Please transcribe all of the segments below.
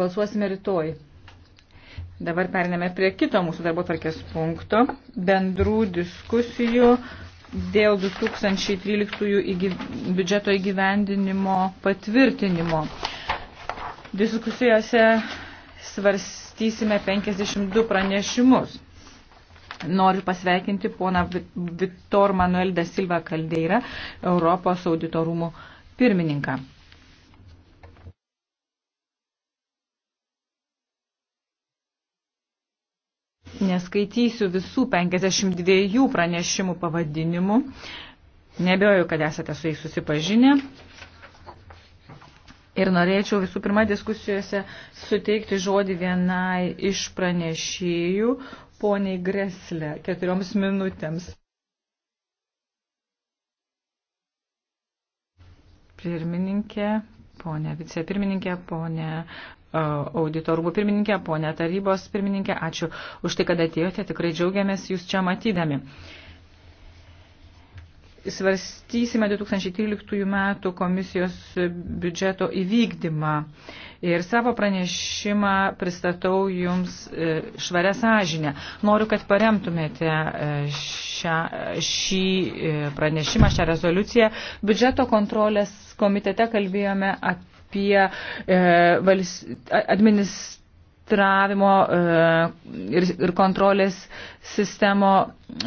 Balsuosime rytoj. Dabar periname prie kito mūsų darbo tvarkės punkto - bendrų diskusijų dėl 2013 įgyv... biudžeto įgyvendinimo patvirtinimo. Diskusijose svarstysime 52 pranešimus. Noriu pasveikinti poną Viktor Manuel da Silva Kaldeira, Europos auditorumų pirmininką. Neskaitysiu visų 52 pranešimų pavadinimų. Nebejoju, kad esate su jais susipažinę. Ir norėčiau visų pirma diskusijose suteikti žodį vienai iš pranešėjų, poniai Greslė, keturioms minutėms. Pirmininkė, ponė vicepirmininkė, ponė auditorumų pirmininkė, ponė tarybos pirmininkė, ačiū už tai, kad atėjote, tikrai džiaugiamės jūs čia matydami. Svarstysime 2013 metų komisijos biudžeto įvykdymą ir savo pranešimą pristatau jums e, švarę sąžinę. Noriu, kad paremtumėte e, šią, šį e, pranešimą, šią rezoliuciją. Biudžeto kontrolės komitete kalbėjome apie apie e, vals, administravimo e, ir, ir kontrolės sistemo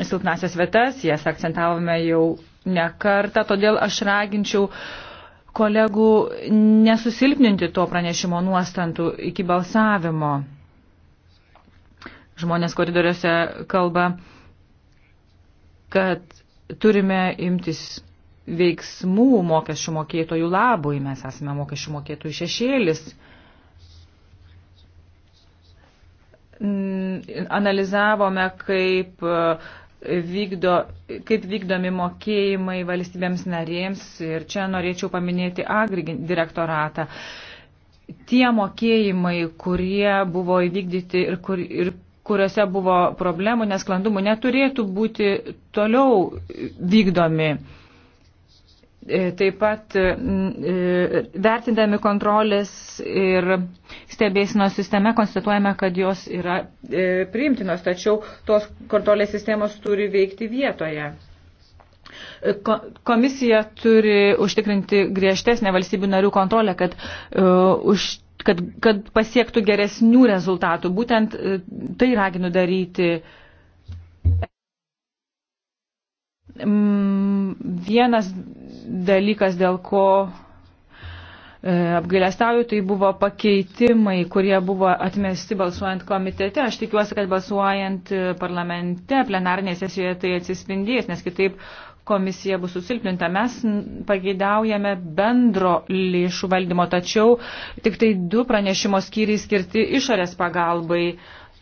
silpnasias vietas, jas akcentavome jau ne kartą, todėl aš raginčiau kolegų nesusilpninti to pranešimo nuostantų iki balsavimo. Žmonės koridoriuose kalba, kad turime imtis veiksmų mokesčių mokėtojų labui. Mes esame mokesčių mokėtojų šešėlis. Analizavome, kaip, e, vykdo, kaip vykdomi mokėjimai valstybėms narėms ir čia norėčiau paminėti Agri direktoratą. Tie mokėjimai, kurie buvo įvykdyti ir, kur, ir kuriuose buvo problemų, nesklandumų, neturėtų būti toliau vykdomi E, taip pat e, vertindami kontrolės ir stebėsinos sistema konstatuojame, kad jos yra e, priimtinos, tačiau tos kontrolės sistemos turi veikti vietoje. Komisija turi užtikrinti griežtesnę valstybių narių kontrolę, kad, uh, kad, kad pasiektų geresnių rezultatų. Būtent uh, tai raginu daryti. Um, vienas dalykas, dėl ko e, apgailestauju, tai buvo pakeitimai, kurie buvo atmesti balsuojant komitete. Aš tikiuosi, kad balsuojant e, parlamente, plenarnėje sesijoje tai atsispindės, nes kitaip komisija bus susilpninta. Mes pageidaujame bendro lėšų valdymo, tačiau tik tai du pranešimo skyriai skirti išorės pagalbai.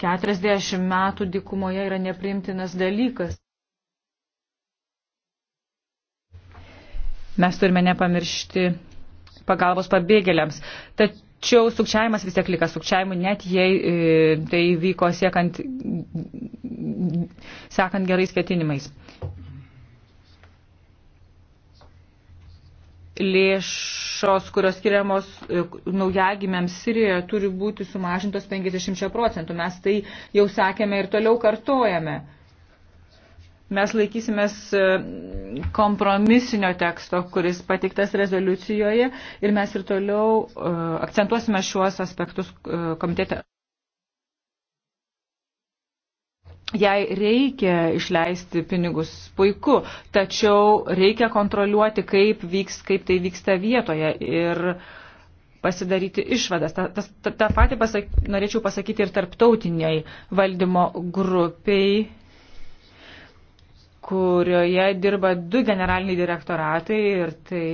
40 metų dikumoje yra nepriimtinas dalykas. Mes turime nepamiršti pagalbos pabėgėliams. Tačiau sukčiavimas vis tiek lika sukčiavimu, net jei e, tai vyko siekant, sekant gerais ketinimais. Lėšos, kurios skiriamos e, naujagimėms Sirijoje, turi būti sumažintos 50 procentų. Mes tai jau sakėme ir toliau kartojame. Mes laikysimės e, kompromisinio teksto, kuris pateiktas rezoliucijoje ir mes ir toliau e, akcentuosime šiuos aspektus e, komitete. jai reikia išleisti pinigus puiku, tačiau reikia kontroliuoti, kaip, vyks, kaip tai vyksta vietoje ir pasidaryti išvadas. Ta, ta, ta, ta pati pasak, norėčiau pasakyti ir tarptautiniai valdymo grupiai kurioje dirba du generaliniai direktoratai ir tai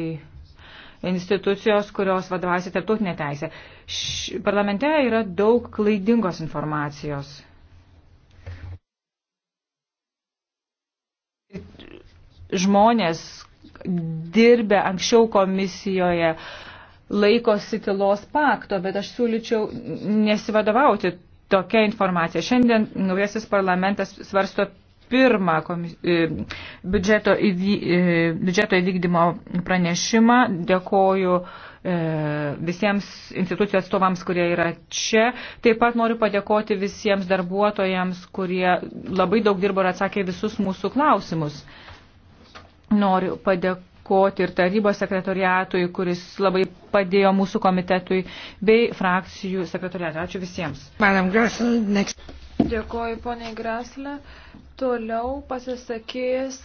institucijos, kurios vadovasi tarptautinė teisė. Š, parlamente yra daug klaidingos informacijos. Žmonės dirbę anksčiau komisijoje laikosi tylos pakto, bet aš siūlyčiau nesivadovauti tokia informacija. Šiandien naujasis parlamentas svarsto pirmą komis, e, biudžeto, įvy, e, biudžeto įvykdymo pranešimą. Dėkoju e, visiems institucijų atstovams, kurie yra čia. Taip pat noriu padėkoti visiems darbuotojams, kurie labai daug dirbo ir atsakė visus mūsų klausimus. Noriu padėkoti padėkoti ir tarybos sekretoriatui, kuris labai padėjo mūsų komitetui, bei frakcijų sekretoriatui. Ačiū visiems. Madam Grasle, next. Dėkoju, poniai Grasle. Toliau pasisakys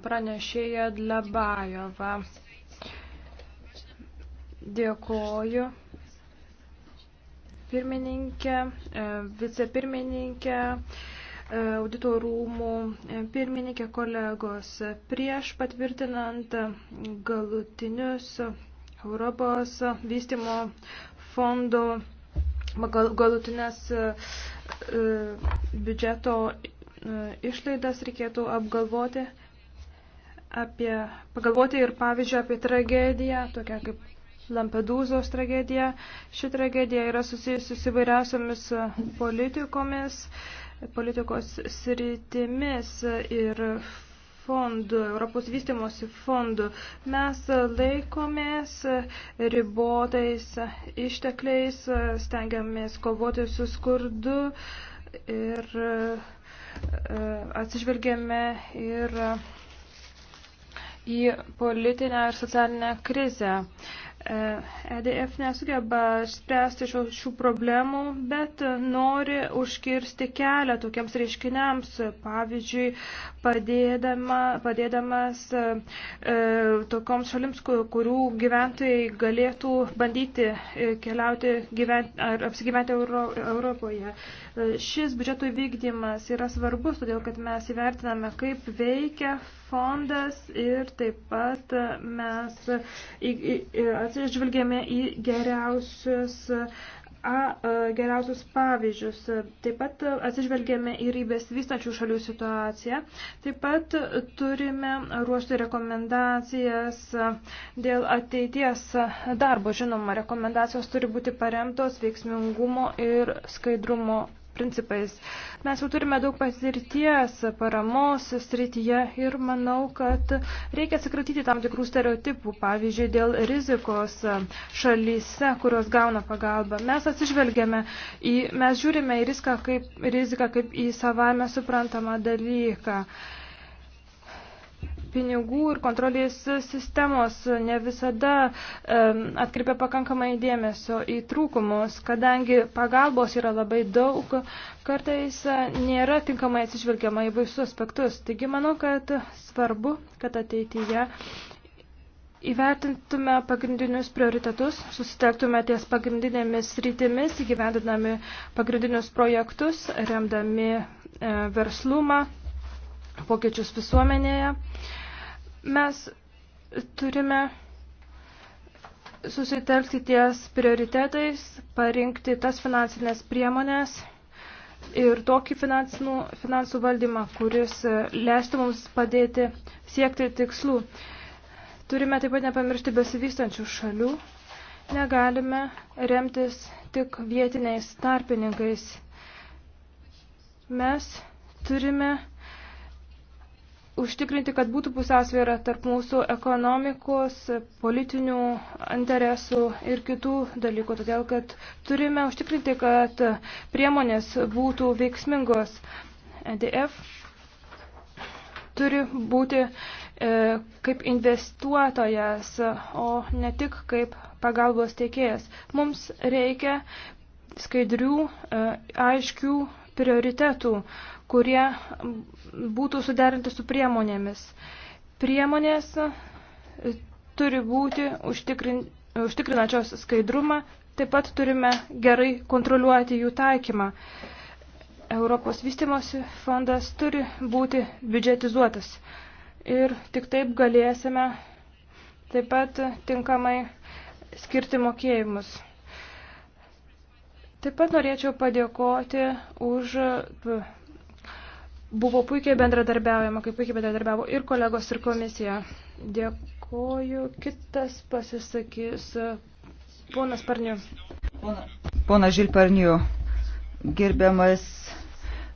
pranešėja Dlebajova. Dėkoju. Pirmininkė, e, vicepirmininkė, e, audito rūmų e, pirmininkė, kolegos. Prieš patvirtinant galutinius Europos vystimo fondo galutinės biudžeto išlaidas reikėtų apgalvoti apie, pagalvoti ir pavyzdžiui apie tragediją, tokią kaip Lampedūzos tragedija. Ši tragedija yra susijusi su įvairiausiamis politikomis, politikos sritimis ir fondų, Europos vystimosi fondų. Mes laikomės ribotais ištekliais, stengiamės kovoti su skurdu ir atsižvelgėme ir į politinę ir socialinę krizę. EDF nesugeba spręsti šių, šių problemų, bet nori užkirsti kelią tokiems reiškiniams, pavyzdžiui, padėdama, padėdamas e, tokioms šalims, kurių gyventojai galėtų bandyti e, keliauti gyvent, ar apsigyventi Euro, Europoje. Šis biudžeto įvykdymas yra svarbus, todėl kad mes įvertiname, kaip veikia fondas ir taip pat mes atsižvelgėme į geriausius, a, geriausius pavyzdžius. Taip pat atsižvelgėme ir į besivystančių šalių situaciją. Taip pat turime ruošti rekomendacijas dėl ateities darbo. Žinoma, rekomendacijos turi būti paremtos veiksmingumo ir skaidrumo principais. Mes jau turime daug patirties paramos srityje ir manau, kad reikia atsikratyti tam tikrų stereotipų, pavyzdžiui, dėl rizikos šalyse, kurios gauna pagalbą. Mes atsižvelgiame į, mes žiūrime į riziką kaip, riziką kaip į savame suprantamą dalyką pinigų ir kontrolės sistemos ne visada atkreipia pakankamai dėmesio į trūkumus, kadangi pagalbos yra labai daug, kartais e, nėra tinkamai atsižvelgiama į visus aspektus. Taigi manau, kad svarbu, kad ateityje Įvertintume pagrindinius prioritetus, susitelktume ties pagrindinėmis rytimis, įgyvendinami pagrindinius projektus, remdami e, verslumą, pokyčius visuomenėje, mes turime susitelkti ties prioritetais, parinkti tas finansinės priemonės ir tokį finansų, finansų valdymą, kuris leistų mums padėti siekti tikslų. Turime taip pat nepamiršti besivystančių šalių. Negalime remtis tik vietiniais tarpininkais. Mes turime užtikrinti, kad būtų pusiausvėra tarp mūsų ekonomikos, politinių interesų ir kitų dalykų, todėl kad turime užtikrinti, kad priemonės būtų veiksmingos. EDF turi būti e, kaip investuotojas, o ne tik kaip pagalbos teikėjas. Mums reikia skaidrių, e, aiškių prioritetų, kurie būtų suderinti su priemonėmis. Priemonės e, turi būti užtikrin, užtikrinačios skaidrumą, taip pat turime gerai kontroliuoti jų taikymą. Europos vystimosi fondas turi būti biudžetizuotas ir tik taip galėsime taip pat tinkamai skirti mokėjimus. Taip pat norėčiau padėkoti už buvo puikiai bendradarbiaujama, kaip puikiai bendradarbiavo ir kolegos, ir komisija. Dėkoju. Kitas pasisakys e, ponas Parniu. Pona Žilparniu, gerbiamas.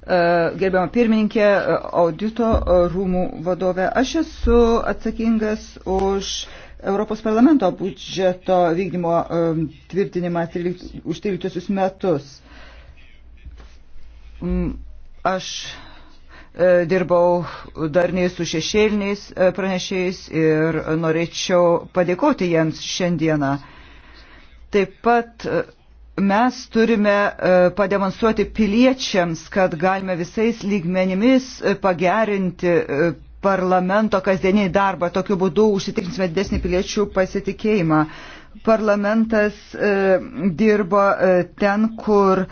E, gerbiama pirmininkė, e, audito rūmų vadovė, aš esu atsakingas už Europos parlamento budžeto vykdymo tvirtinimą už 13 metus. Aš E, dirbau darniai su šešėliniais e, pranešėjais ir norėčiau padėkoti jiems šiandieną. Taip pat e, mes turime pademonstruoti piliečiams, kad galime visais lygmenimis pagerinti parlamento kasdieniai darbą. Tokiu būdu užsitikrinsime didesnį piliečių pasitikėjimą. Parlamentas dirbo ten, kur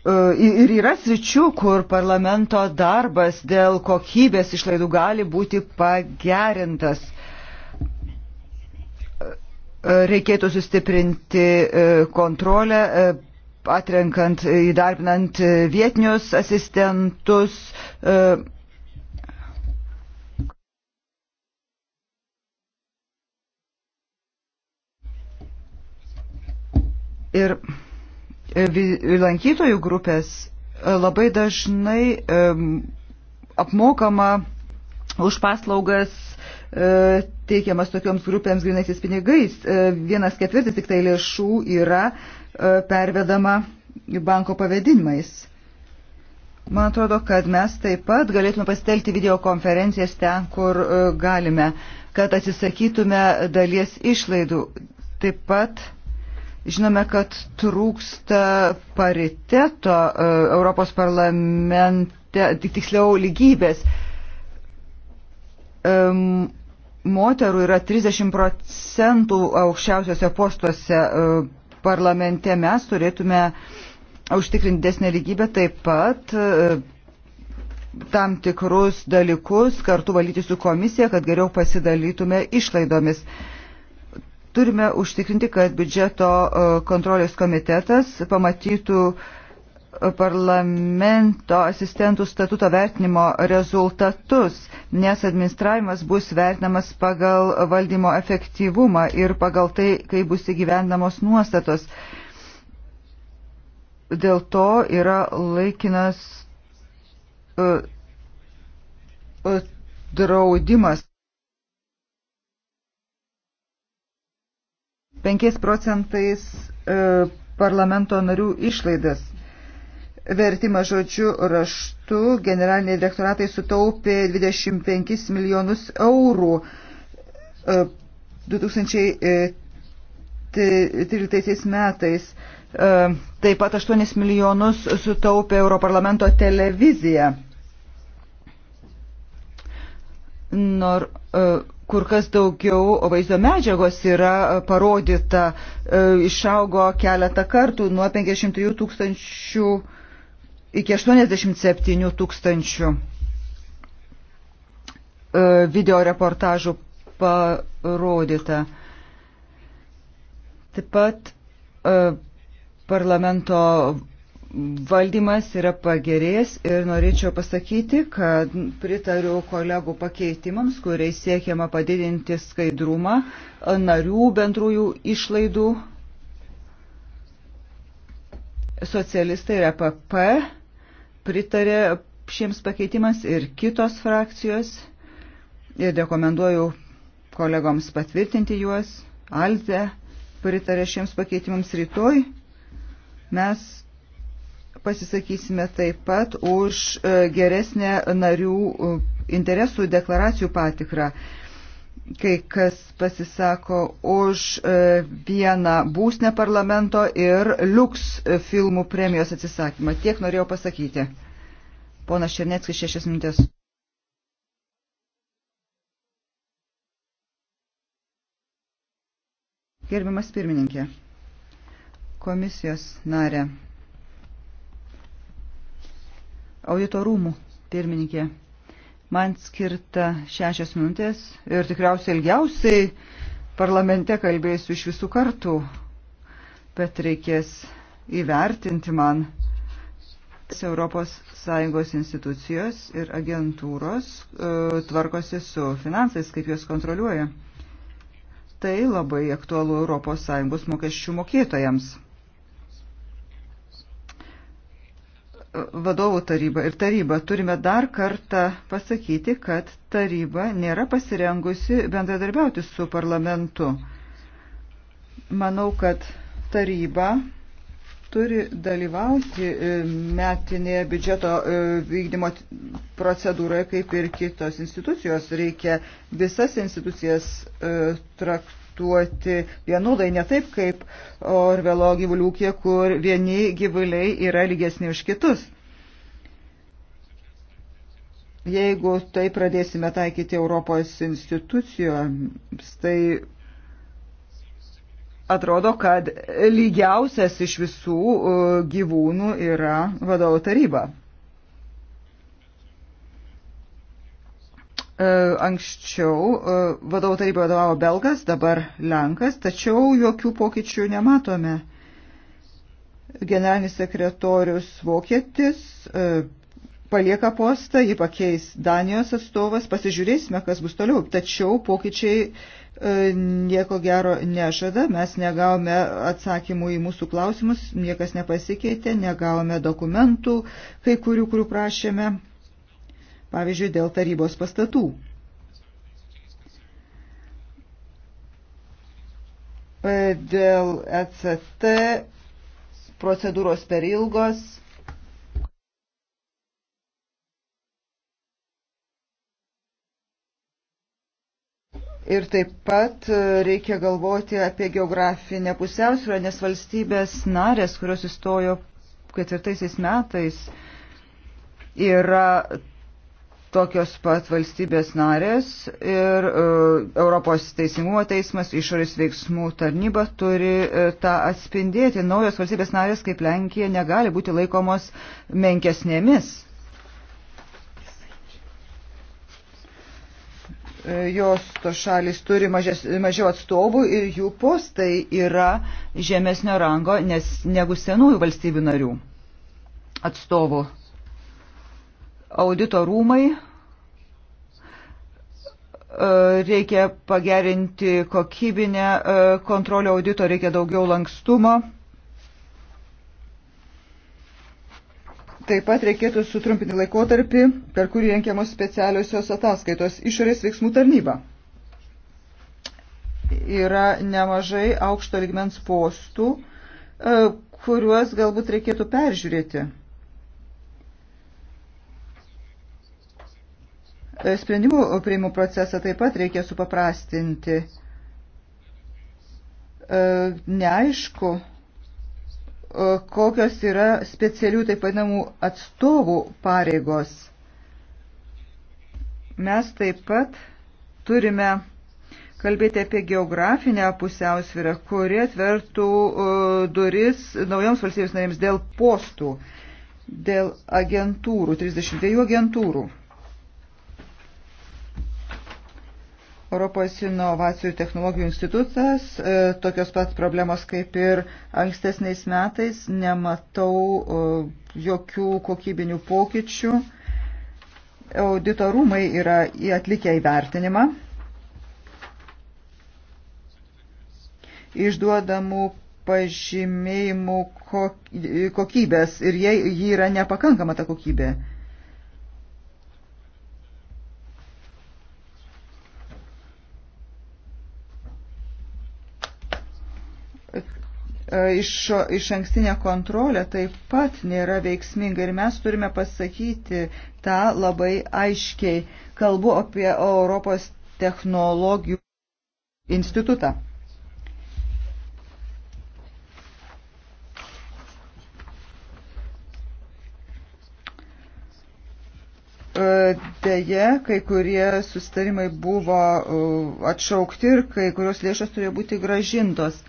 E, ir yra sričių, kur parlamento darbas dėl kokybės išlaidų gali būti pagerintas. E, reikėtų sustiprinti e, kontrolę, atrenkant, įdarbinant vietinius asistentus. Ir E, lankytojų grupės e, labai dažnai e, apmokama už paslaugas teikiamas tokioms grupėms grinaisiais pinigais. Vienas ketvirtis tik tai lėšų yra pervedama banko pavedinimais. Man atrodo, kad mes taip pat galėtume pasitelti videokonferencijas ten, kur galime, kad atsisakytume dalies išlaidų. Taip pat Žinome, kad trūksta pariteto e, Europos parlamente, tiksliau lygybės. Moterų yra 30 procentų aukščiausiose postuose e, parlamente. Mes turėtume užtikrinti desnę lygybę taip pat e, tam tikrus dalykus, kartu valyti su komisija, kad geriau pasidalytume išlaidomis turime užtikrinti, kad biudžeto e, kontrolės komitetas pamatytų e, parlamento asistentų statuto vertinimo rezultatus, nes administravimas bus vertinamas pagal valdymo efektyvumą ir pagal tai, kaip bus įgyvendamos nuostatos. Dėl to yra laikinas uh, uh, draudimas 5 procentais e, parlamento narių išlaidas. Vertimą žodžiu raštu generaliniai direktoratai sutaupė 25 milijonus eurų 2013 e, metais. E, taip pat 8 milijonus sutaupė Europarlamento televizija. Nor, uh, kur kas daugiau vaizdo medžiagos yra e, parodyta, e, išaugo keletą kartų nuo 50 tūkstančių iki 87 tūkstančių e, video reportažų parodyta. Taip pat parlamento valdymas yra pagerėjęs ir norėčiau pasakyti, kad pritariu kolegų pakeitimams, kuriais siekiama padidinti skaidrumą narių bendrųjų išlaidų. Socialistai ir APP e pritarė šiems pakeitimams ir kitos frakcijos ir rekomenduoju kolegoms patvirtinti juos. Alze pritarė šiems pakeitimams rytoj. Mes pasisakysime taip pat už e, geresnę narių e, interesų deklaracijų patikrą kai kas pasisako už e, vieną būsnę parlamento ir liuks filmų premijos atsisakymą. Tiek norėjau pasakyti. Pona Šerneckis, šešias minutės. Gerbiamas pirmininkė, komisijos narė, auditorumų pirmininkė. Man skirta šešias minutės ir tikriausiai ilgiausiai parlamente kalbėsiu iš visų kartų, bet reikės įvertinti man ES institucijos ir agentūros e, tvarkosi su finansais, kaip juos kontroliuoja. Tai labai aktualu ES mokesčių mokėtojams. vadovų taryba ir taryba turime dar kartą pasakyti, kad taryba nėra pasirengusi bendradarbiauti su parlamentu. Manau, kad taryba turi dalyvauti e, metinėje biudžeto e, vykdymo procedūroje, kaip ir kitos institucijos. Reikia visas institucijas e, traktuoti traktuoti vienodai, ne taip kaip Orvelo gyvuliukė, kur vieni gyvuliai yra lygesni už kitus. Jeigu tai pradėsime taikyti Europos institucijoms, tai atrodo, kad lygiausias iš visų uh, gyvūnų yra vadovų taryba. E, anksčiau e, vadovų taryba vadovavo belgas, dabar lenkas, tačiau jokių pokyčių nematome. Generalinis sekretorius vokietis e, palieka postą, jį pakeis Danijos atstovas, pasižiūrėsime, kas bus toliau. Tačiau pokyčiai nieko gero nežada, mes negavome atsakymų į mūsų klausimus, niekas nepasikeitė, negavome dokumentų, kai kurių, kurių prašėme pavyzdžiui, dėl tarybos pastatų. Dėl ECT procedūros per ilgos. Ir taip pat e, reikia galvoti apie geografinę pusiausvyrą, nes valstybės narės, kurios įstojo ketvirtaisiais metais, yra tokios pat valstybės narės ir e, Europos teisingumo teismas, išorės veiksmų tarnyba turi e, tą atspindėti. Naujos valstybės narės kaip Lenkija negali būti laikomos menkesnėmis. E, jos to šalis turi mažes, mažiau atstovų ir jų postai yra žemesnio rango nes, negu senųjų valstybių narių atstovų audito rūmai e, reikia pagerinti kokybinę e, kontrolę audito, reikia daugiau lankstumo. Taip pat reikėtų sutrumpinti laikotarpį, per kurį renkiamos specialiosios ataskaitos išorės veiksmų tarnyba. Yra nemažai aukšto ligmens postų, e, kuriuos galbūt reikėtų peržiūrėti. E, sprendimų prieimų procesą taip pat reikia supaprastinti. E, neaišku, e, kokios yra specialių taip vadinamų atstovų pareigos. Mes taip pat turime kalbėti apie geografinę pusiausvyrą, kuri atvertų duris naujoms valstybės narėms dėl postų, dėl agentūrų, 32 agentūrų. Europos inovacijų technologijų institutas, e, tokios pat problemos kaip ir ankstesniais metais, nematau e, jokių kokybinių pokyčių. Auditorumai yra atlikę įvertinimą išduodamų pažymėjimų kokybės ir jie, jie yra nepakankama ta kokybė. E, iš, iš ankstinė kontrolė taip pat nėra veiksminga ir mes turime pasakyti tą labai aiškiai. Kalbu apie Europos technologijų institutą. E, deja, kai kurie sustarimai buvo e, atšaukti ir kai kurios lėšos turėjo būti gražintos.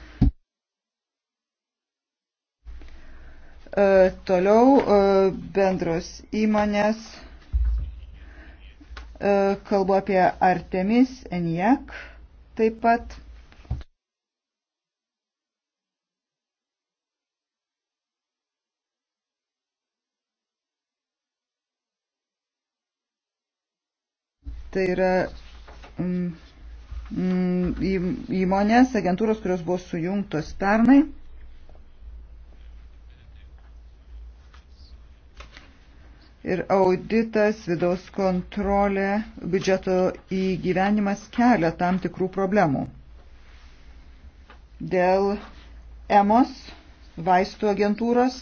E, toliau e, bendros įmonės. E, kalbu apie Artemis, Enjek taip pat. Tai yra mm, mm įmonės, agentūros, kurios buvo sujungtos pernai. ir auditas, vidaus kontrolė, biudžeto įgyvenimas kelia tam tikrų problemų. Dėl EMOS vaistų agentūros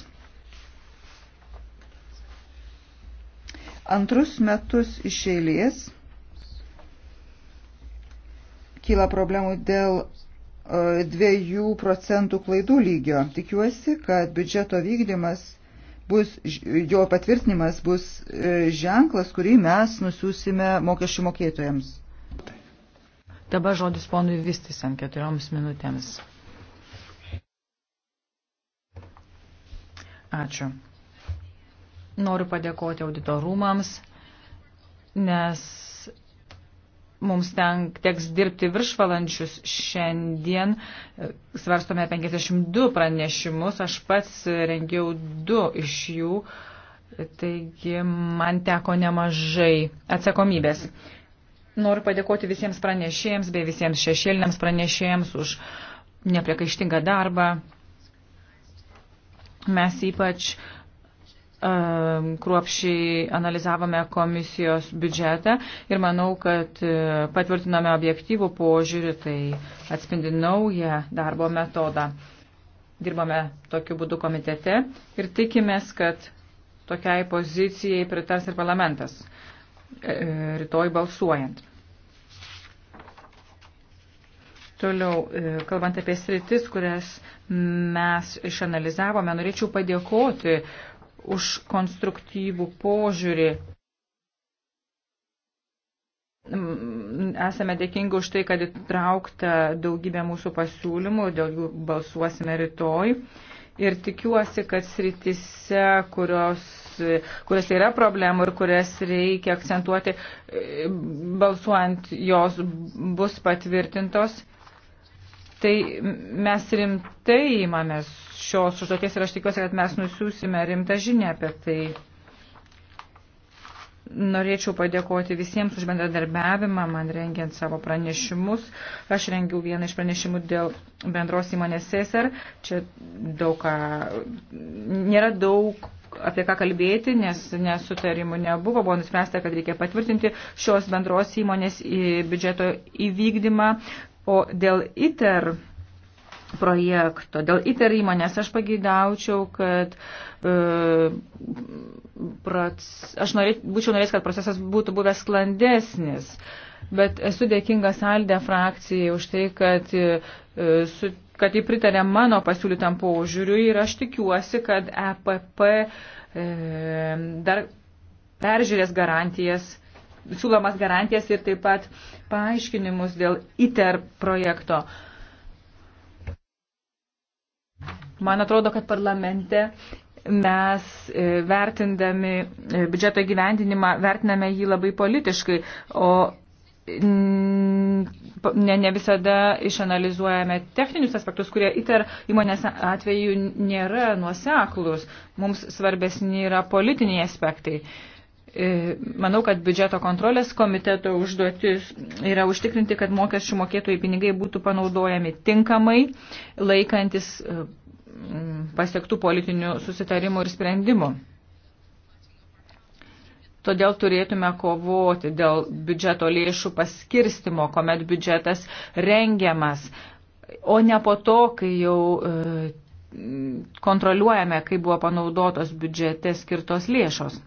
antrus metus iš eilės kyla problemų dėl 2 e, procentų klaidų lygio. Tikiuosi, kad biudžeto vykdymas bus, jo patvirtinimas bus e, ženklas, kurį mes nusiusime mokesčių mokėtojams. Dabar žodis ponui Vistis ant keturioms minutėms. Ačiū. Noriu padėkoti auditorumams, nes mums ten teks dirbti viršvalandžius šiandien. E, svarstome 52 pranešimus, aš pats rengiau du iš jų, taigi man teko nemažai atsakomybės. Noriu padėkoti visiems pranešėjams bei visiems šešėliniams pranešėjams už nepriekaištingą darbą. Mes ypač uh, kruopšiai analizavome komisijos biudžetą ir manau, kad e, patvirtiname objektyvų požiūrį, tai atspindi naują darbo metodą. Dirbame tokiu būdu komitete ir tikimės, kad tokiai pozicijai pritars ir parlamentas e, rytoj balsuojant. Toliau, e, kalbant apie sritis, kurias mes išanalizavome, norėčiau padėkoti už konstruktyvų požiūrį. Esame dėkingi už tai, kad įtraukta daugybė mūsų pasiūlymų, dėl jų balsuosime rytoj. Ir tikiuosi, kad sritise, kurios, kurios yra problemų ir kurias reikia akcentuoti, e, balsuojant jos bus patvirtintos Tai mes rimtai įmamės šios užduoties ir aš tikiuosi, kad mes nusiųsime rimtą žinę apie tai. Norėčiau padėkoti visiems už bendradarbiavimą, man rengiant savo pranešimus. Aš rengiau vieną iš pranešimų dėl bendros įmonės SESER. Čia daug ką, nėra daug apie ką kalbėti, nes nesutarimų nebuvo. Buvo nuspręsta, kad reikia patvirtinti šios bendros įmonės biudžeto įvykdymą. O dėl ITER projekto, dėl ITER įmonės aš pageidaučiau, kad e, prac, aš norė, būčiau norėjęs, kad procesas būtų buvęs sklandesnis, bet esu dėkingas Alde frakcijai už tai, kad e, su kad jį pritarė mano pasiūlytam požiūriui ir aš tikiuosi, kad EPP e, dar peržiūrės garantijas siūlomas garantijas ir taip pat paaiškinimus dėl ITER projekto. Man atrodo, kad parlamente mes e, vertindami e, biudžeto gyvendinimą, vertiname jį labai politiškai, o ne, ne visada išanalizuojame techninius aspektus, kurie ITER įmonės atveju nėra nuoseklus. Mums svarbesni yra politiniai aspektai. Uh, E, manau, kad biudžeto kontrolės komiteto užduotis yra užtikrinti, kad mokesčių mokėtojų pinigai būtų panaudojami tinkamai, laikantis e, pasiektų politinių susitarimų ir sprendimų. Todėl turėtume kovoti dėl biudžeto lėšų paskirstimo, kuomet biudžetas rengiamas, o ne po to, kai jau e, kontroliuojame, kaip buvo panaudotos biudžete skirtos lėšos.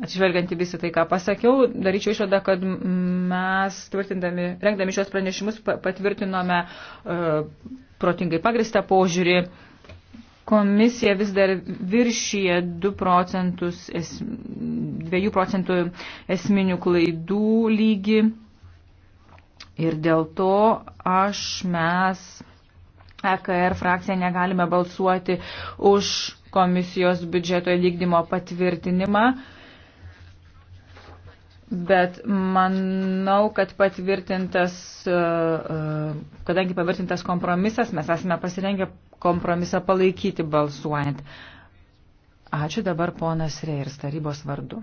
Atsižvelgianti visą tai, ką pasakiau, daryčiau išvadą, kad mes, rengdami šios pranešimus, patvirtinome uh, protingai pagristą požiūrį. Komisija vis dar viršyje 2 procentus, 2 procentų esminių klaidų lygį. Ir dėl to aš, mes, EKR frakcija negalime balsuoti už komisijos biudžeto įvykdymo patvirtinimą. Uh, bet manau, kad patvirtintas, e, e, kadangi patvirtintas kompromisas, mes esame pasirengę kompromisą palaikyti balsuojant. Ačiū dabar ponas Reirs tarybos vardu.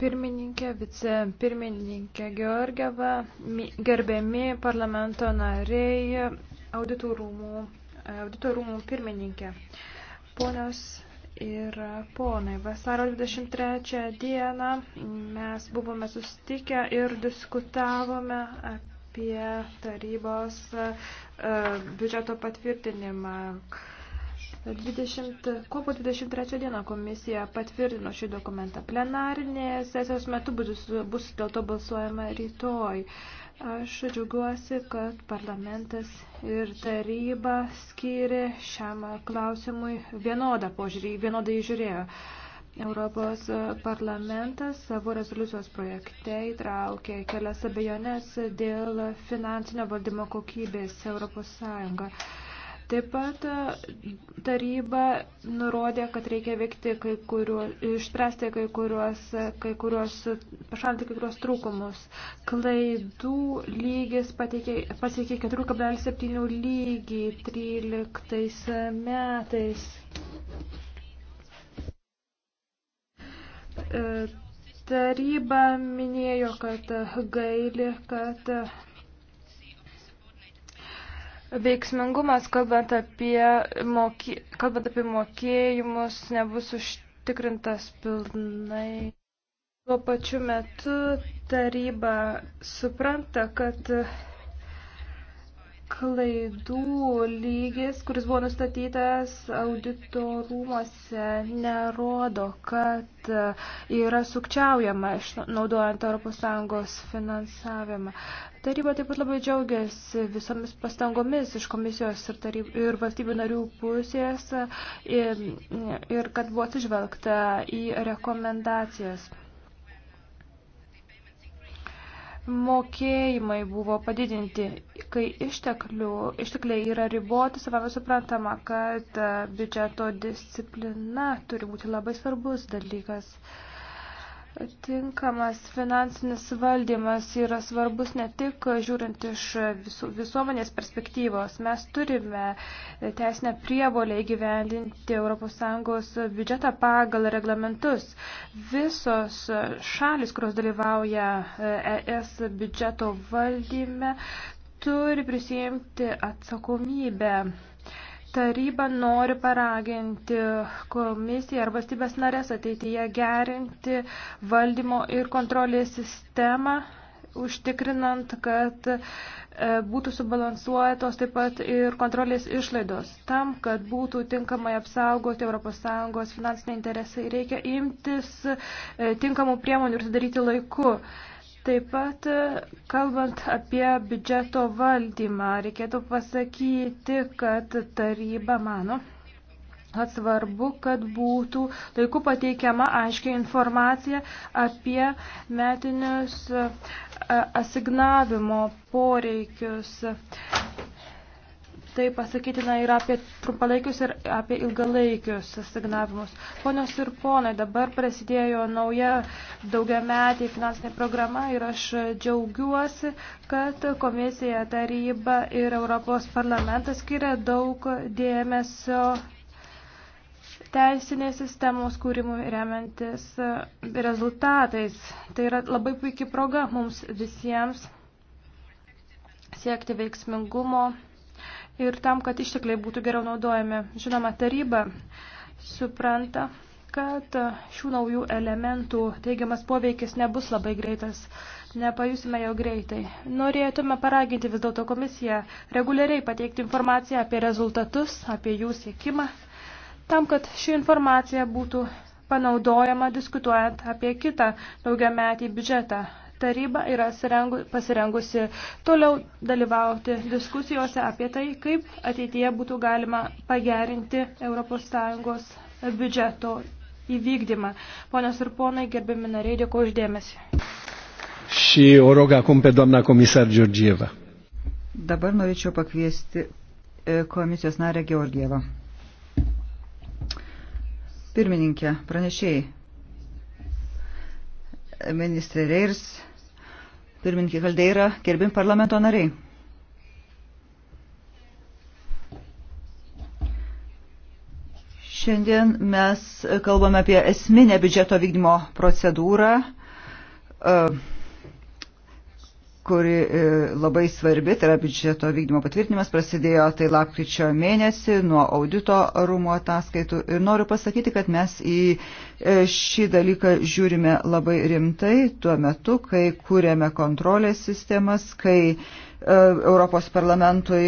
Pirmininkė, vicepirmininkė Georgieva, gerbiami parlamento nariai, auditorumų auditorumų pirmininkė. Ponios ir ponai, vasaro 23 dieną mes buvome susitikę ir diskutavome apie tarybos e, biudžeto patvirtinimą. 20, kovo 23 dieną komisija patvirtino šį dokumentą. Plenarinėje sesijos metu bus, bus dėl to balsuojama rytoj. Uh, Aš džiaugiuosi, kad parlamentas ir taryba skyrė šiam klausimui vienodą požiūrį, vienodai žiūrėjo. Europos parlamentas savo rezoliucijos projekte įtraukė kelias abejonės dėl finansinio valdymo kokybės Europos Sąjunga. Taip pat e, taryba nurodė, kad reikia veikti kai kuriuos, išspręsti kai kuriuos, e, kai kuriuos, pašalinti kai kuriuos trūkumus. Klaidų lygis pasiekė 4,7 lygį 13 e, metais. Taryba minėjo, kad gaili, kad Veiksmingumas, kalbant apie, moky... kalbant apie mokėjimus, nebus užtikrintas pilnai. Tuo pačiu metu taryba supranta, kad klaidų lygis, kuris buvo nustatytas auditorumuose, nerodo, kad yra sukčiaujama naudojant ES finansavimą. Taryba taip pat labai džiaugiasi visomis pastangomis iš komisijos ir, taryb, ir valstybių narių pusės ir, ir kad buvo atsižvelgta į rekomendacijas mokėjimai buvo padidinti, kai ištekliai yra riboti, savame suprantama, kad e, biudžeto disciplina turi būti labai svarbus dalykas. Tinkamas finansinis valdymas yra svarbus ne tik žiūrint iš visu, visuomenės perspektyvos. Mes turime teisinę prievolę įgyvendinti ES biudžetą pagal reglamentus. Visos šalis, kurios dalyvauja e, ES biudžeto valdyme, turi prisijimti atsakomybę Taryba nori paraginti komisiją ar valstybės narės ateityje gerinti valdymo ir kontrolės sistemą, užtikrinant, kad e, būtų subalansuotos taip pat ir kontrolės išlaidos. Tam, kad būtų tinkamai apsaugoti ES finansiniai interesai, reikia imtis e, tinkamų priemonių ir sudaryti laiku. Taip pat, kalbant apie biudžeto valdymą, reikėtų pasakyti, kad taryba mano, kad svarbu, kad būtų laiku pateikiama aiškiai informacija apie metinius asignavimo poreikius. Tai pasakytina ir apie trumpalaikius, ir apie ilgalaikius asignavimus. Ponios ir ponai, dabar prasidėjo nauja daugiametė finansinė programa ir aš džiaugiuosi, kad komisija, taryba ir Europos parlamentas skiria daug dėmesio teisinės sistemos kūrimui remiantis rezultatais. Tai yra labai puikia proga mums visiems siekti veiksmingumo ir tam, kad ištekliai būtų geriau naudojami. Žinoma, taryba supranta, kad šių naujų elementų teigiamas poveikis nebus labai greitas, nepajusime jau greitai. Norėtume paraginti vis dėlto komisiją reguliariai pateikti informaciją apie rezultatus, apie jų siekimą, tam, kad ši informacija būtų panaudojama diskutuojant apie kitą daugiametį biudžetą taryba yra pasirengusi toliau dalyvauti diskusijose apie tai, kaip ateityje būtų galima pagerinti ES biudžeto įvykdymą. Ponios ir ponai, gerbiami nariai, dėkuoju uždėmesi. Și o rog acum pe doamna comisar Georgieva. Dabar norėčiau pakviesti e, komisijos narę Georgievą. Pirmininkė, pranešėjai, ministrė Reirs, Pirmininkė Kaldeira, gerbim parlamento nariai. Šiandien mes kalbame apie esminę biudžeto vykdymo procedūrą. Uh, kuri e, labai svarbi, tai yra biudžeto vykdymo patvirtinimas, prasidėjo tai lapkričio mėnesį nuo audito rūmo ataskaitų. Ir noriu pasakyti, kad mes į e, šį dalyką žiūrime labai rimtai tuo metu, kai kūrėme kontrolės sistemas, kai e, Europos parlamentui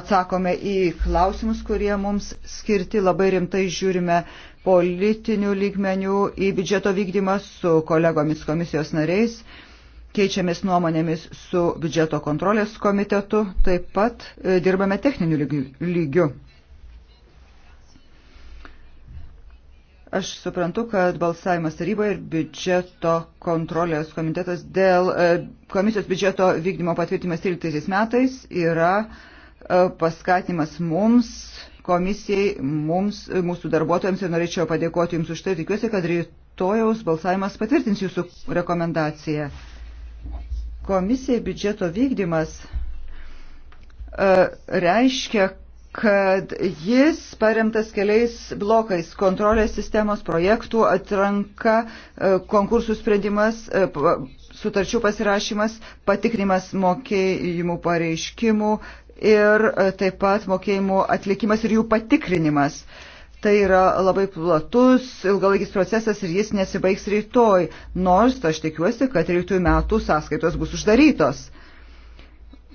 atsakome į klausimus, kurie mums skirti, labai rimtai žiūrime politinių lygmenių į biudžeto vykdymą su kolegomis komisijos nariais keičiamės nuomonėmis su biudžeto kontrolės komitetu, taip pat e, dirbame techniniu lygiu. Aš suprantu, kad balsavimas taryboje ir biudžeto kontrolės komitetas dėl e, komisijos biudžeto vykdymo patvirtimas 13 metais yra e, paskatimas mums, komisijai, mums, mūsų darbuotojams ir norėčiau padėkoti Jums už tai. Tikiuosi, kad rytojaus balsavimas patvirtins Jūsų rekomendaciją. Komisijai biudžeto vykdymas e, reiškia, kad jis paremtas keliais blokais - kontrolės sistemos, projektų atranka, e, konkursų sprendimas, e, sutarčių pasirašymas, patikrinimas mokėjimų pareiškimų ir taip pat mokėjimų atlikimas ir jų patikrinimas. Tai yra labai platus, ilgalaikis procesas ir jis nesibaigs rytoj, nors aš tikiuosi, kad rytoj metų sąskaitos bus uždarytos.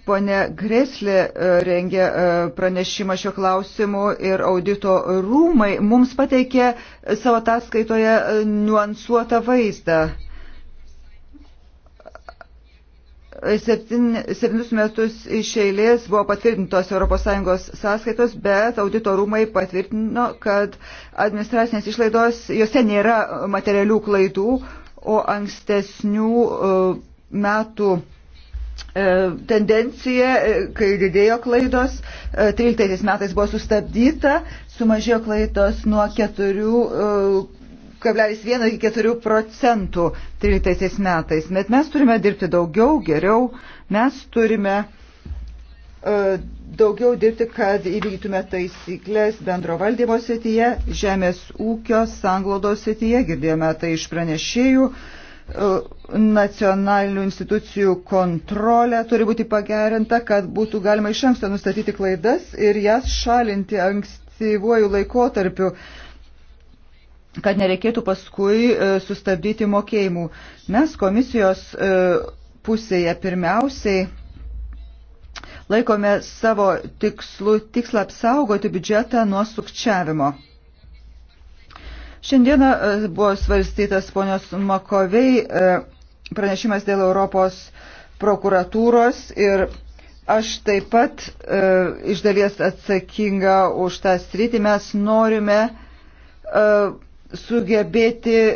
Pone Greslė e, rengė e, pranešimą šio klausimu ir audito rūmai mums pateikė savo ataskaitoje e, nuansuotą vaizdą. Septynius metus iš eilės buvo patvirtintos ES sąskaitos, bet audito rūmai patvirtino, kad administracinės išlaidos, juose nėra materialių klaidų, o ankstesnių e, metų e, tendencija, e, kai didėjo klaidos, 13 metais buvo sustabdyta, sumažėjo klaidos nuo 4 1,1 iki 4 procentų 13 metais. Bet mes turime dirbti daugiau, geriau, mes turime e, daugiau dirbti, kad įvykdytume taisyklės bendro valdymo srityje, žemės ūkio, sanglodos srityje, girdėjome tai iš pranešėjų, e, nacionalinių institucijų kontrolė turi būti pagerinta, kad būtų galima iš anksto nustatyti klaidas ir jas šalinti ankstyvuoju laikotarpiu kad nereikėtų paskui e, sustabdyti mokėjimų. Mes komisijos e, pusėje pirmiausiai laikome savo tikslu, tikslą apsaugoti biudžetą nuo sukčiavimo. Šiandieną e, buvo svarstytas ponios Makovei pranešimas dėl Europos prokuratūros ir aš taip pat iš dalies atsakinga už tą sritį. Mes norime sugebėti e,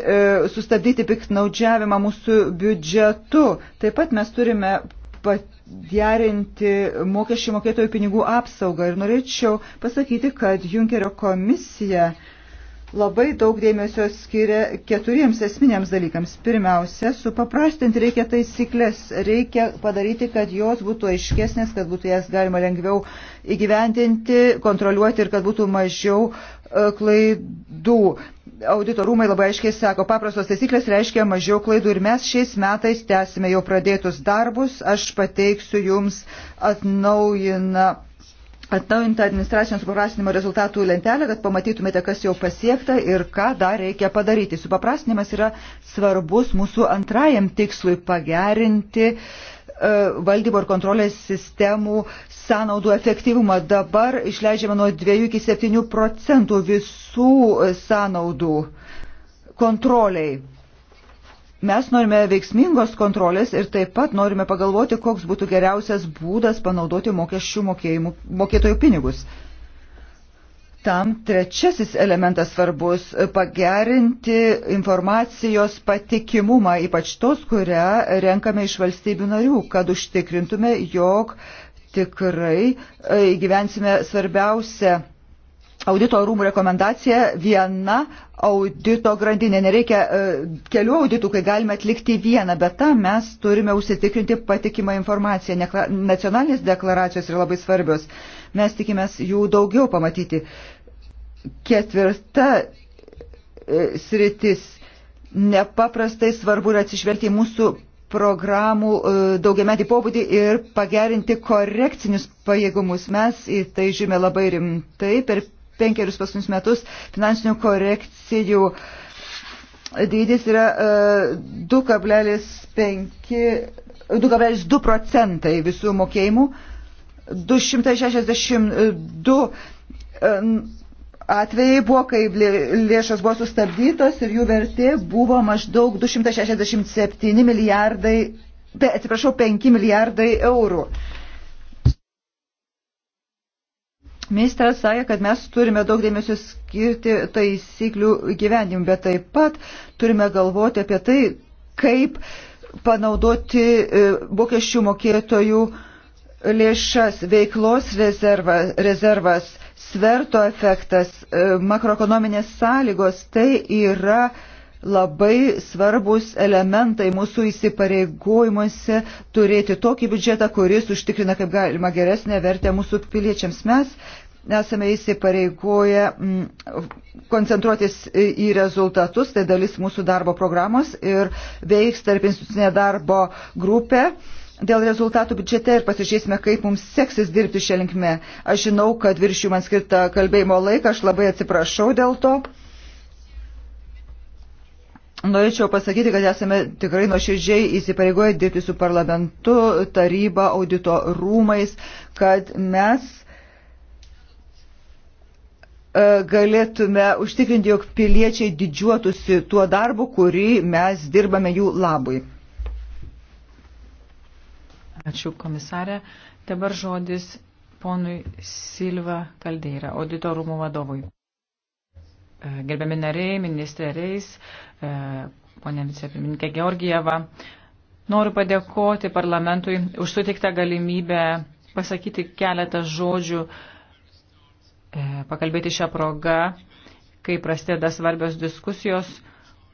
sustabdyti piktnaudžiavimą mūsų biudžetu. Taip pat mes turime pagerinti mokesčių mokėtojų pinigų apsaugą. Ir norėčiau pasakyti, kad Junkerio komisija labai daug dėmesio skiria keturiems esminiams dalykams. Pirmiausia, supaprastinti reikia taisyklės, reikia padaryti, kad jos būtų aiškesnės, kad būtų jas galima lengviau įgyventinti, kontroliuoti ir kad būtų mažiau e, klaidų audito rūmai labai aiškiai sako, paprastos taisyklės reiškia mažiau klaidų ir mes šiais metais tęsime jau pradėtus darbus. Aš pateiksiu jums atnaujina. Atnaujinta administracijos supaprastinimo rezultatų lentelė, kad pamatytumėte, kas jau pasiekta ir ką dar reikia padaryti. Supaprastinimas yra svarbus mūsų antrajam tikslui pagerinti uh, valdymo ir kontrolės sistemų sąnaudų efektyvumą. Dabar išleidžiama nuo 2 iki 7 procentų visų sąnaudų kontroliai. Mes norime veiksmingos kontrolės ir taip pat norime pagalvoti, koks būtų geriausias būdas panaudoti mokesčių mokėjimų, mokėtojų pinigus. Tam trečiasis elementas svarbus - pagerinti informacijos patikimumą, ypač tos, kurią renkame iš valstybių narių, kad užtikrintume, jog uh, tikrai e, įgyvensime svarbiausią audito rūmų rekomendacija viena audito grandinė. Nereikia e, kelių auditų, kai galime atlikti vieną, bet tam mes turime užsitikrinti patikimą informaciją. Nekla, nacionalinės deklaracijos yra labai svarbios. Mes tikimės jų daugiau pamatyti. Ketvirta e, sritis. Nepaprastai svarbu yra atsižvelgti į mūsų programų e, daugiametį pobūdį ir pagerinti korekcinius pajėgumus. Mes į tai žymė labai rimtai. Per penkerius paskutinius metus finansinių korekcijų dydis yra 2,2 e, procentai visų mokėjimų. 262 atvejai buvo, kai lėšos buvo sustabdytos ir jų vertė buvo maždaug 267 milijardai, atsiprašau, 5 milijardai eurų. Ministras sakė, kad mes turime daug dėmesio skirti taisyklių gyvenimui, bet taip pat turime galvoti apie tai, kaip panaudoti e, mokesčių mokėtojų lėšas, veiklos rezerva, rezervas sverto efektas, e, makroekonominės sąlygos, tai yra labai svarbus elementai mūsų įsipareigojimuose turėti tokį biudžetą, kuris užtikrina kaip galima geresnę vertę mūsų piliečiams. Mes esame įsipareigoję mm, koncentruotis į rezultatus, tai dalis mūsų darbo programos ir veiks tarp institucinė darbo grupė dėl rezultatų biudžete ir pasižiūrėsime, kaip mums seksis dirbti šią linkmę. Aš žinau, kad viršijų man skirtą kalbėjimo laiką, aš labai atsiprašau dėl to. Norėčiau pasakyti, kad esame tikrai nuoširdžiai įsipareigoję dirbti su parlamentu, taryba, audito rūmais, kad mes e, galėtume užtikrinti, jog piliečiai didžiuotųsi tuo darbu, kurį mes dirbame jų labui. Ačiū komisarė. Dabar žodis ponui Silva Kaldeira, auditorumo vadovui. E, gerbiami nariai, ministrė Reis, e, ponė vicepirmininkė Georgieva, noriu padėkoti parlamentui už sutiktą galimybę pasakyti keletą žodžių, e, pakalbėti šią progą, kai prasideda svarbios diskusijos,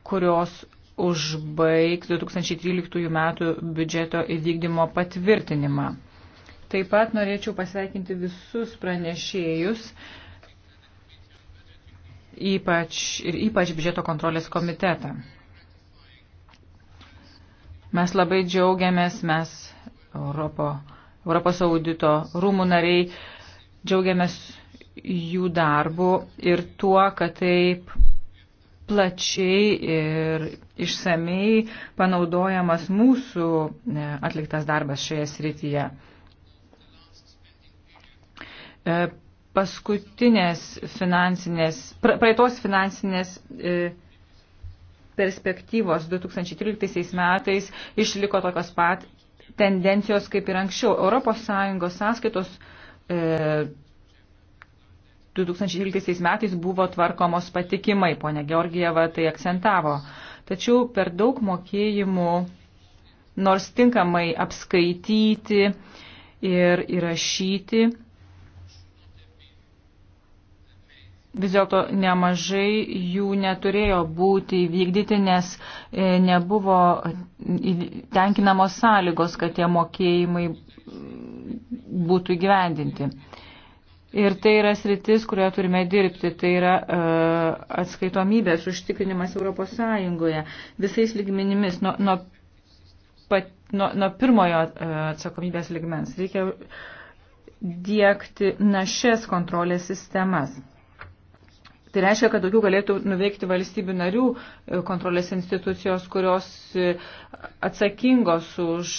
kurios užbaigti 2013 m. biudžeto įvykdymo patvirtinimą. Taip pat norėčiau pasveikinti visus pranešėjus, ypač, ir ypač biudžeto kontrolės komitetą. Mes labai džiaugiamės, mes Europo, Europos audito rūmų nariai džiaugiamės jų darbu ir tuo, kad taip plačiai ir išsamei panaudojamas mūsų e, atliktas darbas šioje srityje. E, paskutinės finansinės, praeitos finansinės e, perspektyvos 2013 metais išliko tokios pat tendencijos kaip ir anksčiau. Europos Sąjungos sąskaitos e, 2013 metais buvo tvarkomos patikimai, ponia Georgieva tai akcentavo. Tačiau per daug mokėjimų, nors tinkamai apskaityti ir įrašyti, vis dėlto nemažai jų neturėjo būti įvykdyti, nes e, nebuvo tenkinamos sąlygos, kad tie mokėjimai būtų įgyvendinti. Ir tai yra sritis, kurioje turime dirbti, tai yra uh, atskaitomybės užtikrinimas Europos Sąjungoje visais lygmenimis, nuo, nuo, pat, nuo, nuo pirmojo uh, atsakomybės lygmens. Reikia dėkti našias kontrolės sistemas. Tai reiškia, kad daugiau galėtų nuveikti valstybių narių e, kontrolės institucijos, kurios atsakingos už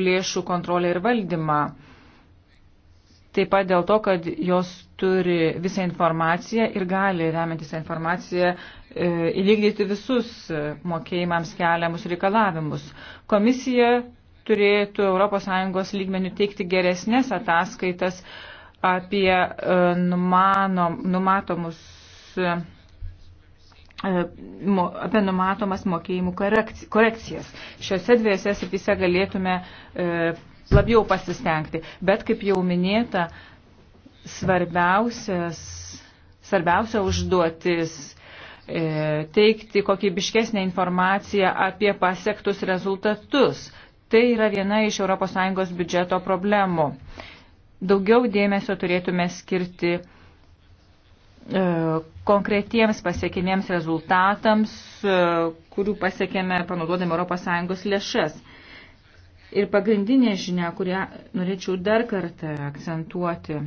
lėšų kontrolę ir valdymą. Uh, taip pat dėl to, kad jos turi visą informaciją ir gali remiantis informaciją e, įvykdyti visus e, mokėjimams keliamus reikalavimus. Komisija turėtų ES lygmenių teikti geresnės ataskaitas apie e, numanom, numatomus apie numatomas mokėjimų korekcijas. Šiuose dviejose srityse galėtume labiau pasistengti. Bet, kaip jau minėta, svarbiausia užduotis e, teikti kokybiškesnę informaciją apie pasiektus rezultatus. Tai yra viena iš ES biudžeto problemų. Daugiau dėmesio turėtume skirti e, konkretiems pasiekinėms rezultatams, e, kurių pasiekėme panaudodami ES lėšas. Ir pagrindinė žinia, kurią norėčiau dar kartą akcentuoti,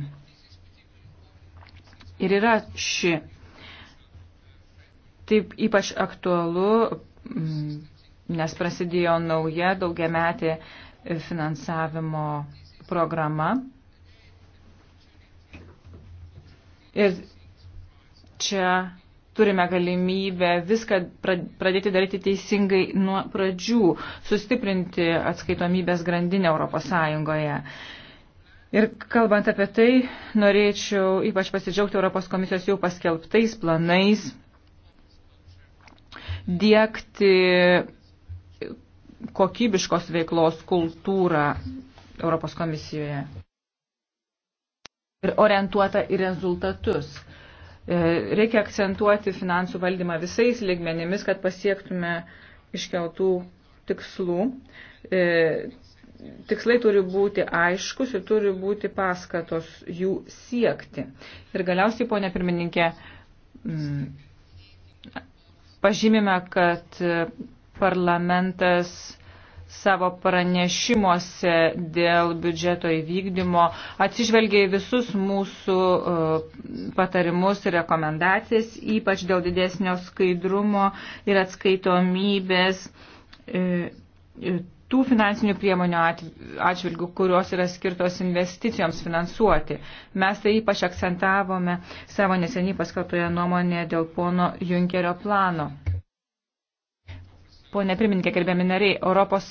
ir yra ši. Taip ypač aktualu, mm, nes prasidėjo nauja daugiametė finansavimo programa. Ir čia turime galimybę viską pradėti daryti teisingai nuo pradžių, sustiprinti atskaitomybės grandinę Europos Sąjungoje. Ir kalbant apie tai, norėčiau ypač pasidžiaugti Europos komisijos jau paskelbtais planais dėkti kokybiškos veiklos kultūrą Europos komisijoje ir orientuota į rezultatus. E, reikia akcentuoti finansų valdymą visais ligmenimis, kad pasiektume iškeltų tikslų. E, tikslai turi būti aiškus ir turi būti paskatos jų siekti. Ir galiausiai, ponė pirmininkė, mm, pažymime, kad e, parlamentas savo pranešimuose dėl biudžeto įvykdymo atsižvelgia į visus mūsų e, patarimus ir rekomendacijas, ypač dėl didesnio skaidrumo ir atskaitomybės e, e, tų finansinių priemonių atžvilgių, kurios yra skirtos investicijoms finansuoti. Mes tai ypač akcentavome savo neseniai paskaltoje nuomonėje dėl pono Junkerio plano. Pone pirmininkė, gerbėmi nariai, Europos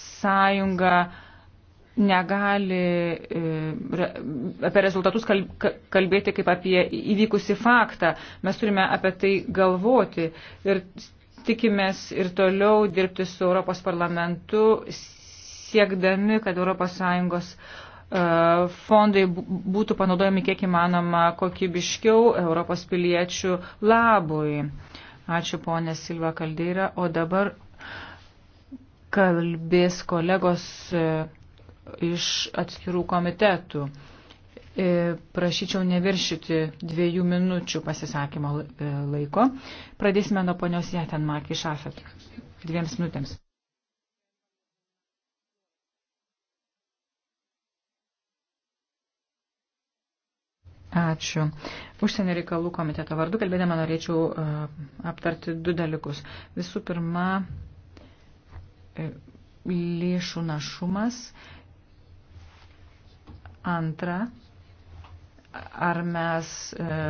Sąjunga negali e, apie rezultatus kalbėti kaip apie įvykusi faktą. Mes turime apie tai galvoti ir tikimės ir toliau dirbti su Europos parlamentu, siekdami, kad ES e, fondai būtų panaudojami kiek įmanoma kokybiškiau Europos piliečių labui. Ačiū ponė Silva Kaldeira. O dabar kalbės kolegos e, iš atskirų komitetų. E, prašyčiau neviršyti dviejų minučių pasisakymo e, laiko. Pradėsime nuo ponios Jatenmak iš AFET. Dviems minutėms. Ačiū. Užsienio reikalų komiteto vardu kalbėdama norėčiau e, aptarti du dalykus. Visų pirma, e, lėšų našumas. Antra, ar mes e,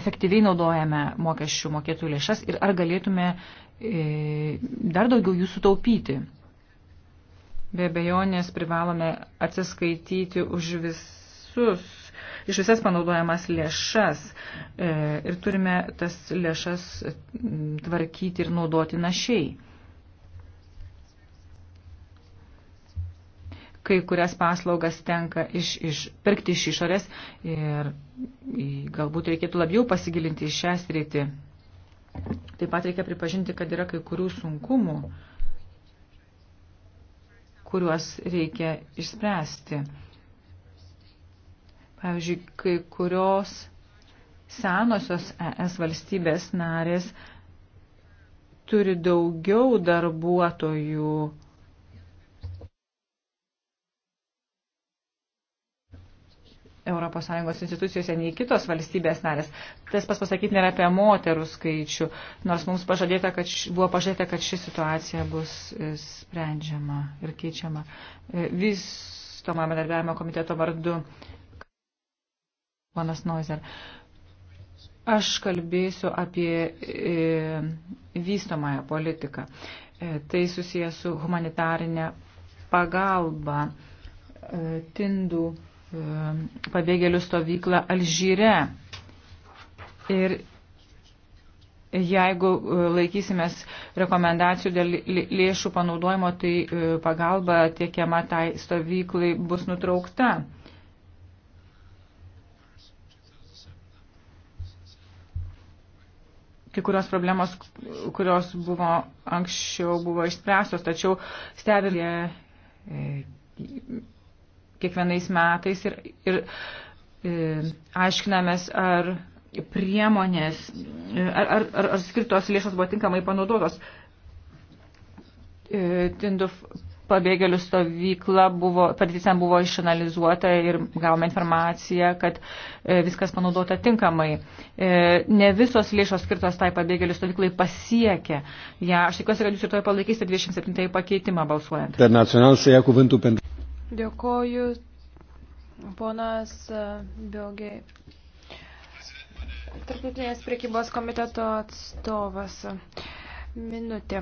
efektyviai naudojame mokesčių mokėtų lėšas ir ar galėtume dar daugiau jų sutaupyti. Be abejonės privalome atsiskaityti už visą visus, iš visas panaudojamas lėšas e, ir turime tas lėšas e, tvarkyti ir naudoti našiai. kai kurias paslaugas tenka iš, iš, pirkti iš išorės ir galbūt reikėtų labiau pasigilinti į šią sritį. Taip pat reikia pripažinti, kad yra kai kurių sunkumų, kuriuos reikia išspręsti. Pavyzdžiui, kai kurios senosios ES valstybės narės turi daugiau darbuotojų. ES institucijose nei kitos valstybės narės. Tas pas pasakyti nėra apie moterų skaičių, nors mums pažadėta, kad š, buvo pažadėta, kad ši situacija bus e, sprendžiama ir keičiama. E, vystomame darbiavimo komiteto vardu Ponas Noizer. Aš kalbėsiu apie e, vystomąją politiką. E, tai susijęs su humanitarinė pagalba e, Tindų e, pabėgėlių stovyklą Alžyre. Ir jeigu e, laikysimės rekomendacijų dėl lėšų panaudojimo, tai e, pagalba tiekiama tai stovyklai bus nutraukta. kai kurios problemos, kurios buvo anksčiau buvo išspręstos, tačiau stebėlė e, kiekvienais metais ir, ir, ir e, aiškinamės, ar priemonės, e, ar, ar, ar skirtos lėšos buvo tinkamai panaudotos. Tinduf pabėgėlių stovykla buvo, padėtis ten buvo išanalizuota ir gavome informaciją, kad e, viskas panaudota tinkamai. E, ne visos lėšos skirtos tai pabėgėlių stovyklai pasiekė. Ja, aš tikiuosi, kad jūs ir toje palaikysite 27 pakeitimą balsuojant. Dėkoju, ponas e, Biogiai. Tarptautinės priekybos komiteto atstovas. Minutė.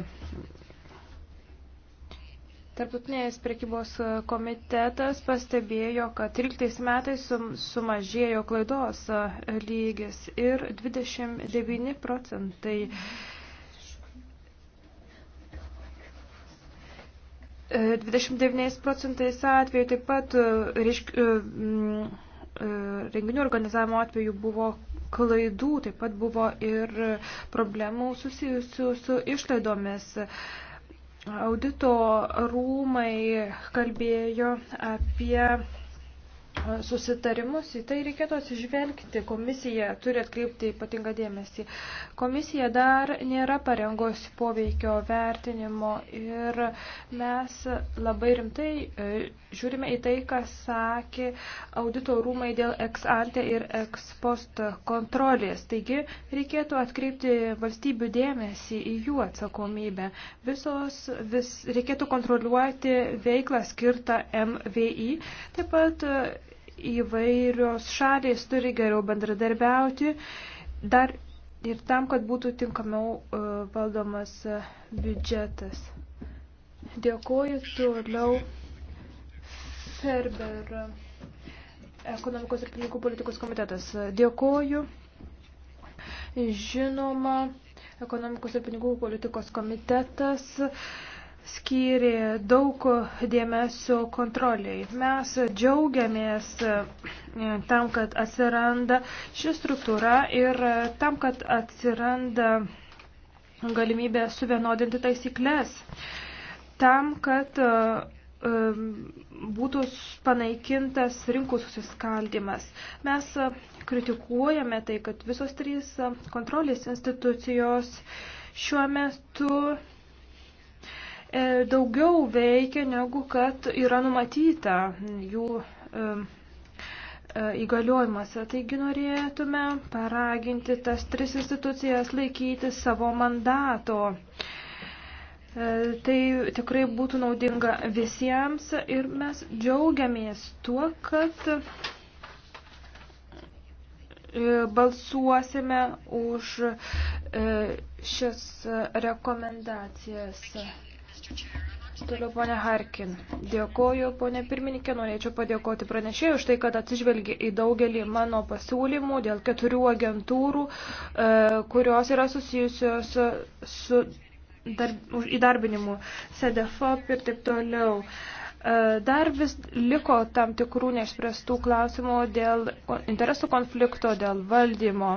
Tarptautinės prekybos komitetas pastebėjo, kad 13 metais sumažėjo klaidos lygis ir 29 procentai. E, 29 procentais atveju taip pat e, reišk, e, e, renginių organizavimo atveju buvo klaidų, taip pat buvo ir problemų susijusių su išlaidomis. E, Audito rūmai kalbėjo apie susitarimus, į tai reikėtų atsižvelgti. Komisija turi atkreipti ypatingą dėmesį. Komisija dar nėra parengos poveikio vertinimo ir mes labai rimtai e, žiūrime į tai, kas sakė audito rūmai dėl ex ante ir ex post kontrolės. Taigi reikėtų atkreipti valstybių dėmesį į jų atsakomybę. Visos, vis, reikėtų kontroliuoti veiklą skirtą MVI. Taip pat įvairios šalys turi geriau bendradarbiauti dar ir tam, kad būtų tinkamiau e, valdomas e, biudžetas. Dėkuoju toliau Ferber, ekonomikos ir pinigų politikos komitetas. Dėkuoju. Žinoma, ekonomikos ir pinigų politikos komitetas skyrė daug dėmesio kontroliai. Mes džiaugiamės e, tam, kad atsiranda ši struktūra ir e, tam, kad atsiranda galimybė suvienodinti taisyklės. Tam, kad e, būtų panaikintas rinkų susiskaldimas. Mes kritikuojame tai, kad visos trys kontrolės institucijos šiuo metu E, daugiau veikia, negu kad yra numatyta jų e, e, įgaliojimuose. Taigi norėtume paraginti tas tris institucijas laikyti savo mandato. Tai tikrai būtų naudinga visiems ir mes džiaugiamės tuo, kad balsuosime už šias rekomendacijas. Toliau ponė Harkin. Dėkoju, ponė pirmininkė, norėčiau padėkoti pranešėjui už tai, kad atsižvelgi į daugelį mano pasiūlymų dėl keturių agentūrų, e, kurios yra susijusios su dar, įdarbinimu, SEDEFOP ir taip toliau. E, dar vis liko tam tikrų neišspręstų klausimų dėl interesų konflikto, dėl valdymo.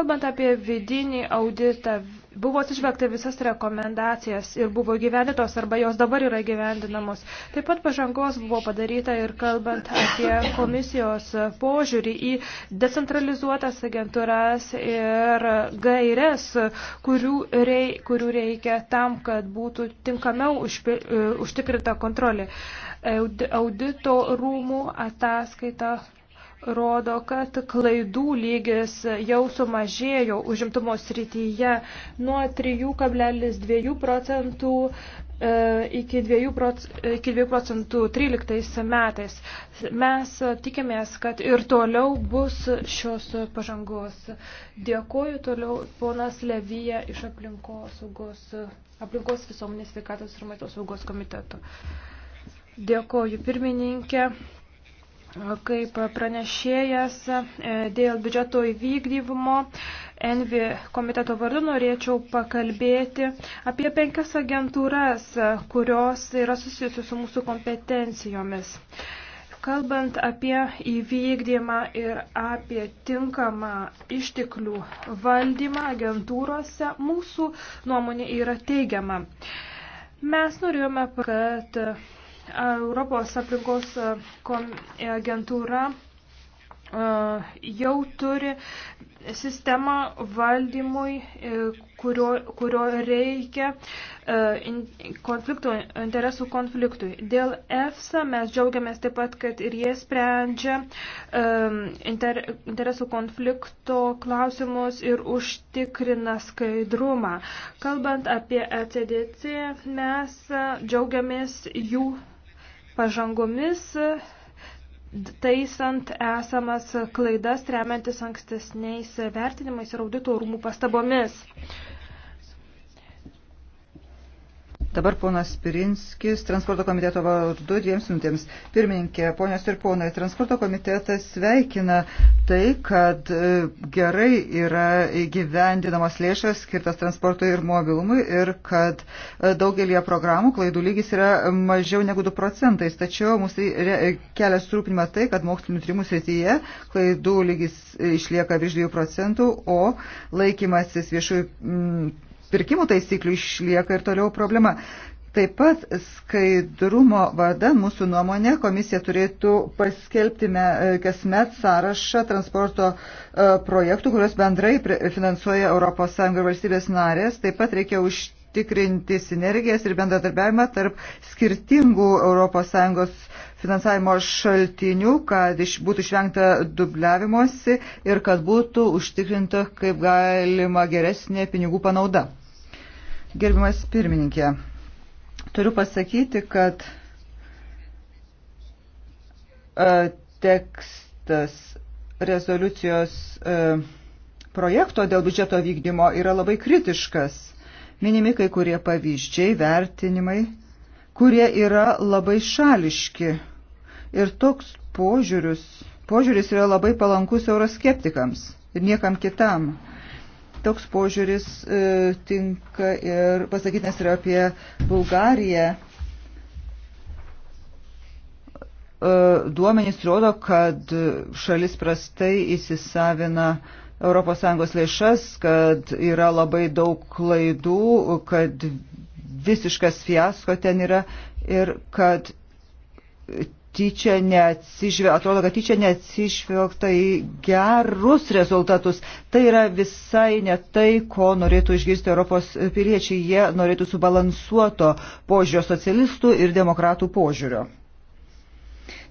Kalbant apie vidinį auditą, Buvo atsižvelgta visas rekomendacijas ir buvo gyvendytos arba jos dabar yra gyvendinamos. Taip pat pažangos buvo padaryta ir kalbant apie komisijos požiūrį į decentralizuotas agentūras ir gairias, kurių, rei, kurių reikia tam, kad būtų tinkamiau užpi, e, užtikrinta kontrolė. Audito rūmų ataskaita rodo, kad klaidų lygis jau sumažėjo užimtumo srityje nuo 3,2 procentų e, iki 2 procentų 13 metais. Mes tikimės, kad ir toliau bus šios pažangos. Dėkuoju toliau ponas Levyje iš aplinkos, saugos, aplinkos visuomenės sveikatos ir maitos saugos komiteto. Dėkuoju pirmininkė kaip pranešėjas e, dėl biudžeto įvykdyvimo Envi komiteto vardu norėčiau pakalbėti apie penkias agentūras, kurios yra susijusios su mūsų kompetencijomis. Kalbant apie įvykdymą ir apie tinkamą išteklių valdymą agentūrose, mūsų nuomonė yra teigiama. Mes norėjome, kad Europos aplinkos e, e, agentūra e, jau turi sistemą valdymui, kurio, kurio reikia konfliktų, interesų konfliktui. Dėl EFSA mes džiaugiamės taip pat, kad ir jie sprendžia inter, interesų konflikto klausimus ir užtikrina skaidrumą. Kalbant apie ECDC, mes džiaugiamės jų pažangomis, taisant esamas klaidas remiantis ankstesniais vertinimais ir audito rūmų pastabomis. Dabar ponas Pirinskis, transporto komiteto vardu dviems minutėms. Pirmininkė, ponios ir ponai, transporto komitetas sveikina tai, kad e, gerai yra gyvendinamos lėšas skirtas transportui ir mobilumui ir kad e, daugelie programų klaidų lygis yra mažiau negu 2 procentais. Tačiau mums tai kelia surūpinimą tai, kad mokslinių trimų srityje klaidų lygis išlieka virš 2 procentų, o laikymasis viešųjų pirkimų taisyklių išlieka ir toliau problema. Taip pat skaidrumo vardan mūsų nuomonė komisija turėtų paskelbti e, kasmet sąrašą transporto e, projektų, kurios bendrai finansuoja ES ir valstybės narės. Taip pat reikia užtikrinti sinergijas ir bendradarbiavimą tarp skirtingų ES finansavimo šaltinių, kad iš, būtų išvengta dubliavimuose ir kad būtų užtikrinta kaip galima geresnė pinigų panauda. Gerbimas pirmininkė, turiu pasakyti, kad e, tekstas rezoliucijos e, projekto dėl biudžeto vykdymo yra labai kritiškas. Minimi kai kurie pavyzdžiai, vertinimai, kurie yra labai šališki. Ir toks požiūris, požiūris yra labai palankus euroskeptikams ir niekam kitam. Toks požiūris e, tinka ir pasakytinas yra apie Bulgariją. E, duomenys rodo, kad šalis prastai įsisavina ES lėšas, kad yra labai daug klaidų, kad visiškas fiasko ten yra ir kad tyčia neatsižvelgta, atrodo, kad tyčia neatsižvelgta į gerus rezultatus. Tai yra visai ne tai, ko norėtų išgirsti Europos piliečiai. Jie norėtų subalansuoto požiūrio socialistų ir demokratų požiūrio.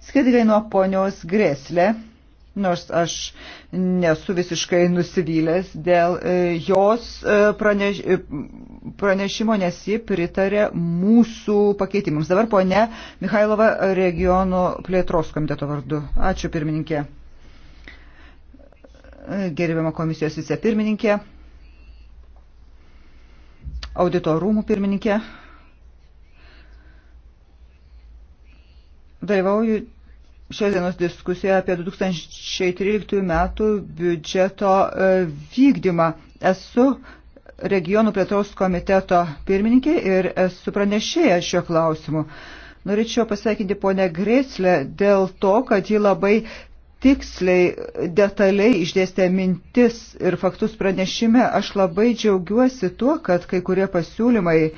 Skirtingai nuo ponios Greslė nors aš nesu visiškai nusivylęs dėl e, jos e, praneš, e, pranešimo, nes ji pritarė mūsų pakeitimams. Dabar ponė Mikhailova regionų plėtros komiteto vardu. Ačiū pirmininkė. Gerbiama komisijos vicepirmininkė, auditorumų pirmininkė. Dalyvauju šios dienos diskusiją apie 2013 metų biudžeto e, vykdymą. Esu regionų plėtros komiteto pirmininkė ir esu pranešėja šiuo klausimu. Norėčiau pasveikinti ponę Grėslę dėl to, kad ji labai tiksliai, detaliai išdėstė mintis ir faktus pranešime. Aš labai džiaugiuosi tuo, kad kai kurie pasiūlymai,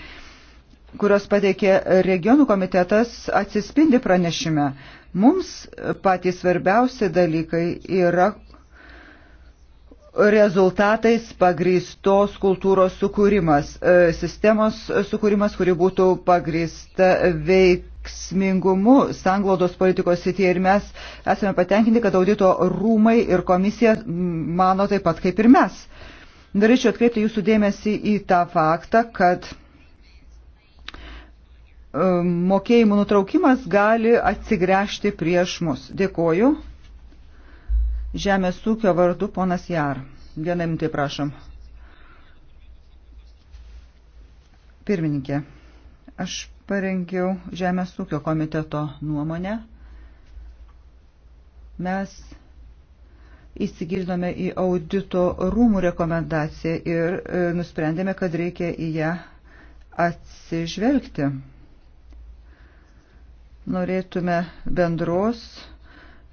kurios pateikė regionų komitetas, atsispindi pranešime. Mums patys svarbiausi dalykai yra rezultatais pagristos kultūros sukūrimas, e, sistemos sukūrimas, kuri būtų pagrista veik veiksmingumu sanglaudos politikos sityje ir mes esame patenkinti, kad audito rūmai ir komisija mano taip pat kaip ir mes. Norėčiau atkreipti jūsų dėmesį į tą faktą, kad Um, mokėjimų nutraukimas gali atsigręžti prieš mus. Dėkoju. Žemės ūkio vardu ponas Jar. Vieną minutę prašom. Pirmininkė, aš parengiau Žemės ūkio komiteto nuomonę. Mes įsigirdome į audito rūmų rekomendaciją ir e, nusprendėme, kad reikia į ją atsižvelgti norėtume bendros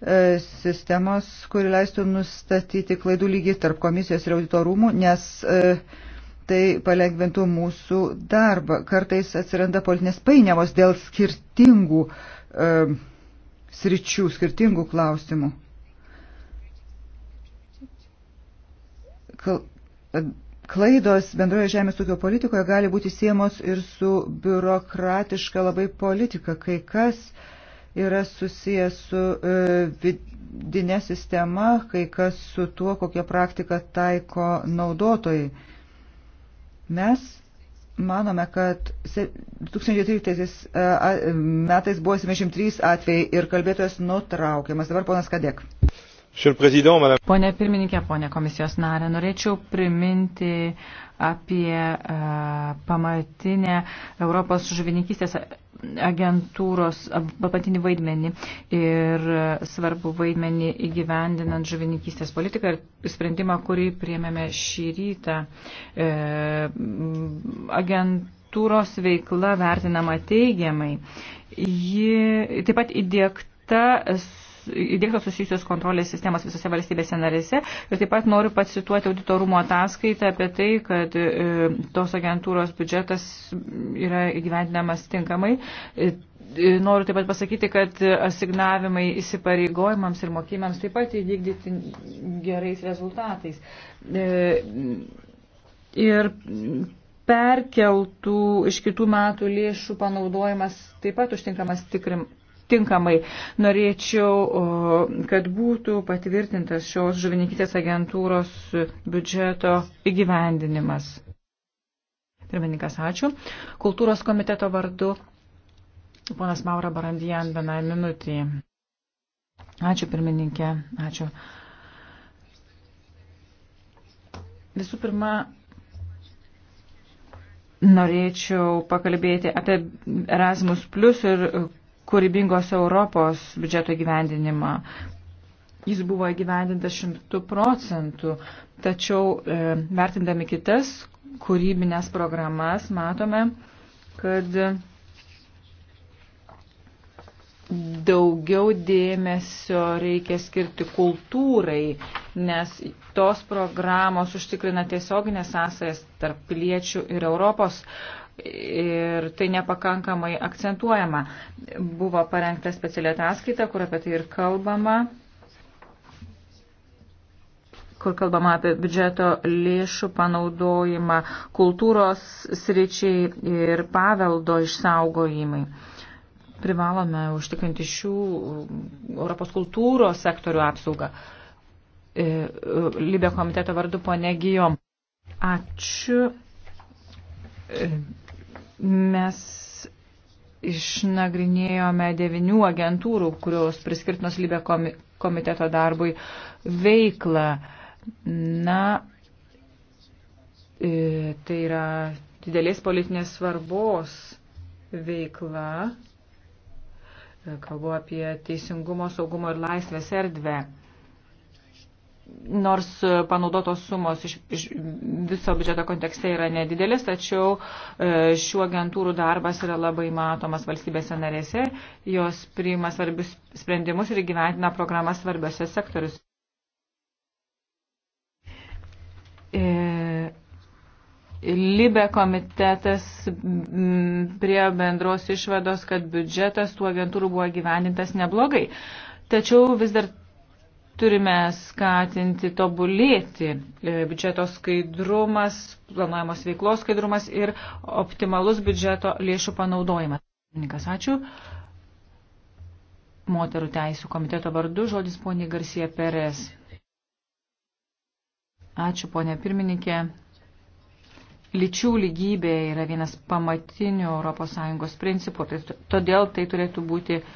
e, sistemos, kuri leistų nustatyti klaidų lygį tarp komisijos ir auditorumų, nes e, tai palengventų mūsų darbą. Kartais atsiranda politinės painiavos dėl skirtingų e, sričių, skirtingų klausimų. Kal klaidos bendroje žemės ūkio politikoje gali būti siemos ir su biurokratiška labai politika, kai kas yra susijęs su e, vidinė sistema, kai kas su tuo, kokią praktiką taiko naudotojai. Mes manome, kad 2013 e, metais buvo 73 atvejai ir kalbėtojas nutraukiamas. Dabar ponas Kadek. Pone pirmininkė, pone komisijos narė, norėčiau priminti apie uh, pamatinę Europos žuvininkystės agentūros papatinį vaidmenį ir svarbu vaidmenį įgyvendinant žuvininkystės politiką ir sprendimą, kurį priėmėme šį rytą. Uh, agentūros veikla vertinama teigiamai. Ji taip pat įdėkta įdėktos susijusios kontrolės sistemos visose valstybėse narėse. Ir taip pat noriu pacituoti auditorumo ataskaitą apie tai, kad e, tos agentūros biudžetas yra įgyvendinamas tinkamai. E, e, noriu taip pat pasakyti, kad asignavimai įsipareigojimams ir mokymams taip pat įvykdyti gerais rezultatais. Ir perkeltų iš kitų metų lėšų panaudojimas taip pat užtinkamas tikrim, tinkamai. Norėčiau, kad būtų patvirtintas šios žuvininkytės agentūros biudžeto įgyvendinimas. Pirmininkas, ačiū. Kultūros komiteto vardu ponas Maura Barandijan vienai minutį. Ačiū pirmininkė, ačiū. Visų pirma, norėčiau pakalbėti apie Erasmus Plus ir kūrybingos Europos biudžeto gyvendinimą. Jis buvo įgyvendintas šimtų procentų, tačiau e, vertindami kitas kūrybinės programas matome, kad daugiau dėmesio reikia skirti kultūrai, nes tos programos užtikrina tiesioginės sąsajas tarp piliečių ir Europos ir tai nepakankamai akcentuojama. Buvo parengta speciali ataskaita, kur apie tai ir kalbama kur kalbama apie biudžeto lėšų panaudojimą kultūros sričiai ir paveldo išsaugojimai. Privalome užtikrinti šių Europos kultūros sektorių apsaugą. E, Libė komiteto vardu ponegijom. Ačiū. Mes išnagrinėjome devinių agentūrų, kurios priskirtinos lybė komiteto darbui veiklą. Na, e, tai yra didelės politinės svarbos veikla. E, kalbu apie teisingumo, saugumo ir laisvės erdvę nors panaudotos sumos iš, iš viso biudžeto kontekste yra nedidelis, tačiau e, šių agentūrų darbas yra labai matomas valstybėse narėse, jos priima svarbius sprendimus ir gyventina programas svarbiose sektorius. E, Libe komitetas prie bendros išvados, kad biudžetas tų agentūrų buvo gyvenintas neblogai. Tačiau vis dar Turime skatinti tobulėti e, biudžeto skaidrumas, planuojamos veiklos skaidrumas ir optimalus biudžeto lėšų panaudojimas. Ačiū. Moterų teisų komiteto vardu žodis ponė Garcia Perez. Ačiū, ponė pirmininkė. Lyčių lygybė yra vienas pamatinių ES principų, tai todėl tai turėtų būti uh,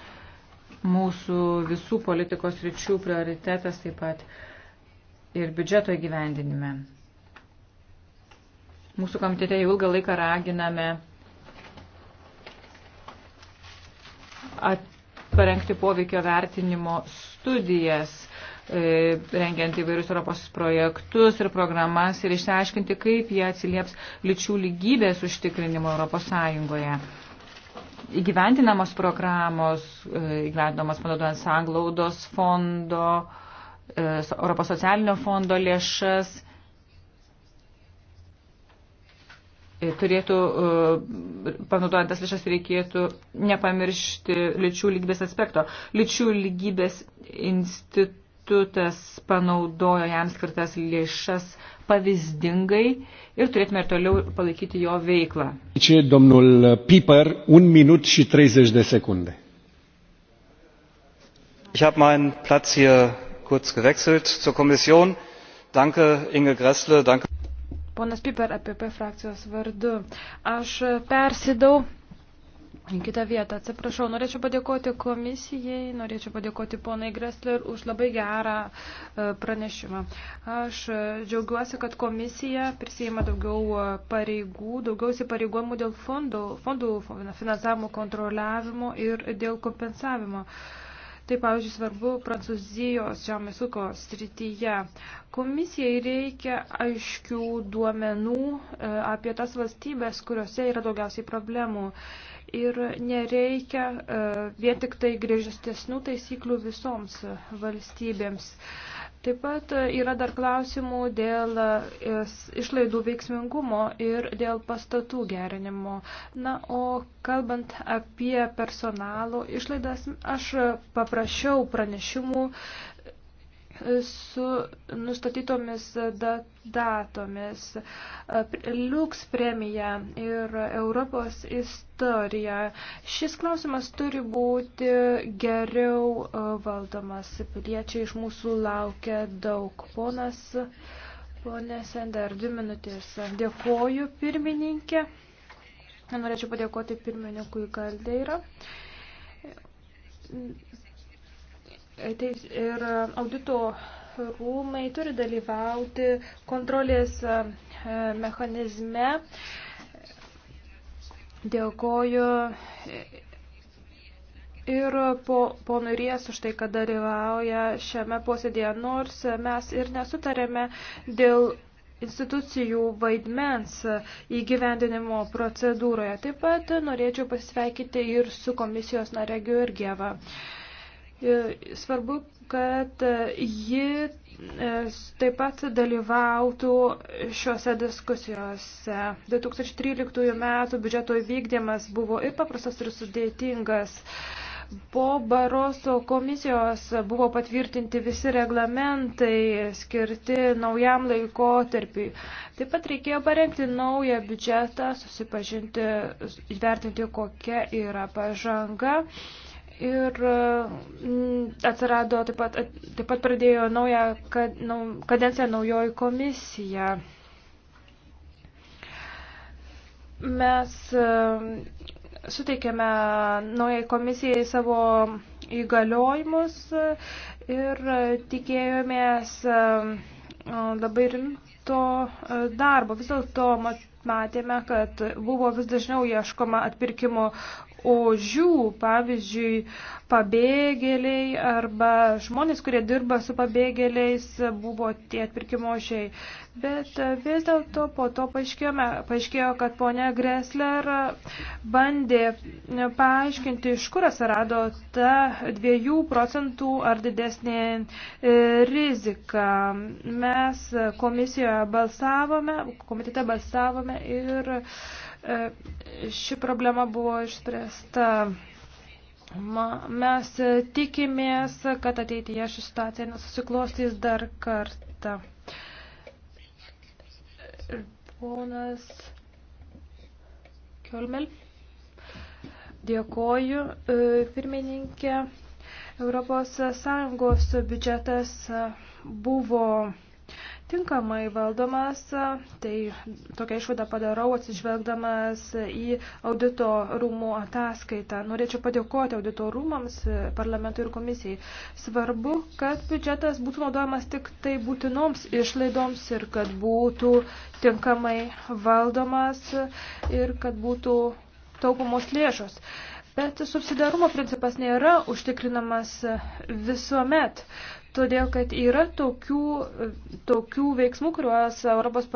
mūsų visų politikos ryčių prioritetas taip pat ir biudžeto įgyvendinime. Mūsų komitete jau ilgą laiką raginame parengti poveikio vertinimo studijas, e, rengiant įvairius Europos projektus ir programas ir išsiaiškinti, kaip jie atsilieps lyčių lygybės užtikrinimo Europos Sąjungoje įgyventinamos programos, e, įgyventinamos panaudojant sanglaudos fondo, e, Europos socialinio fondo lėšas, e, turėtų, panaudojant tas lėšas, reikėtų nepamiršti lyčių lygybės aspekto. Lyčių lygybės institutas panaudojo jam skirtas lėšas pavyzdingai ir turėtume ir toliau palaikyti jo veiklą. Čia domnul Piper, 1 minut și 30 de secunde. Ich habe meinen Platz hier kurz gewechselt zur Kommission. Danke Inge Gressle, danke. Ponas Piper, APP frakcijos vardu. Aš persidau į kitą vietą. Atsiprašau, norėčiau padėkoti komisijai, norėčiau padėkoti ponai Gressler už labai gerą e, pranešimą. Aš e, džiaugiuosi, kad komisija prisijima daugiau e, pareigų, daugiau įsipareigojimų dėl fondų, fondų finansavimo kontroliavimo ir dėl kompensavimo. Tai, pavyzdžiui, svarbu Prancūzijos žemės ūkio srityje. Komisijai reikia aiškių duomenų apie tas valstybės, kuriuose yra daugiausiai problemų ir nereikia e, vien tik tai griežtesnių taisyklių visoms valstybėms. Taip pat e, yra dar klausimų dėl e, išlaidų veiksmingumo ir dėl pastatų gerinimo. Na, o kalbant apie personalo išlaidas, aš paprašiau pranešimų su nustatytomis datomis. Liuks premija ir Europos istorija. Šis klausimas turi būti geriau e, valdomas. Piliečiai iš mūsų laukia daug. Ponas, ponė Sender, dvi minutės. Dėkoju pirmininkė. Norėčiau padėkoti pirmininkui Kaldeira teis, ir uh, audito rūmai turi dalyvauti kontrolės uh, mechanizme. Dėkoju e, ir uh, po, ponui Ries už tai, kad dalyvauja šiame posėdėje, nors mes ir nesutarėme dėl institucijų vaidmens įgyvendinimo procedūroje. Taip pat norėčiau pasveikyti ir su komisijos nare Georgieva. Uh, E, svarbu, kad ji e, taip pat dalyvautų šiuose diskusijose. 2013 metų biudžeto įvykdymas buvo ir paprastas, ir sudėtingas. Po Baroso komisijos buvo patvirtinti visi reglamentai skirti naujam laikotarpiui. Taip pat reikėjo parengti naują biudžetą, susipažinti, įvertinti, kokia yra pažanga ir e, mm, atsirado taip pat, taip pat pradėjo naują kad, nau, kadenciją naujoji komisija. Mes e, suteikėme naujai komisijai savo įgaliojimus ir e, tikėjomės labai rimto darbo. Vis dėlto matėme, kad buvo vis dažniau ieškoma atpirkimo ožių, pavyzdžiui, pabėgėliai arba žmonės, kurie dirba su pabėgėliais, buvo tie atpirkimo ožiai. Bet e, vis dėlto po to paaiškėjo, kad ponia Gressler bandė e, paaiškinti, iš kur atsirado ta dviejų procentų ar didesnė e, rizika. Mes komisijoje balsavome, komitete balsavome ir uh, E, ši problema buvo išspręsta. Mes tikimės, kad ateityje ši situacija nesusiklostys dar kartą. E, ponas Kiolmel, dėkoju e, pirmininkė. Europos Sąjungos biudžetas buvo tinkamai valdomas, tai tokia išvada padarau atsižvelgdamas į audito rūmų ataskaitą. Norėčiau padėkoti audito rūmams, parlamentui ir komisijai. Svarbu, kad biudžetas būtų naudojamas tik tai būtinoms išlaidoms ir kad būtų tinkamai valdomas ir kad būtų taupomos lėšos. Bet subsidarumo principas nėra užtikrinamas visuomet todėl kad yra tokių, tokių veiksmų, kuriuos Europos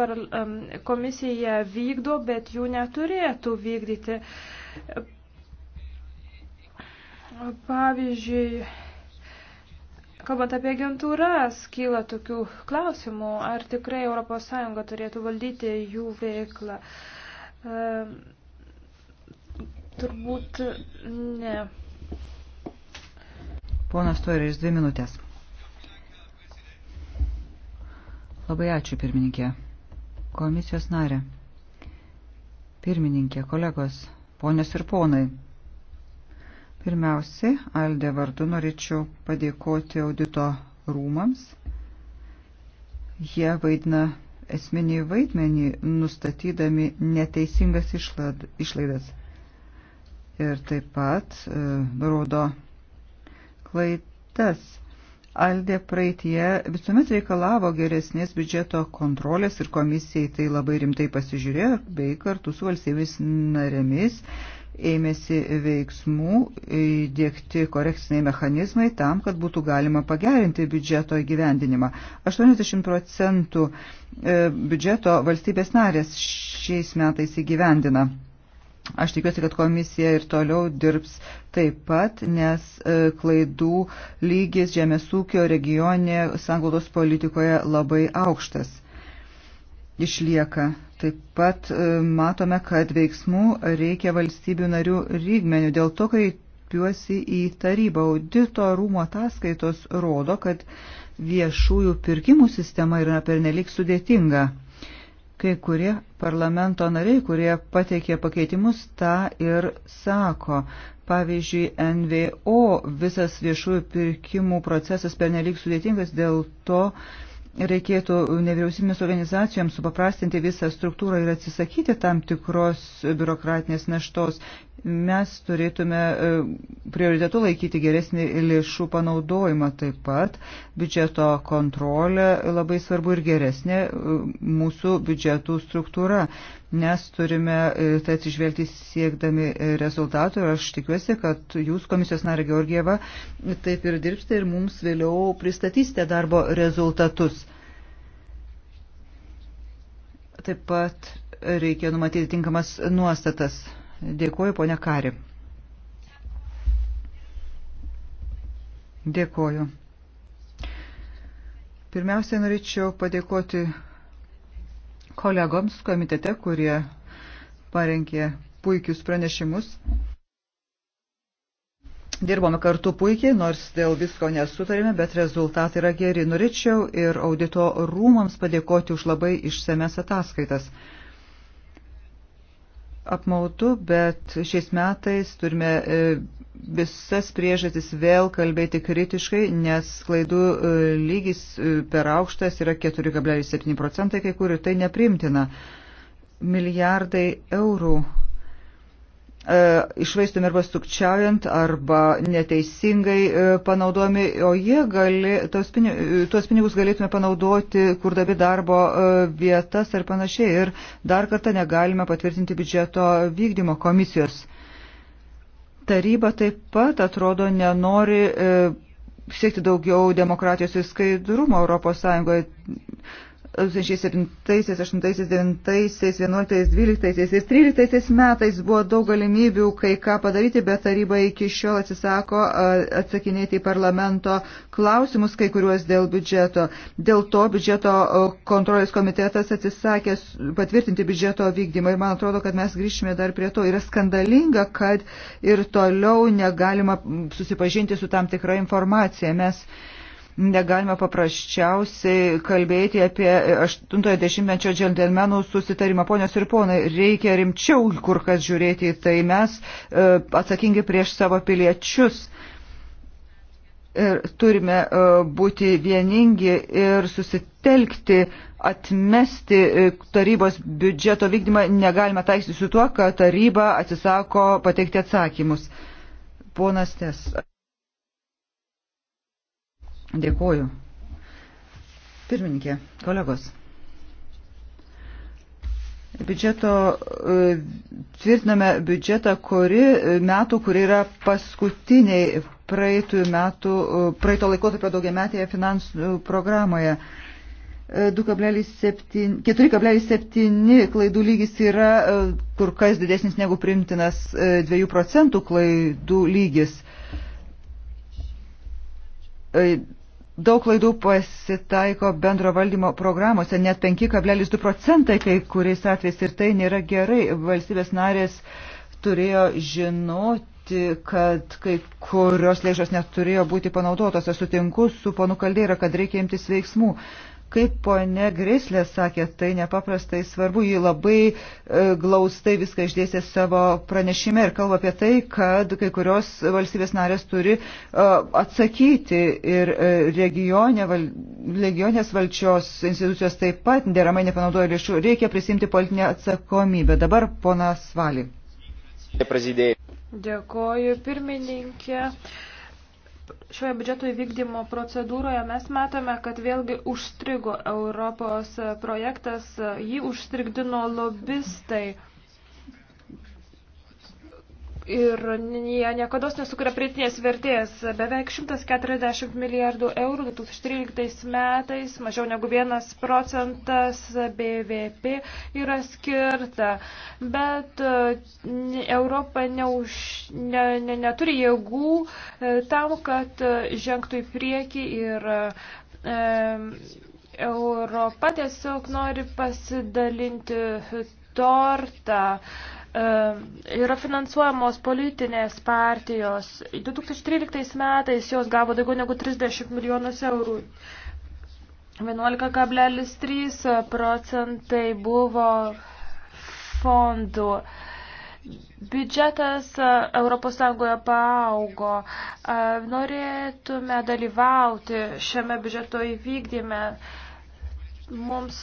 komisija vykdo, bet jų neturėtų vykdyti. Pavyzdžiui, kalbant apie agentūras, kyla tokių klausimų, ar tikrai ES turėtų valdyti jų veiklą. Turbūt ne. Ponas Toiris, dvi minutės. Labai ačiū, pirmininkė. Komisijos narė. Pirmininkė, kolegos, ponios ir ponai. Pirmiausiai, Aldė vardu norėčiau padėkoti audito rūmams. Jie vaidina esminį vaidmenį, nustatydami neteisingas išlad, išlaidas. Ir taip pat e, rodo klaidas. Aldė praeitie visuomet reikalavo geresnės biudžeto kontrolės ir komisijai tai labai rimtai pasižiūrėjo bei kartu su valstybės narėmis ėmėsi veiksmų įdėkti korekciniai mechanizmai tam, kad būtų galima pagerinti biudžeto įgyvendinimą. 80 procentų e, biudžeto valstybės narės šiais metais įgyvendina. Aš tikiuosi, kad komisija ir toliau dirbs taip pat, nes e, klaidų lygis žemės ūkio regionė sanglaudos politikoje labai aukštas išlieka. Taip pat e, matome, kad veiksmų reikia valstybių narių lygmenių. Dėl to, kai kreipiuosi į tarybą, audito rūmo ataskaitos rodo, kad viešųjų pirkimų sistema yra pernelik sudėtinga Kai kurie parlamento nariai, kurie pateikė pakeitimus, tą ir sako. Pavyzdžiui, NVO visas viešųjų pirkimų procesas pernelyg sudėtingas, dėl to reikėtų nevyriausybinės organizacijoms supaprastinti visą struktūrą ir atsisakyti tam tikros biurokratinės naštos mes turėtume e, prioritetu laikyti geresnį lėšų panaudojimą taip pat. Biudžeto kontrolė labai svarbu ir geresnė e, mūsų biudžetų struktūra, nes turime e, tai atsižvelgti siekdami rezultatų ir aš tikiuosi, kad jūs, komisijos narė Georgieva, taip ir dirbsite ir mums vėliau pristatysite darbo rezultatus. Taip pat reikia numatyti tinkamas nuostatas Dėkuoju, ponia Kari. Dėkuoju. Pirmiausia, norėčiau padėkoti kolegoms komitete, kurie parengė puikius pranešimus. Dirbome kartu puikiai, nors dėl visko nesutarėme, bet rezultatai yra geri. Norėčiau ir audito rūmams padėkoti už labai išsames ataskaitas apmaudu, bet šiais metais turime e, visas priežastis vėl kalbėti kritiškai, nes klaidų e, lygis e, per aukštas yra 4,7 procentai kai kur ir tai neprimtina. Milijardai eurų E, išvaistomi arba sukčiaujant, arba neteisingai e, panaudojami, o jie gali, tos pinigus, tuos pinigus galėtume panaudoti, kurdami darbo e, vietas ar panašiai. Ir dar kartą negalime patvirtinti biudžeto vykdymo komisijos. Taryba taip pat atrodo nenori siekti daugiau demokratijos ir skaidrumo Europos Sąjungoje 2007-2008-2009-2011-2012 metais buvo daug galimybių kai ką padaryti, bet taryba iki šiol atsisako atsakinėti į parlamento klausimus, kai kuriuos dėl biudžeto. Dėl to biudžeto kontrolės komitetas atsisakė patvirtinti biudžeto vykdymą ir man atrodo, kad mes grįžtume dar prie to. Yra skandalinga, kad ir toliau negalima susipažinti su tam tikra informacija. Mes negalime paprasčiausiai kalbėti apie 80-mečio džentelmenų susitarimą. Ponios ir ponai, reikia rimčiau kur kas žiūrėti į tai. Mes e, atsakingi prieš savo piliečius. Ir turime e, būti vieningi ir susitelkti, atmesti e, tarybos biudžeto vykdymą. Negalime taisyti su tuo, kad taryba atsisako pateikti atsakymus. Ponas Tes. Dėkuoju. Pirmininkė, kolegos. Biudžeto, e, tvirtiname biudžetą, kuri e, metų, kuri yra paskutiniai praeitų metų, e, praeito laikotarpio daugiametėje finansų programoje. 4,7 klaidų lygis yra kur kas didesnis negu primtinas 2 procentų klaidų lygis Daug klaidų pasitaiko bendro valdymo programuose, net 5,2 procentai kai kuriais atvejais ir tai nėra gerai. Valstybės narės turėjo žinoti, kad kai kurios lėšos neturėjo būti panaudotos. Aš sutinku su ponu Kaldeira, kad reikia imtis veiksmų. Kaip ponė Grislė sakė, tai nepaprastai svarbu, ji labai e, glaustai viską išdėsė savo pranešime ir kalba apie tai, kad kai kurios valstybės narės turi e, atsakyti ir e, regionė, val, regionės valdžios institucijos taip pat deramai nepanaudoja lėšų, reikia prisimti politinę atsakomybę. Dabar ponas Valį. Dėkoju pirmininkė šioje biudžeto įvykdymo procedūroje mes matome, kad vėlgi užstrigo Europos projektas, jį užstrigdino lobistai ir jie niekada nesukuria pridėtinės vertės. Beveik 140 milijardų eurų 2013 metais, mažiau negu 1 procentas BVP yra skirta. Bet e, Europa neuž, ne, ne, neturi jėgų e, tam, kad e, žengtų į priekį ir. E, Europa tiesiog nori pasidalinti tortą. E, E, yra finansuojamos politinės partijos. 2013 metais jos gavo daugiau negu 30 milijonus eurų. 11,3 procentai buvo fondų. Biudžetas ES paaugo. E, norėtume dalyvauti šiame biudžeto įvykdyme. Mums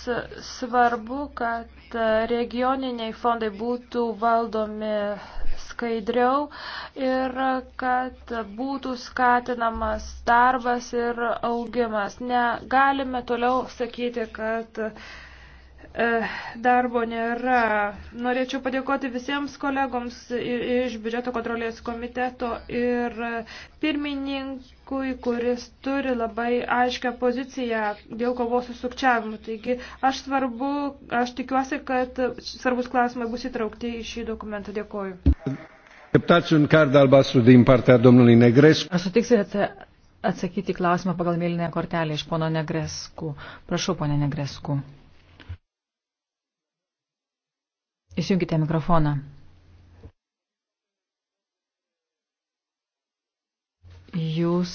svarbu, kad regioniniai fondai būtų valdomi skaidriau ir kad būtų skatinamas darbas ir augimas. Negalime toliau sakyti, kad uh, Eh, darbo nėra. Norėčiau padėkoti visiems kolegoms iš biudžeto kontrolės komiteto ir pirmininkui, kuris turi labai aiškę poziciją dėl kovos su sukčiavimu. Taigi aš svarbu, aš tikiuosi, kad svarbus klausimai bus įtraukti į šį dokumentą. Dėkoju. Acceptați un card albastru din partea domnului Negrescu. Ar sutiksite atsakyti klausimą pagal mėlynę kortelę iš pono Negrescu? Prašau, pone Negrescu. Įsijunkite mikrofoną. Jūs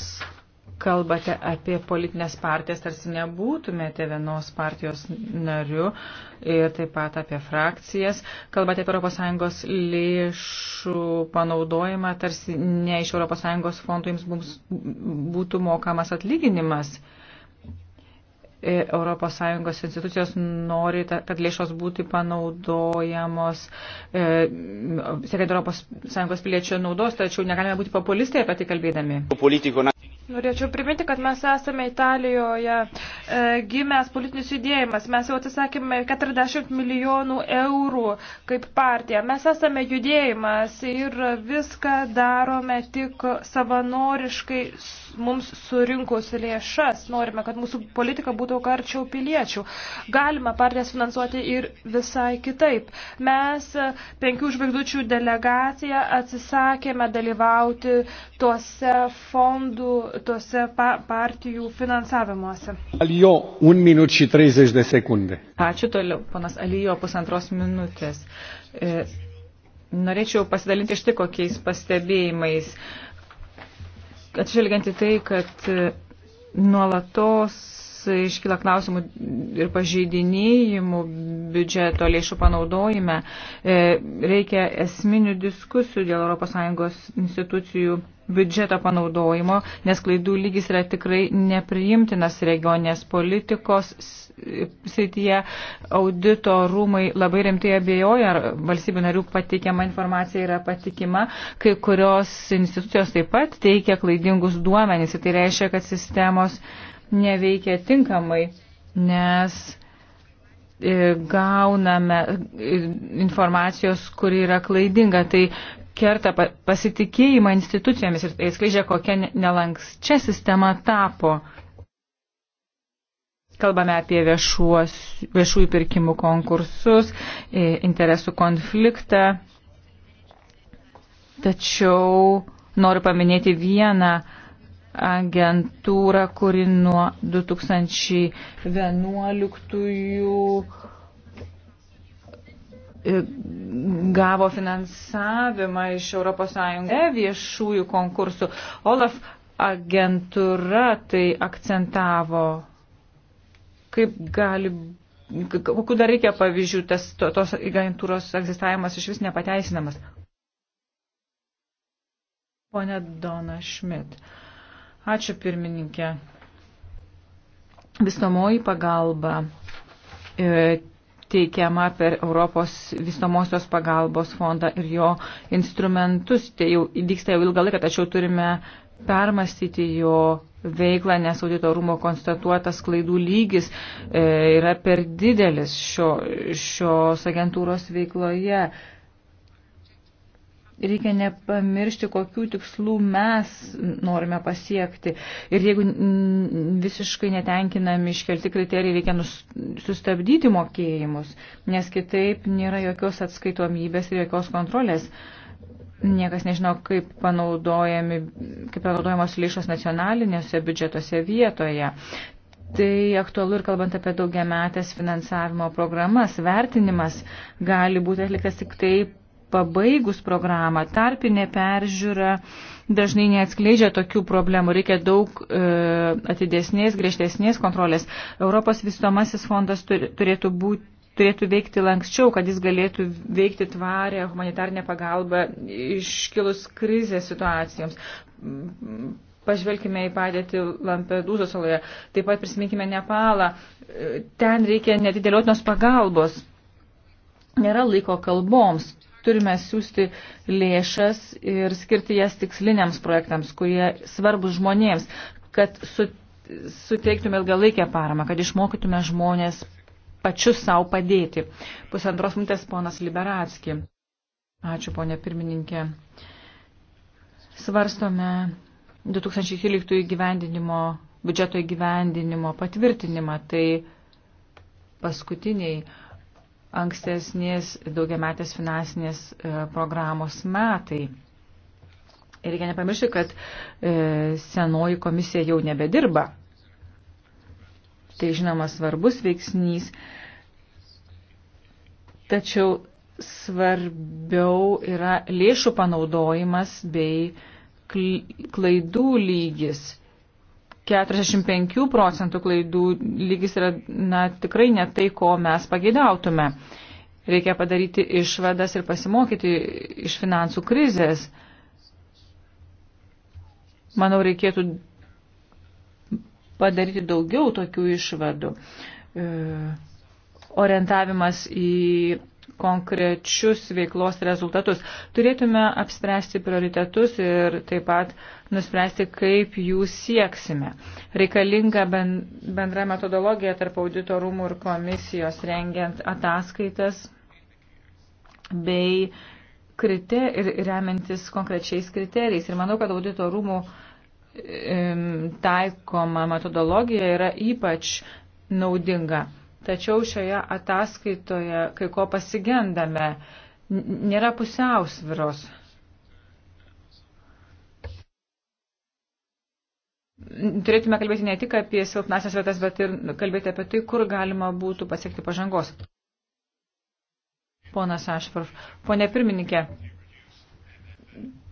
kalbate apie politinės partijas, tarsi nebūtumėte vienos partijos nariu ir taip pat apie frakcijas. Kalbate apie ES lėšų panaudojimą, tarsi ne iš ES fondų jums būtų mokamas atlyginimas. ES institucijos nori, kad lėšos būtų panaudojamos, e, siekiant ES piliečio naudos, tačiau negalime būti populistai apie tai kalbėdami. Norėčiau priminti, kad mes esame Italijoje e, gimęs politinis judėjimas. Mes jau atsisakėme 40 milijonų eurų kaip partija. Mes esame judėjimas ir viską darome tik savanoriškai mums surinkus lėšas. Norime, kad mūsų politika būtų karčiau piliečių. Galima partijas finansuoti ir visai kitaip. Mes e, penkių žvaigždučių delegaciją atsisakėme dalyvauti tuose fondų tuose pa partijų finansavimuose. Alijo, 1 minut 30 de sekundė. Ačiū toliau, ponas Alijo, pusantros minutės. E, norėčiau pasidalinti štai kokiais pastebėjimais. Atžvelgiant į tai, kad e, nuolatos iškyla klausimų ir pažeidinėjimų biudžeto lėšų panaudojime. E, reikia esminių diskusijų dėl ES institucijų biudžeto panaudojimo, nes klaidų lygis yra tikrai nepriimtinas regionės politikos srityje. Audito rūmai labai rimtai abejoja, ar valstybių narių pateikiama informacija yra patikima. Kai kurios institucijos taip pat teikia klaidingus duomenys. Tai reiškia, kad sistemos neveikia tinkamai, nes e, gauname e, informacijos, kuri yra klaidinga. Tai kerta pasitikėjimą institucijomis ir tai skleidžia, kokia nelankščia sistema tapo. Kalbame apie viešuos, viešųjų pirkimų konkursus, e, interesų konfliktą. Tačiau noriu paminėti vieną agentūrą, kuri nuo 2011 e, gavo finansavimą iš ES e, viešųjų konkursų. Olaf agentūra tai akcentavo. Kaip gali, kokiu dar reikia pavyzdžių, tas, to, tos agentūros egzistavimas iš vis nepateisinamas. Pone Dona Šmit. Uh, Ačiū pirmininkė. Visamoji pagalba e, teikiama per Europos vystomosios pagalbos fondą ir jo instrumentus. Tai jau vyksta jau ilgą laiką, tačiau turime permastyti jo veiklą, nes audito rūmo konstatuotas klaidų lygis e, yra per didelis šio, šios agentūros veikloje. E, reikia nepamiršti, kokių tikslų mes norime pasiekti. Ir jeigu visiškai netenkinami iškelti kriterijai, reikia nus, sustabdyti mokėjimus, nes kitaip nėra jokios atskaitomybės ir jokios kontrolės. Niekas nežino, kaip, kaip panaudojamos lėšos nacionalinėse biudžetuose vietoje. Tai aktualu ir kalbant apie daugiametės finansavimo programas. Vertinimas gali būti atliktas tik taip pabaigus programą, tarpinė peržiūra dažnai neatskleidžia tokių problemų. Reikia daug e, atidesnės, griežtesnės kontrolės. Europos vystomasis fondas turėtų būti turėtų veikti lankščiau, kad jis galėtų veikti tvarę humanitarnę pagalbą iškilus krizės situacijoms. Pažvelkime į padėtį Lampedūzos saloje, taip pat prisiminkime Nepalą. E, ten reikia nedideliotinos pagalbos. Nėra laiko kalboms, turime siūsti lėšas ir skirti jas tiksliniams projektams, kurie svarbus žmonėms, kad su, suteiktume ilgalaikę paramą, kad išmokytume žmonės pačius savo padėti. Pusantros minutės ponas Liberatski. Ačiū, ponė pirmininkė. Svarstome 2013 įgyvendinimo, biudžeto įgyvendinimo patvirtinimą. Tai paskutiniai ankstesnės daugiametės finansinės e, programos metai. Ir reikia nepamiršti, kad e, senoji komisija jau nebedirba. Tai žinoma svarbus veiksnys, tačiau svarbiau yra lėšų panaudojimas bei klaidų lygis 45 procentų klaidų lygis yra na, tikrai ne tai, ko mes pageidautume. Reikia padaryti išvadas ir pasimokyti iš finansų krizės. Manau, reikėtų padaryti daugiau tokių išvadų. E, orientavimas į konkrečius veiklos rezultatus. Turėtume apspręsti prioritetus ir taip pat nuspręsti, kaip jų sieksime. Reikalinga bendra metodologija tarp auditorumų ir komisijos rengiant ataskaitas bei kriter, ir remiantis konkrečiais kriterijais. Ir manau, kad auditorumų taikoma metodologija yra ypač naudinga. Tačiau šioje ataskaitoje kai ko pasigendame. Nėra pusiausviros. Turėtume kalbėti ne tik apie silpnasias vietas, bet ir kalbėti apie tai, kur galima būtų pasiekti pažangos. Ponas Ašvarf. Pone pirmininkė,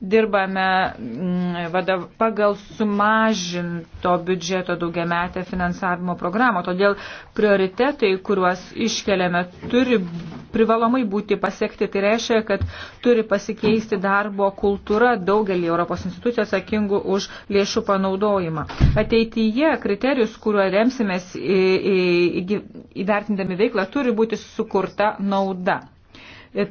dirbame mm, pagal sumažinto biudžeto daugiametę finansavimo programą. Todėl prioritetai, kuriuos iškeliame, turi privalomai būti pasiekti. Tai reiškia, kad turi pasikeisti darbo kultūra daugelį Europos institucijų atsakingų už lėšų panaudojimą. Ateityje kriterijus, kuriuo remsimės įvertindami veiklą, turi būti sukurta nauda.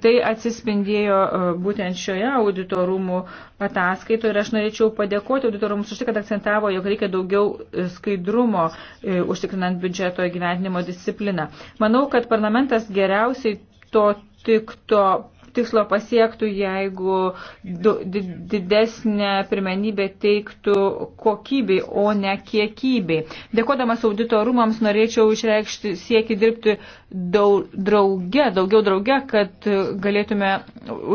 Tai atsispindėjo e, būtent šioje auditorumų ataskaitoje ir aš norėčiau padėkoti auditorumus už tai, kad akcentavo, jog reikia daugiau e, skaidrumo e, užtikrinant biudžeto įgyvendinimo discipliną. Manau, kad parlamentas geriausiai to tik to tikslo pasiektų, jeigu didesnė pirmenybė teiktų kokybei, o ne kiekybei. Dėkodamas auditorumams norėčiau išreikšti siekį dirbti daug, drauge, daugiau drauge, kad galėtume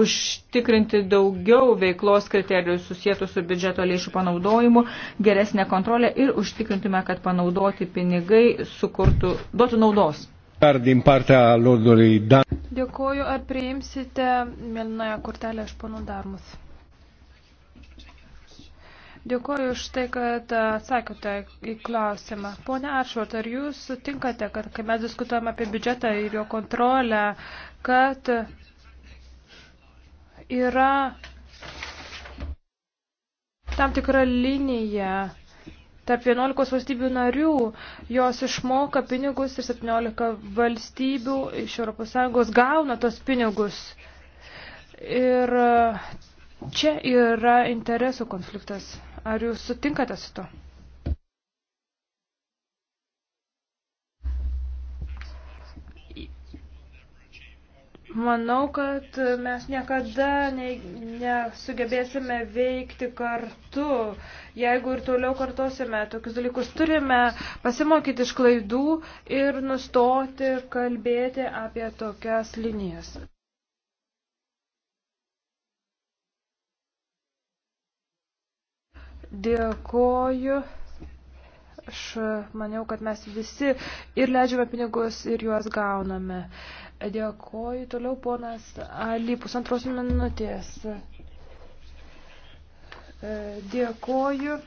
užtikrinti daugiau veiklos kriterijų susijętų su biudžeto lėšų panaudojimu, geresnę kontrolę ir užtikrintume, kad panaudoti pinigai sukurtų, duotų naudos. Dėkuoju, ar priimsite mėlynąją kortelę iš ponų darmus? Dėkuoju už tai, kad atsakėte į klausimą. Pone Aršvart, ar jūs sutinkate, kad kai mes diskutuojame apie biudžetą ir jo kontrolę, kad yra tam tikra linija Tarp 11 valstybių narių jos išmoka pinigus ir 17 valstybių iš ES gauna tos pinigus. Ir e, čia yra interesų konfliktas. Ar jūs sutinkate su to? Manau, kad mes niekada ne, nesugebėsime veikti kartu, jeigu ir toliau kartosime tokius dalykus. Turime pasimokyti iš klaidų ir nustoti kalbėti apie tokias linijas. Dėkoju. Aš maniau, kad mes visi ir leidžiame pinigus, ir juos gauname. Uh, Dėkoju. Toliau ponas Ali, pusantros minutės. Dėkoju.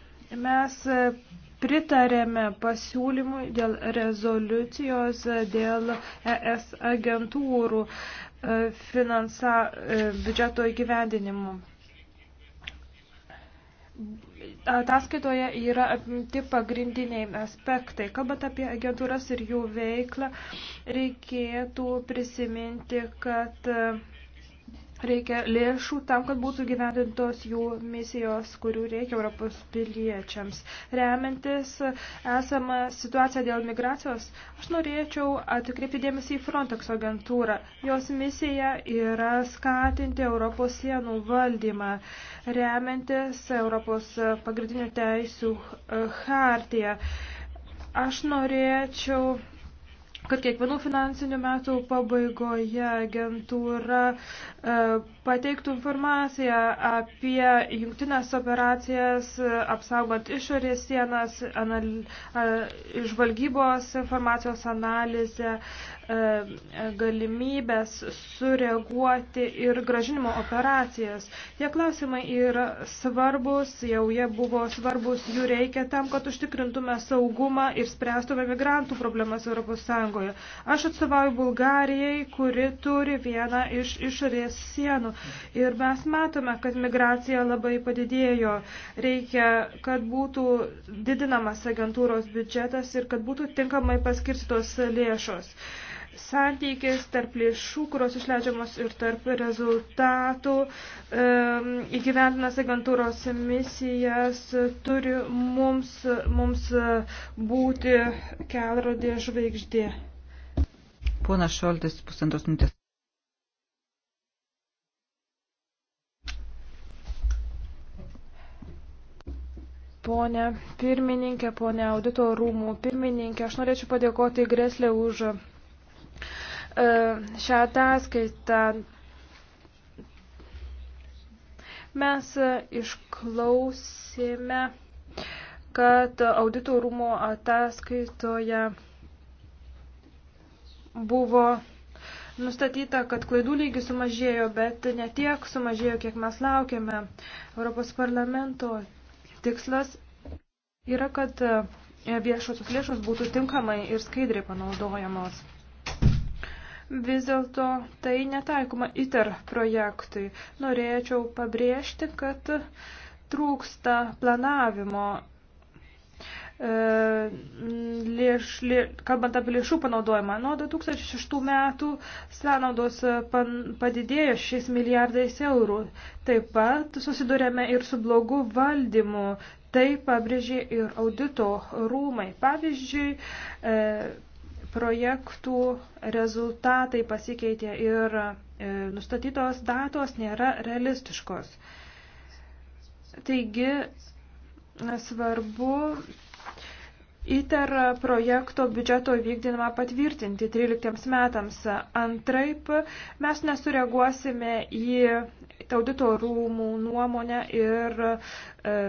Mes pritarėme pasiūlymui dėl rezoliucijos, dėl ES agentūrų finansa, biudžeto įgyvendinimų. Ataskaitoje yra apimti pagrindiniai aspektai. Kalbant apie agentūras ir jų veiklą, reikėtų prisiminti, kad reikia lėšų tam, kad būtų gyvendintos jų misijos, kurių reikia Europos piliečiams. Remiantis esamą situaciją dėl migracijos, aš norėčiau atkreipti dėmesį į Frontex agentūrą. Jos misija yra skatinti Europos sienų valdymą, remiantis Europos pagrindinių teisių hartiją. Aš norėčiau kad kiekvienų finansinių metų pabaigoje agentūra e, pateiktų informaciją apie jungtinės operacijas, apsaugant išorės sienas, žvalgybos informacijos analizę, E, galimybės sureaguoti ir gražinimo operacijas. Tie klausimai yra svarbus, jau jie buvo svarbus, jų reikia tam, kad užtikrintume saugumą ir spręstume migrantų problemas ES. Aš atstovauju Bulgarijai, kuri turi vieną iš išorės sienų ir mes matome, kad migracija labai padidėjo. Reikia, kad būtų didinamas agentūros biudžetas ir kad būtų tinkamai paskirstytos lėšos. Uh, santykis tarp lėšų, kurios išleidžiamos ir tarp rezultatų įgyventinas agentūros misijas turi mums, mums būti kelrodė žvaigždė. Pona Šoltis, pusantros minutės. Pone pirmininkė, pone audito rūmų pirmininkė, aš norėčiau padėkoti Greslė už šią ataskaitą. Mes išklausėme, kad audito rūmo ataskaitoje buvo nustatyta, kad klaidų lygis sumažėjo, bet ne tiek sumažėjo, kiek mes laukiame. Europos parlamento tikslas yra, kad viešosios lėšos būtų tinkamai ir skaidriai panaudojamos vis dėlto tai netaikoma ITER projektui. Norėčiau pabrėžti, kad trūksta planavimo. E, lėš, lė, kalbant apie lėšų panaudojimą, nuo 2006 metų sąnaudos padidėjo 6 milijardais eurų. Taip pat susidurėme ir su blogu valdymu. Tai pabrėžė ir audito rūmai. Pavyzdžiui, e, projektų rezultatai pasikeitė ir e, nustatytos datos nėra realistiškos. Taigi svarbu ITER projekto biudžeto vykdinimą patvirtinti 13 metams. Antraip mes nesureaguosime į audito rūmų nuomonę ir e,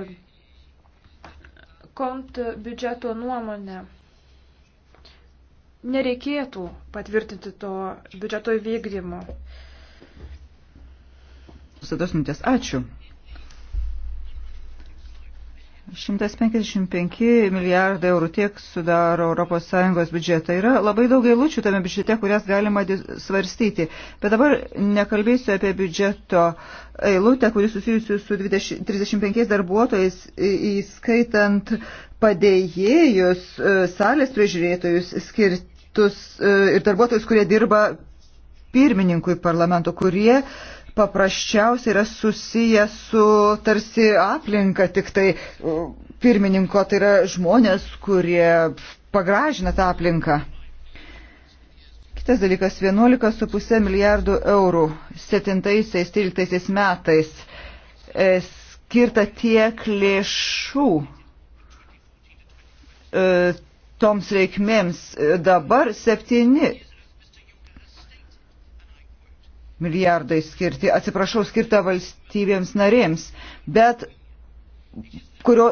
kont biudžeto nuomonę nereikėtų patvirtinti to biudžeto įvykdymo. Pusatos minutės. Ačiū. 155 milijardai eurų tiek sudaro ES biudžetą. Yra labai daug eilučių tame biudžete, kurias galima svarstyti. Bet dabar nekalbėsiu apie biudžeto eilutę, kuris susijusi su 20, 35 darbuotojais, įskaitant padėjėjus, e, salės prižiūrėtojus skirtus e, ir darbuotojus, kurie dirba pirmininkui parlamento, kurie paprasčiausiai yra susiję su tarsi aplinka tik tai e, pirmininko, tai yra žmonės, kurie pagražina tą aplinką. Kitas dalykas - 11,5 milijardų eurų 7-13 metais skirta tiek lėšų E, toms reikmėms e, dabar septyni milijardai skirti, atsiprašau, skirta valstybėms narėms, bet kurio,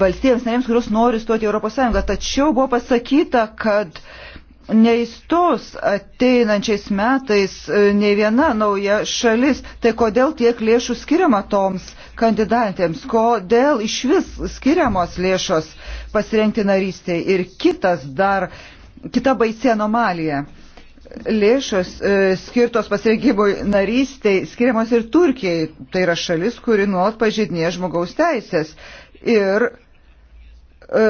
valstybėms narėms, kurios nori stoti Europos Sąjungą. Tačiau buvo pasakyta, kad neįstos ateinančiais metais e, ne viena nauja šalis. Tai kodėl tiek lėšų skiriama toms kandidatėms? Kodėl iš vis skiriamos lėšos pasirengti narystėje. Ir kitas dar, kita baisi anomalija. Lėšos e, skirtos pasirengimui narystiai skiriamos ir Turkijai. Tai yra šalis, kuri nuolat pažydinė žmogaus teisės. Ir e,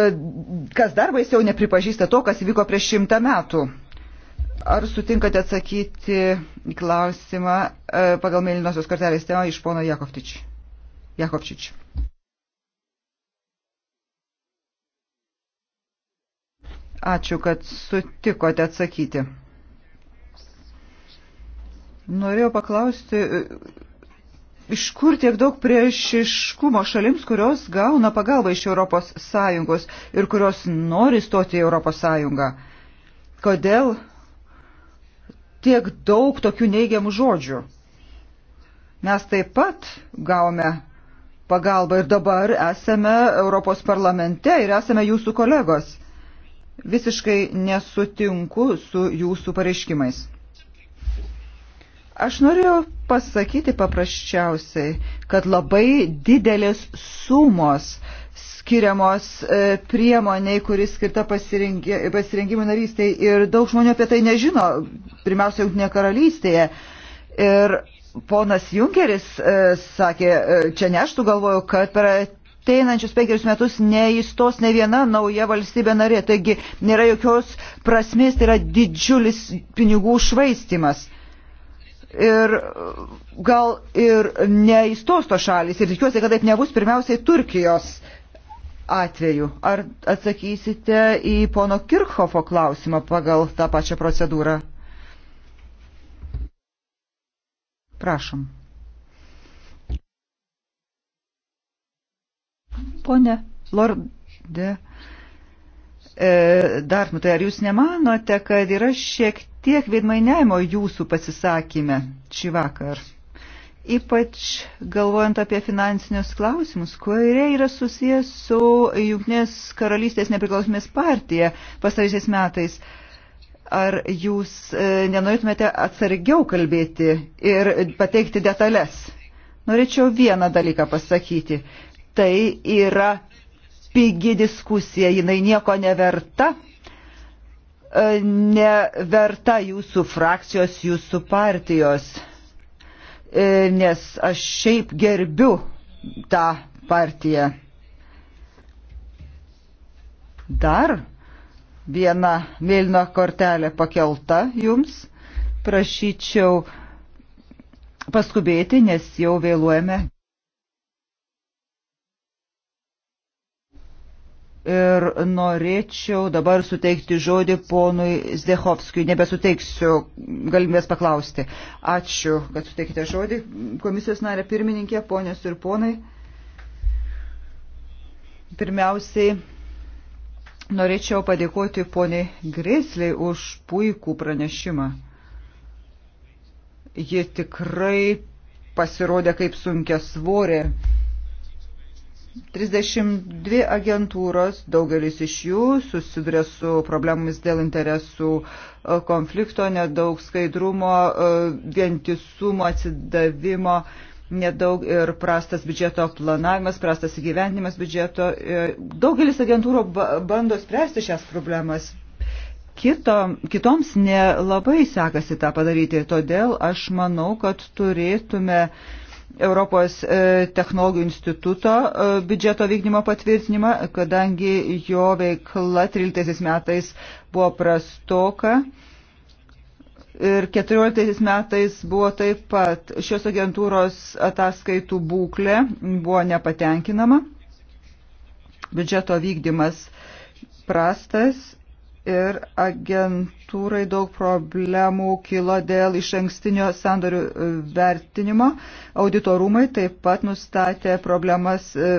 kas dar baisiau nepripažįsta to, kas įvyko prieš šimtą metų. Ar sutinkate atsakyti į klausimą e, pagal mėlynosios kartelės temą iš pono Jakovčič? Jakovčič. Ačiū, kad sutikote atsakyti. Norėjau paklausti, iš kur tiek daug priešiškumo šalims, kurios gauna pagalbą iš Europos Sąjungos ir kurios nori stoti į Europos Sąjungą? Kodėl tiek daug tokių neigiamų žodžių? Mes taip pat gavome pagalbą ir dabar esame Europos parlamente ir esame jūsų kolegos visiškai nesutinku su jūsų pareiškimais. Aš norėjau pasakyti paprasčiausiai, kad labai didelės sumos skiriamos e, priemoniai, kuris skirta pasirinkimui narystiai ir daug žmonių apie tai nežino, pirmiausia, Junktinė karalystėje. Ir ponas Junkeris e, sakė, e, čia ne aš sugalvojau, kad per ateinančius penkerius metus neįstos ne viena nauja valstybė narė. Taigi nėra jokios prasmės, tai yra didžiulis pinigų švaistimas. Ir gal ir neįstos to šalis ir tikiuosi, kad taip nebus pirmiausiai Turkijos atveju. Ar atsakysite į pono Kirchhofo klausimą pagal tą pačią procedūrą? Prašom. Pone Lorde. E, Dartmutai, ar jūs nemanote, kad yra šiek tiek veidmainiavimo jūsų pasisakymė šį vakar? Ypač galvojant apie finansinius klausimus, kurie yra susijęs su Junknės karalystės nepriklausomės partija pastaraisiais metais. Ar jūs e, nenorėtumėte atsargiau kalbėti ir pateikti detalės? Norėčiau vieną dalyką pasakyti tai yra pigi diskusija, jinai nieko neverta, e, neverta jūsų frakcijos, jūsų partijos, e, nes aš šiaip gerbiu tą partiją. Dar viena mėlyna kortelė pakelta jums. Prašyčiau paskubėti, nes jau vėluojame. Ir norėčiau dabar suteikti žodį ponui Zdechovskijui. Nebesuteiksiu galimės paklausti. Ačiū, kad suteikite žodį. Komisijos narė pirmininkė, ponios ir ponai. Pirmiausiai norėčiau padėkoti poniai Grėsliai už puikų pranešimą. Ji tikrai pasirodė kaip sunkia svorė 32 agentūros, daugelis iš jų susiduria su problemomis dėl interesų e, konflikto, nedaug skaidrumo, e, vientisumo, atsidavimo, nedaug ir prastas biudžeto planavimas, prastas įgyvendimas biudžeto. E, daugelis agentūrų bando spręsti šias problemas. Kito, kitoms nelabai sekasi tą padaryti, todėl aš manau, kad turėtume uh, Europos e, technologijų instituto e, biudžeto vykdymo patvirtinimą, kadangi jo veikla 13 metais buvo prastoka. Ir 14 metais buvo taip pat šios agentūros ataskaitų būklė buvo nepatenkinama, biudžeto vykdymas prastas ir agentūrai daug problemų kilo dėl iš ankstinio sandorių e, vertinimo. Auditorumai taip pat nustatė problemas e,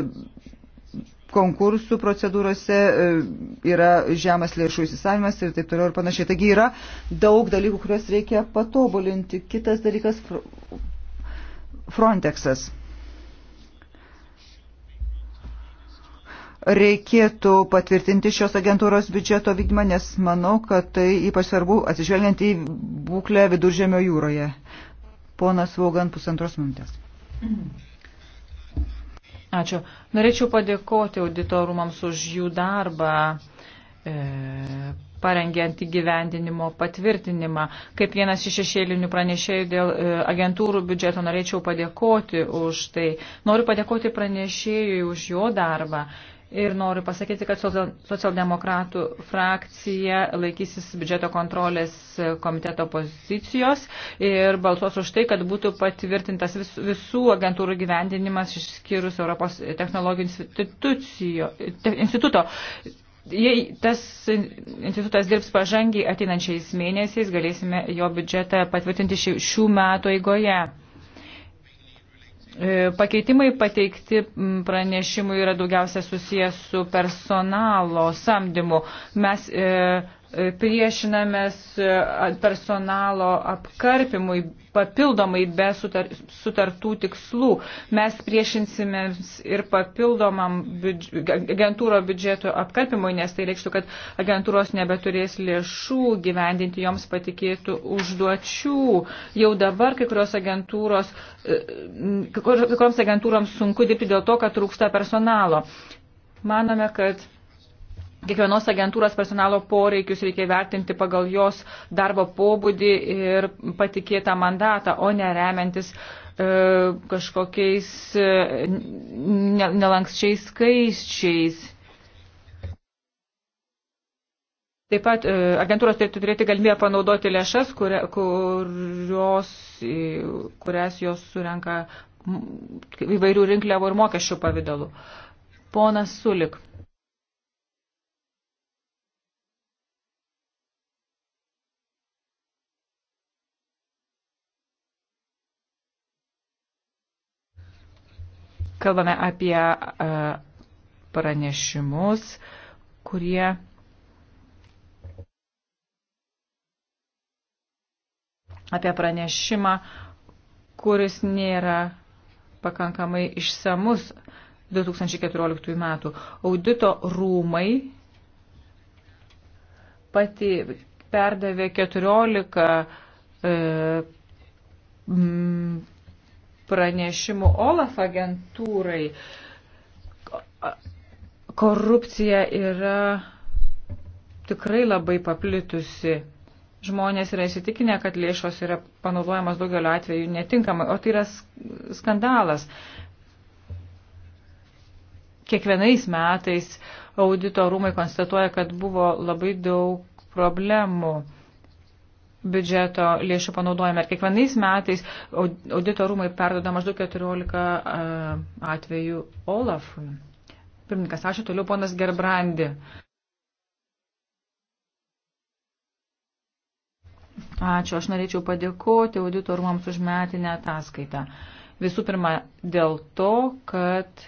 konkursų procedūrose, e, yra žemas lėšų įsisavimas ir taip toliau ir panašiai. Taigi yra daug dalykų, kuriuos reikia patobulinti. Kitas dalykas Frontexas. reikėtų patvirtinti šios agentūros biudžeto vykdymą, nes manau, kad tai ypač svarbu atsižvelgiant į būklę viduržėmio jūroje. Ponas Vaugan, pusantros minutės. Ačiū. Norėčiau padėkoti auditorumams už jų darbą. E, parengiant įgyvendinimo patvirtinimą. Kaip vienas iš šešėlinių pranešėjų dėl e, agentūrų biudžeto norėčiau padėkoti už tai. Noriu padėkoti pranešėjui už jo darbą Ir noriu pasakyti, kad socialdemokratų frakcija laikysis biudžeto kontrolės komiteto pozicijos ir balsuos už tai, kad būtų patvirtintas vis, visų agentūrų gyvendinimas išskyrus Europos technologijų te, instituto. Jei tas institutas dirbs pažangiai ateinančiais mėnesiais, galėsime jo biudžetą patvirtinti šių metų eigoje. E, pakeitimai pateikti pranešimui yra daugiausia susijęs su personalo samdymu. Mes e, priešinamės e, personalo apkarpimui papildomai be sutar, sutartų tikslų. Mes priešinsime ir papildomam biudž, agentūro biudžeto apkarpimui, nes tai reikštų, kad agentūros nebeturės lėšų gyvendinti joms patikėtų užduočių. Jau dabar kai kurios agentūros, e, kai kurioms agentūroms sunku dirbti dėl to, kad trūksta personalo. Manome, kad kiekvienos agentūros personalo poreikius reikia vertinti pagal jos darbo pobūdį ir patikėtą mandatą, o ne remiantis e, kažkokiais e, nelankščiais skaičiais. Taip pat e, agentūros turėtų turėti galimybę panaudoti lėšas, kurios, e, kurias jos surenka įvairių rinkliavų ir mokesčių pavydalu. Ponas Sulik. Kalbame apie e, pranešimus, kurie apie pranešimą, kuris nėra pakankamai išsamus 2014 metų. Audito rūmai pati perdavė 14 e, m, pranešimų OLAF agentūrai. Korupcija yra tikrai labai paplitusi. Žmonės yra įsitikinę, kad lėšos yra panaudojamas daugeliu atveju netinkamai, o tai yra skandalas. Kiekvienais metais audito rūmai konstatuoja, kad buvo labai daug problemų biudžeto lėšų panaudojame. Ir kiekvienais metais audito rūmai perdoda maždaug 14 atvejų Olafui. Pirmininkas, ačiū toliau ponas Gerbrandi. Ačiū, aš norėčiau padėkoti auditorumams už metinę ataskaitą. Visų pirma, dėl to, kad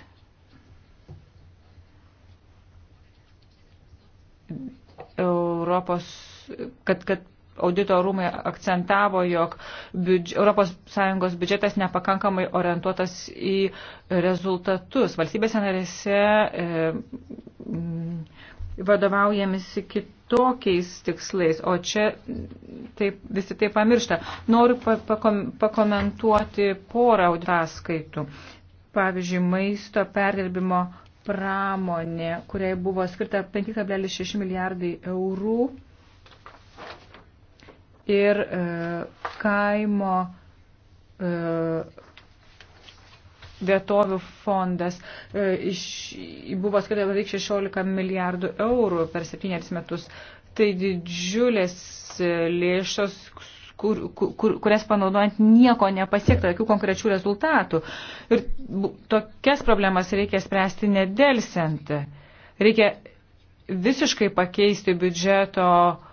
Europos, kad, kad audito rūmai akcentavo, jog biudž... ES biudžetas nepakankamai orientuotas į rezultatus. Valstybėse narėse e, vadovaujamisi kitokiais tikslais, o čia taip, visi tai pamiršta. Noriu pakom, pakomentuoti porą ataskaitų. Pavyzdžiui, maisto perdirbimo pramonė, kuriai buvo skirta 5,6 milijardai eurų ir e, kaimo e, vietovių fondas. E, iš, buvo skirta beveik 16 milijardų eurų per septynerius metus. Tai didžiulės e, lėšos, kur, kur, kur, kurias panaudojant nieko nepasiekta, jokių konkrečių rezultatų. Ir tokias problemas reikia spręsti nedelsiant. Reikia visiškai pakeisti biudžeto uh,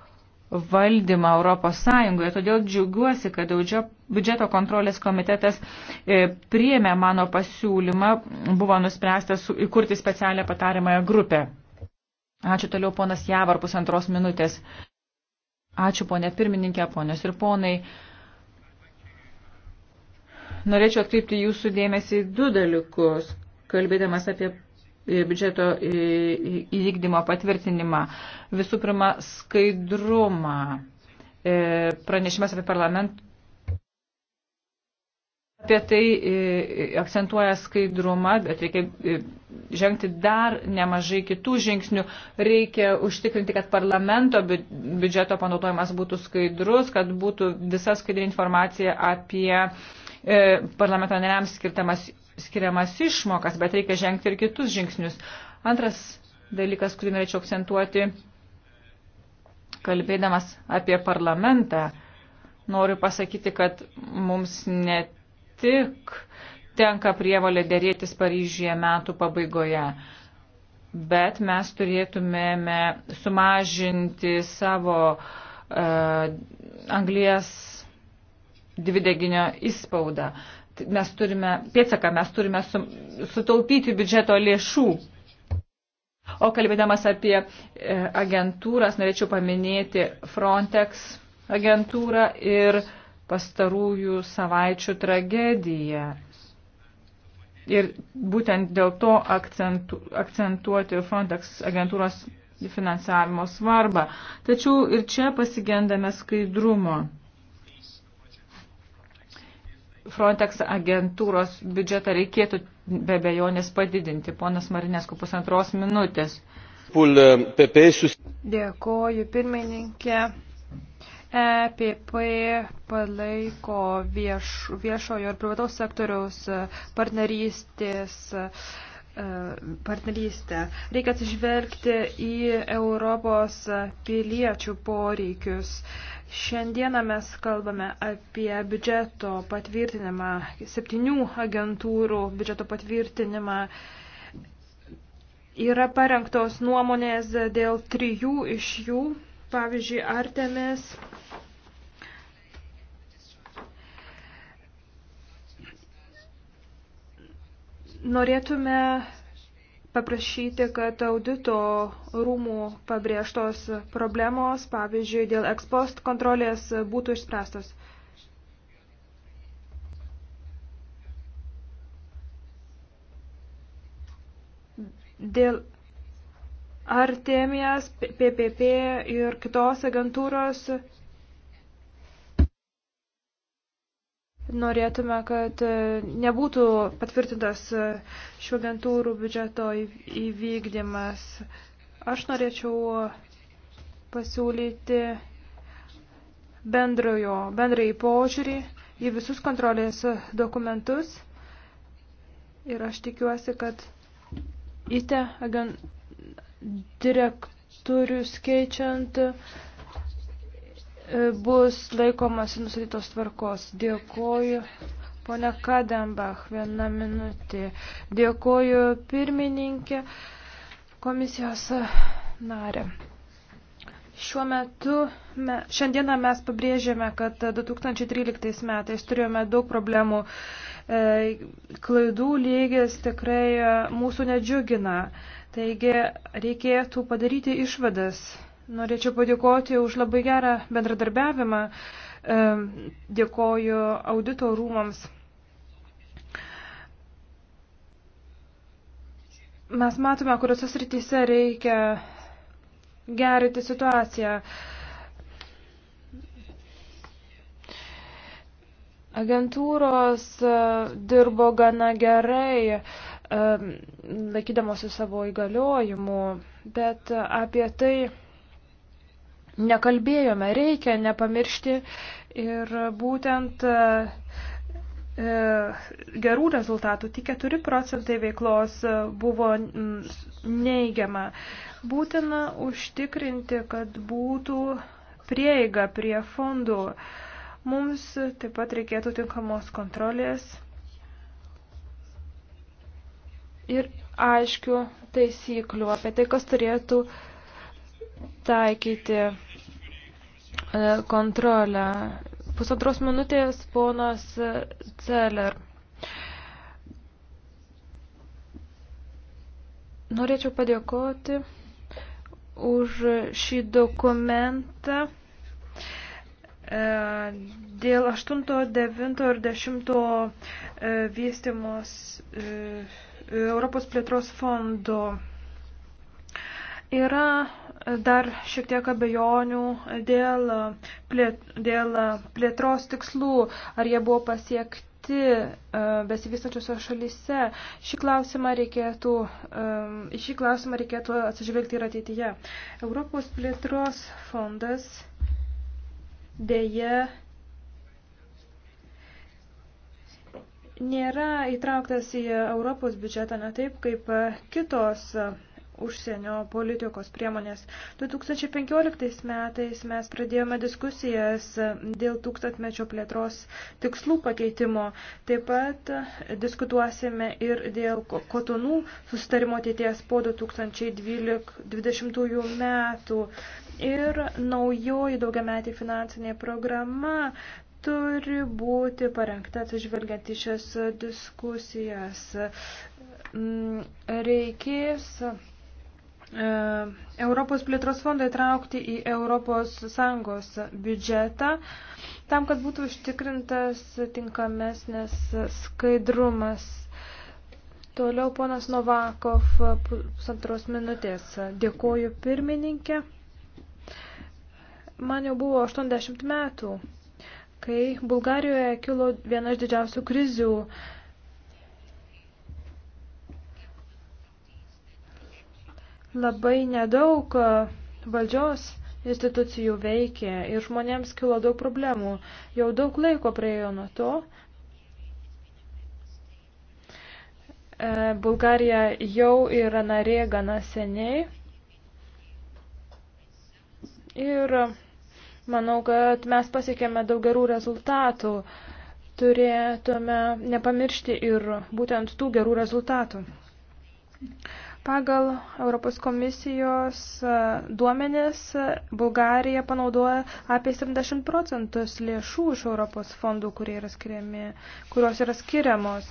valdymą Europos Sąjungoje. Todėl džiaugiuosi, kad daudžio, biudžeto kontrolės komitetas e, priėmė mano pasiūlymą, buvo nuspręsta su, įkurti specialią patarimąją grupę. Ačiū toliau ponas Javar pusantros minutės. Ačiū ponė pirmininkė, ponios ir ponai. Norėčiau atkreipti jūsų dėmesį į du dalykus, kalbėdamas apie biudžeto įvykdymo patvirtinimą. Visų pirma, skaidrumą. E, pranešimas apie parlamentą. Apie tai e, akcentuoja skaidrumą, bet reikia e, žengti dar nemažai kitų žingsnių. Reikia užtikrinti, kad parlamento biudžeto panaudojimas būtų skaidrus, kad būtų visa skaidri informacija apie parlamento neriams skirtamas skiriamas išmokas, bet reikia žengti ir kitus žingsnius. Antras dalykas, kurį norėčiau akcentuoti, kalbėdamas apie parlamentą, noriu pasakyti, kad mums ne tik tenka prievalė dėrėtis Paryžyje metų pabaigoje, bet mes turėtumėme sumažinti savo uh, e, anglijas dvideginio įspaudą. Uh, mes turime, pėtsaką mes turime su, sutaupyti biudžeto lėšų. O kalbėdamas apie e, agentūras, norėčiau paminėti Frontex agentūrą ir pastarųjų savaičių tragediją. Ir būtent dėl to akcentu, akcentuoti Frontex agentūros finansavimo svarbą. Tačiau ir čia pasigendame skaidrumo. Frontex agentūros biudžetą reikėtų be bejonės padidinti. Ponas Marinesko, pusantros minutės. E, Dėkoju, pirmininkė. EPP palaiko vieš, viešojo ir privataus sektoriaus partnerystės uh, E, partnerystę. Reikia atsižvelgti į Europos piliečių poreikius. Šiandieną mes kalbame apie biudžeto patvirtinimą, septynių agentūrų biudžeto patvirtinimą. Yra parengtos nuomonės dėl trijų iš jų, pavyzdžiui, Artemis, Norėtume paprašyti, kad audito rūmų pabrėžtos problemos, pavyzdžiui, dėl ekspost kontrolės būtų išspręstos. Dėl Artemijas, PPP ir kitos agentūros norėtume, kad e, nebūtų patvirtintas e, šių agentūrų biudžeto įvykdymas. Aš norėčiau pasiūlyti bendrojo, bendrąjį požiūrį į visus kontrolės dokumentus ir aš tikiuosi, kad įte agen, direktorius keičiant E, bus laikomasi nusatytos tvarkos. Dėkoju. Pone Kadembach, viena minutė. Dėkoju pirmininkė, komisijos narė. Šiuo metu, me, šiandieną mes pabrėžėme, kad 2013 metais turėjome daug problemų. E, klaidų lygis tikrai e, mūsų nedžiugina. Taigi reikėtų padaryti išvadas Norėčiau padėkoti už labai gerą bendradarbiavimą. E, dėkoju audito rūmams. Mes matome, kuriuose srityse reikia gerinti situaciją. Agentūros e, dirbo gana gerai, e, laikydamosi savo įgaliojimų, bet apie tai nekalbėjome. Reikia nepamiršti ir būtent e, e, gerų rezultatų, tik 4 procentai veiklos e, buvo neigiama. Būtina užtikrinti, kad būtų prieiga prie fondų. Mums taip pat reikėtų tinkamos kontrolės ir aiškių taisyklių apie tai, kas turėtų uh, taikyti e, kontrolę. Pusantros minutės ponas Celer. Norėčiau padėkoti už šį dokumentą e, dėl 8, 9 ir 10 e, vystimos Europos plėtros fondo Yra dar šiek tiek abejonių dėl, plėt, dėl plėtros tikslų, ar jie buvo pasiekti kiti e, besivystačiuose šalyse. Šį klausimą reikėtų, e, šį klausimą reikėtų atsižvelgti ir ateityje. Europos plėtros fondas dėje nėra įtrauktas į Europos biudžetą, ne taip kaip kitos užsienio politikos priemonės. 2015 metais mes pradėjome diskusijas dėl tūkstantmečio plėtros tikslų pakeitimo. Taip pat diskutuosime ir dėl kotonų sustarimo ateities po 2020 metų. Ir naujoji daugiametė finansinė programa turi būti parengta atsižvelgiant į šias diskusijas. Mm, reikės E, Europos plėtros fondą įtraukti į Europos Sąjungos biudžetą, tam, kad būtų užtikrintas tinkamesnės skaidrumas. Toliau ponas Novakov, pusantros minutės. Dėkoju pirmininkė. Man jau buvo 80 metų, kai Bulgarijoje kilo viena iš didžiausių krizių Labai nedaug e, valdžios institucijų veikė ir žmonėms kilo daug problemų. Jau daug laiko praėjo nuo to. E, Bulgarija jau yra narė gana seniai. Ir manau, kad mes pasiekėme daug gerų rezultatų. Turėtume nepamiršti ir būtent tų gerų rezultatų. Pagal Europos komisijos e, duomenis e, Bulgarija panaudoja apie 70 procentus lėšų iš Europos fondų, kurie yra skiriami, kurios yra skiriamos.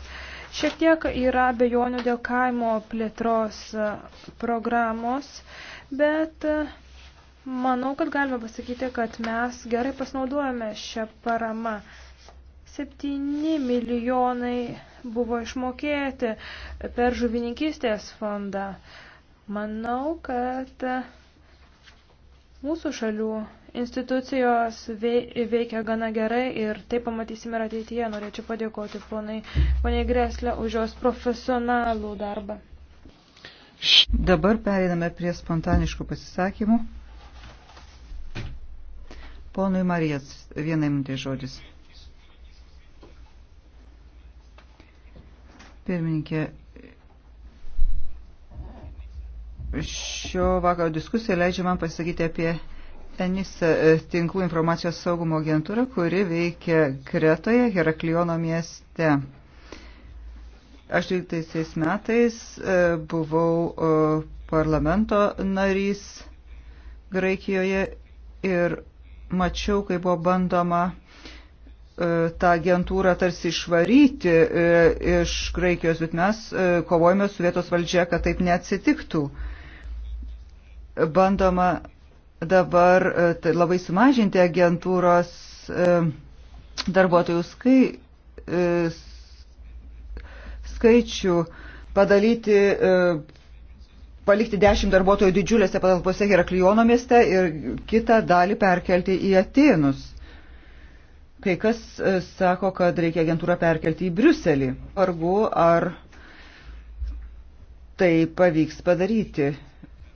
Šiek tiek yra bejonių dėl kaimo plėtros e, programos, bet manau, kad galime pasakyti, kad mes gerai pasinaudojame šią paramą. 7 milijonai buvo išmokėti per žuvininkystės fondą. Manau, kad mūsų šalių institucijos veikia gana gerai ir tai pamatysime ir ateityje. Norėčiau padėkoti ponai, poniai Greslė už jos profesionalų darbą. Dabar pereiname prie spontaniškų pasisakymų. Ponui Marijas, vienai minutė žodis. Pirmininkė, šio vakaro diskusija leidžia man pasakyti apie ENISA e, tinklų informacijos saugumo agentūrą, kuri veikia Kretoje, Herakliono mieste. Aš 12 metais e, buvau e, parlamento narys Graikijoje ir mačiau, kai buvo bandoma E, tą agentūrą tarsi išvaryti e, iš Graikijos, bet mes e, kovojame su vietos valdžia, kad taip neatsitiktų. Bandoma dabar tai labai sumažinti agentūros darbuotojų skai, skaičių, padalyti, palikti dešimt darbuotojų didžiulėse patalpose Heraklijono mieste ir kitą dalį perkelti į Atenus Kai kas e, sako, kad reikia agentūrą perkelti į Briuselį. Vargu, ar tai pavyks padaryti.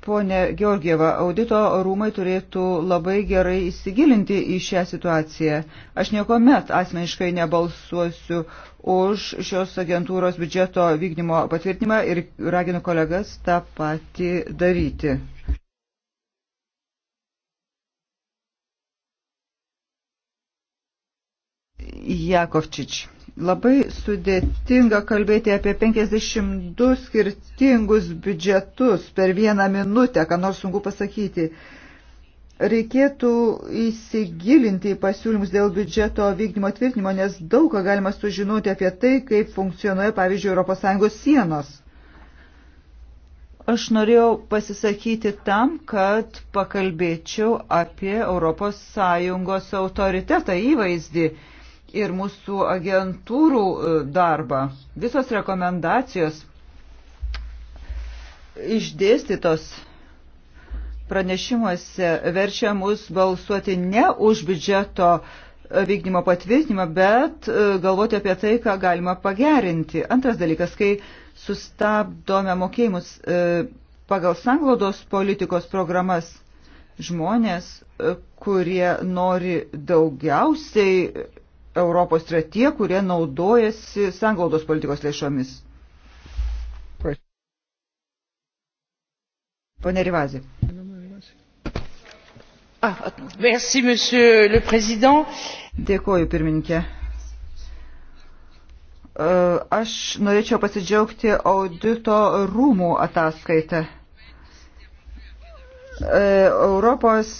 Pone Georgieva, audito rūmai turėtų labai gerai įsigilinti į šią situaciją. Aš niekuomet asmeniškai nebalsuosiu už šios agentūros biudžeto vykdymo patvirtinimą ir raginu kolegas tą patį daryti. Jakovčič. Labai sudėtinga kalbėti apie 52 skirtingus biudžetus per vieną minutę, ką nors sunku pasakyti. Reikėtų įsigilinti į pasiūlymus dėl biudžeto vykdymo tvirtinimo, nes daug ką galima sužinoti apie tai, kaip funkcionuoja, pavyzdžiui, ES sienos. Aš norėjau pasisakyti tam, kad pakalbėčiau apie ES autoritetą įvaizdį ir mūsų agentūrų e, darbą. Visos rekomendacijos išdėstytos pranešimuose verčia mus balsuoti ne už biudžeto e, vykdymo patvirtinimą, bet e, galvoti apie tai, ką galima pagerinti. Antras dalykas, kai sustabdome mokėjimus pagal sanglaudos politikos programas, žmonės, kurie nori daugiausiai Europos yra tie, kurie naudojasi sanglaudos politikos lėšomis. Pone Rivazė. Ah, merci, monsieur le président. Dėkoju, pirmininkė. E, aš norėčiau pasidžiaugti audito rūmų ataskaitą. E, Europos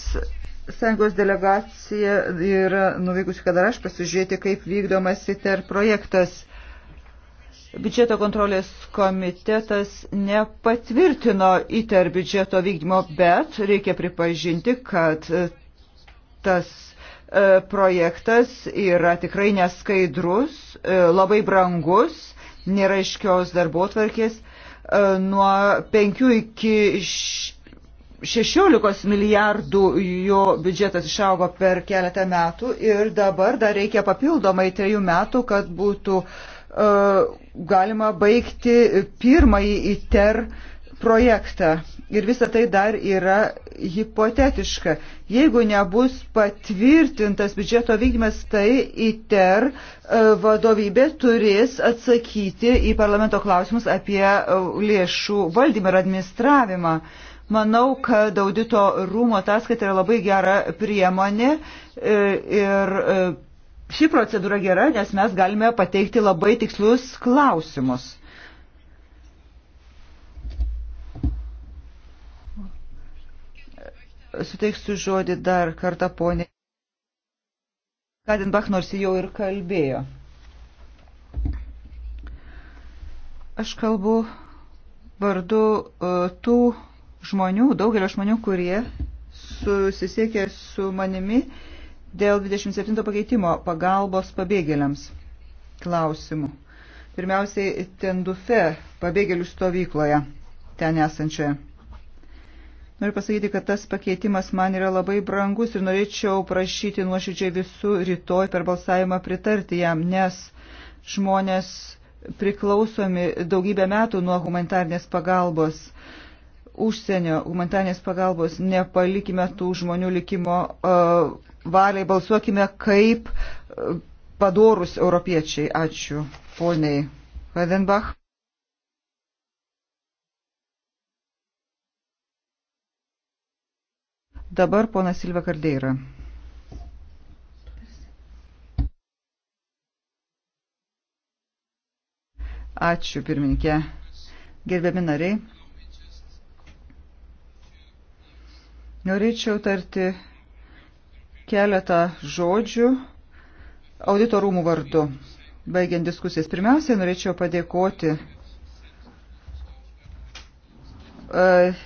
Sąjungos delegacija yra nuvykusi Kadaraš pasižiūrėti, kaip vykdomas ITER projektas. Biudžeto kontrolės komitetas nepatvirtino ITER biudžeto vykdymo, bet reikia pripažinti, kad e, tas e, projektas yra tikrai neskaidrus, e, labai brangus, nėra iškios darbo tvarkės. Nuo 5 iki 16 milijardų jo biudžetas išaugo per keletą metų ir dabar dar reikia papildomai trejų metų, kad būtų uh, galima baigti pirmąjį ITER projektą. Ir visa tai dar yra hipotetiška. Jeigu nebus patvirtintas biudžeto vykdymas, tai ITER e, vadovybė turės atsakyti į parlamento klausimus apie e, lėšų valdymą ir administravimą. Uh, Manau, kad audito rūmo ataskaita yra labai gera priemonė e, ir e, ši procedūra gera, nes mes galime pateikti labai tikslius klausimus. Suteiksiu žodį dar kartą ponė. Kadenbach nors jau ir kalbėjo. Aš kalbu vardu e, tų žmonių, daugelio žmonių, kurie susisiekė su manimi dėl 27 pakeitimo pagalbos pabėgėliams klausimų. Pirmiausiai Tendufe pabėgėlių stovykloje ten esančioje. Noriu pasakyti, kad tas pakeitimas man yra labai brangus ir norėčiau prašyti nuoširdžiai visų rytoj per balsavimą pritarti jam, nes žmonės priklausomi daugybę metų nuo humanitarnės pagalbos užsienio humanitarnės pagalbos, nepalikime tų žmonių likimo uh, valiai, balsuokime kaip uh, padorus europiečiai. Ačiū, poniai Hadenbach. Dabar ponas Silva Kardeira. Ačiū pirmininkė. Gerbiami nariai. Norėčiau tarti keletą žodžių auditorumų vardu. Baigiant diskusijas, pirmiausiai norėčiau padėkoti uh,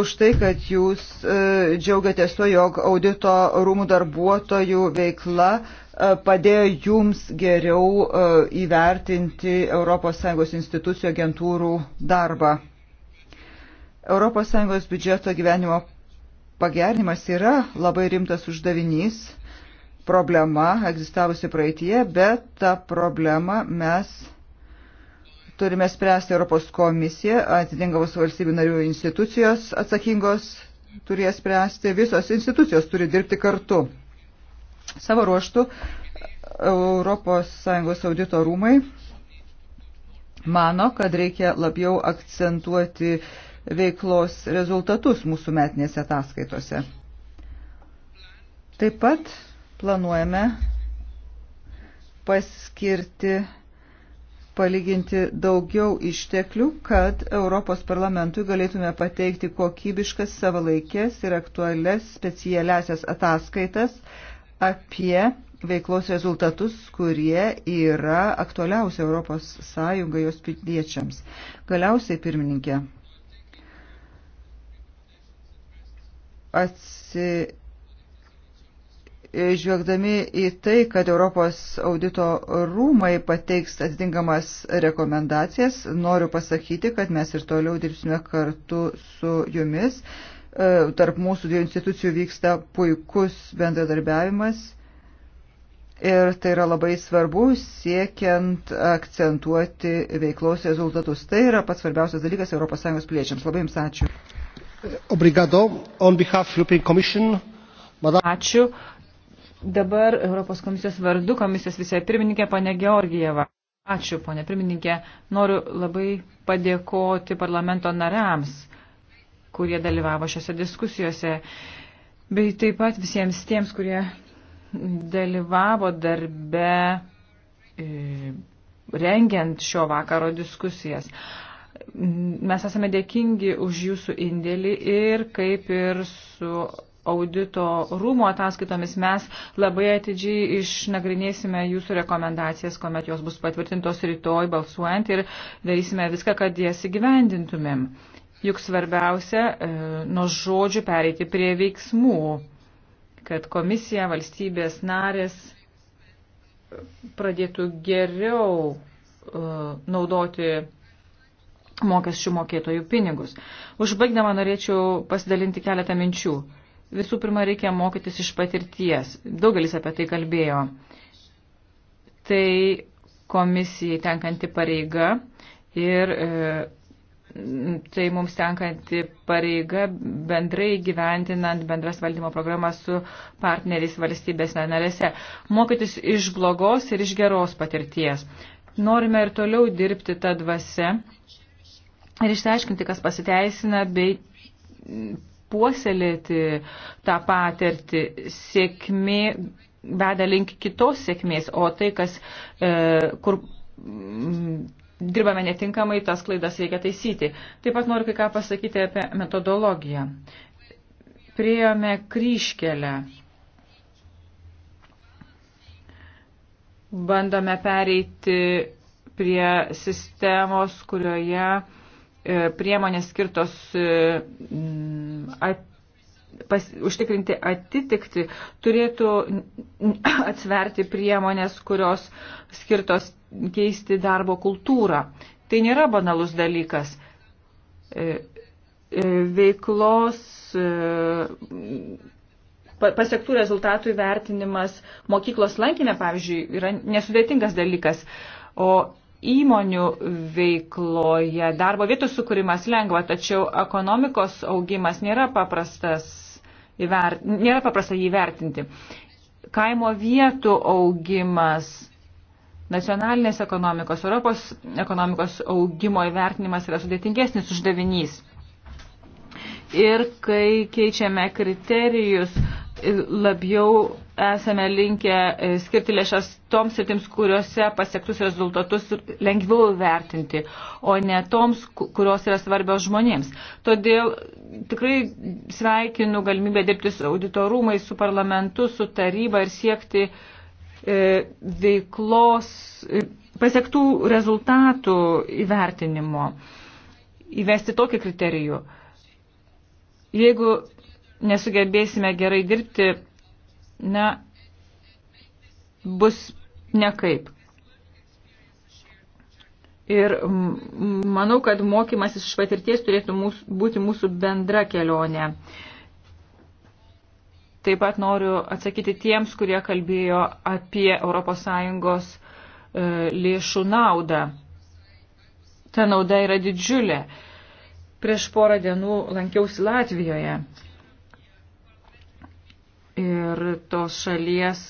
už tai, kad jūs uh, džiaugiatės to, jog audito rūmų darbuotojų veikla uh, padėjo jums geriau uh, įvertinti ES institucijų agentūrų darbą. ES biudžeto gyvenimo pagerinimas yra labai rimtas uždavinys, problema egzistavusi praeitie, bet tą problemą mes turime spręsti Europos komisija, atitinkamos valstybių narių institucijos atsakingos turės spręsti, visos institucijos turi dirbti kartu. Savo ruoštų ES audito rūmai mano, kad reikia labiau akcentuoti uh, veiklos rezultatus mūsų metinėse ataskaitose. Taip pat planuojame paskirti palyginti daugiau išteklių, kad Europos parlamentui galėtume pateikti kokybiškas savalaikės ir aktualias specialiasias ataskaitas apie veiklos rezultatus, kurie yra aktualiausi Europos Sąjunga jos piliečiams. Galiausiai, pirmininkė, atsižvelgdami į tai, kad Europos audito rūmai pateiks atitinkamas rekomendacijas, noriu pasakyti, kad mes ir toliau dirbsime kartu su jumis. E, tarp mūsų dviejų institucijų vyksta puikus bendradarbiavimas. Ir tai yra labai svarbu siekiant akcentuoti veiklos rezultatus. Tai yra pats svarbiausias dalykas ES piliečiams. Labai jums ačiū. Ačiū. Dabar Europos komisijos vardu komisijos visai pirmininkė ponė Georgijeva. Ačiū, ponė pirmininkė. Noriu labai padėkoti parlamento nariams, kurie dalyvavo šiose diskusijose, bei taip pat visiems tiems, kurie dalyvavo darbe e, rengiant šio vakaro diskusijas. Mes esame dėkingi už jūsų indėlį ir kaip ir su audito rūmų ataskaitomis mes labai atidžiai išnagrinėsime jūsų rekomendacijas, kuomet jos bus patvirtintos rytoj balsuojant ir darysime viską, kad jas įgyvendintumėm. Juk svarbiausia e, nuo žodžių pereiti prie veiksmų, kad komisija, valstybės narės pradėtų geriau e, naudoti mokesčių mokėtojų pinigus. Užbaigdama norėčiau pasidalinti keletą minčių. Visų pirma, reikia mokytis iš patirties. Daugelis apie tai kalbėjo. Tai komisijai tenkanti pareiga ir e, tai mums tenkanti pareiga bendrai gyventinant bendras valdymo programas su partneriais valstybės narėse. Mokytis iš blogos ir iš geros patirties. Norime ir toliau dirbti tą dvasę ir išsiaiškinti, kas pasiteisina, bei puoselėti tą patirtį. Sėkmė veda link kitos sėkmės, o tai, kas, e, kur m, mm, dirbame netinkamai, tas klaidas reikia taisyti. Taip pat noriu kai ką pasakyti apie metodologiją. Priejome kryškelę. Bandome pereiti prie sistemos, kurioje E, priemonės skirtos e, at, pas, užtikrinti atitikti, turėtų atsverti priemonės, kurios skirtos keisti darbo kultūrą. Tai nėra banalus dalykas. E, veiklos pasiektų rezultatų įvertinimas mokyklos lankime, pavyzdžiui, yra nesudėtingas dalykas, o įmonių veikloje. Darbo vietų sukūrimas lengva, tačiau ekonomikos augimas nėra, paprastas, įvert, nėra paprasta jį vertinti. Kaimo vietų augimas, nacionalinės ekonomikos, Europos ekonomikos augimo įvertinimas yra sudėtingesnis uždavinys. Ir kai keičiame kriterijus, labiau esame linkę e, skirti lėšas toms sritims, kuriuose pasiektus rezultatus lengviau vertinti, o ne toms, kurios yra svarbios žmonėms. Todėl tikrai sveikinu galimybę dirbti su auditorumai, su parlamentu, su taryba ir siekti e, veiklos, e, pasiektų rezultatų įvertinimo, įvesti tokį kriterijų. Jeigu nesugebėsime gerai dirbti, na, bus nekaip. Ir manau, kad mokymas iš patirties turėtų mūsų, būti mūsų bendra kelionė. Taip pat noriu atsakyti tiems, kurie kalbėjo apie ES e, lėšų naudą. Ta nauda yra didžiulė. Prieš porą dienų lankiausi Latvijoje ir tos šalies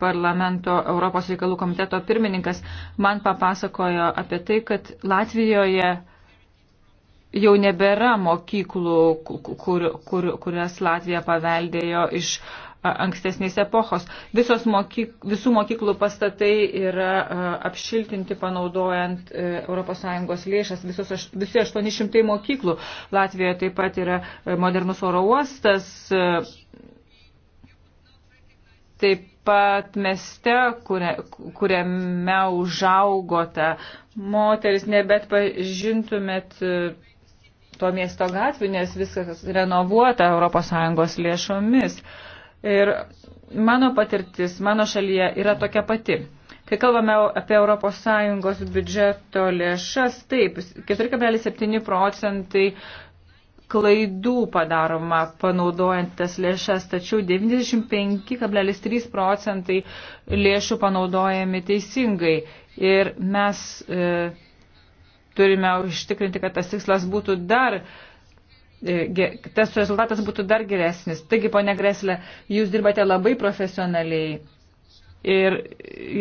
parlamento Europos reikalų komiteto pirmininkas man papasakojo apie tai, kad Latvijoje jau nebėra mokyklų, kur, kur, kurias Latvija paveldėjo iš ankstesnės epochos. Visos mokyk, visų mokyklų pastatai yra a, apšiltinti panaudojant e, ES lėšas. Visos, aš, visi 800 mokyklų. Latvijoje taip pat yra e, modernus oro uostas. A, e, Taip pat mieste, kuria, kuriame užaugote, moteris nebet pažintumėt e, to miesto gatvių, nes viskas renovuota ES lėšomis. Ir mano patirtis, mano šalyje yra tokia pati. Kai kalbame apie ES biudžeto lėšas, taip, 4,7 procentai klaidų padaroma panaudojant tas lėšas, tačiau 95,3 procentai lėšų panaudojami teisingai. Ir mes e, turime užtikrinti, kad tas tikslas būtų dar e, tas rezultatas būtų dar geresnis. Taigi, ponia Greslė, jūs dirbate labai profesionaliai ir,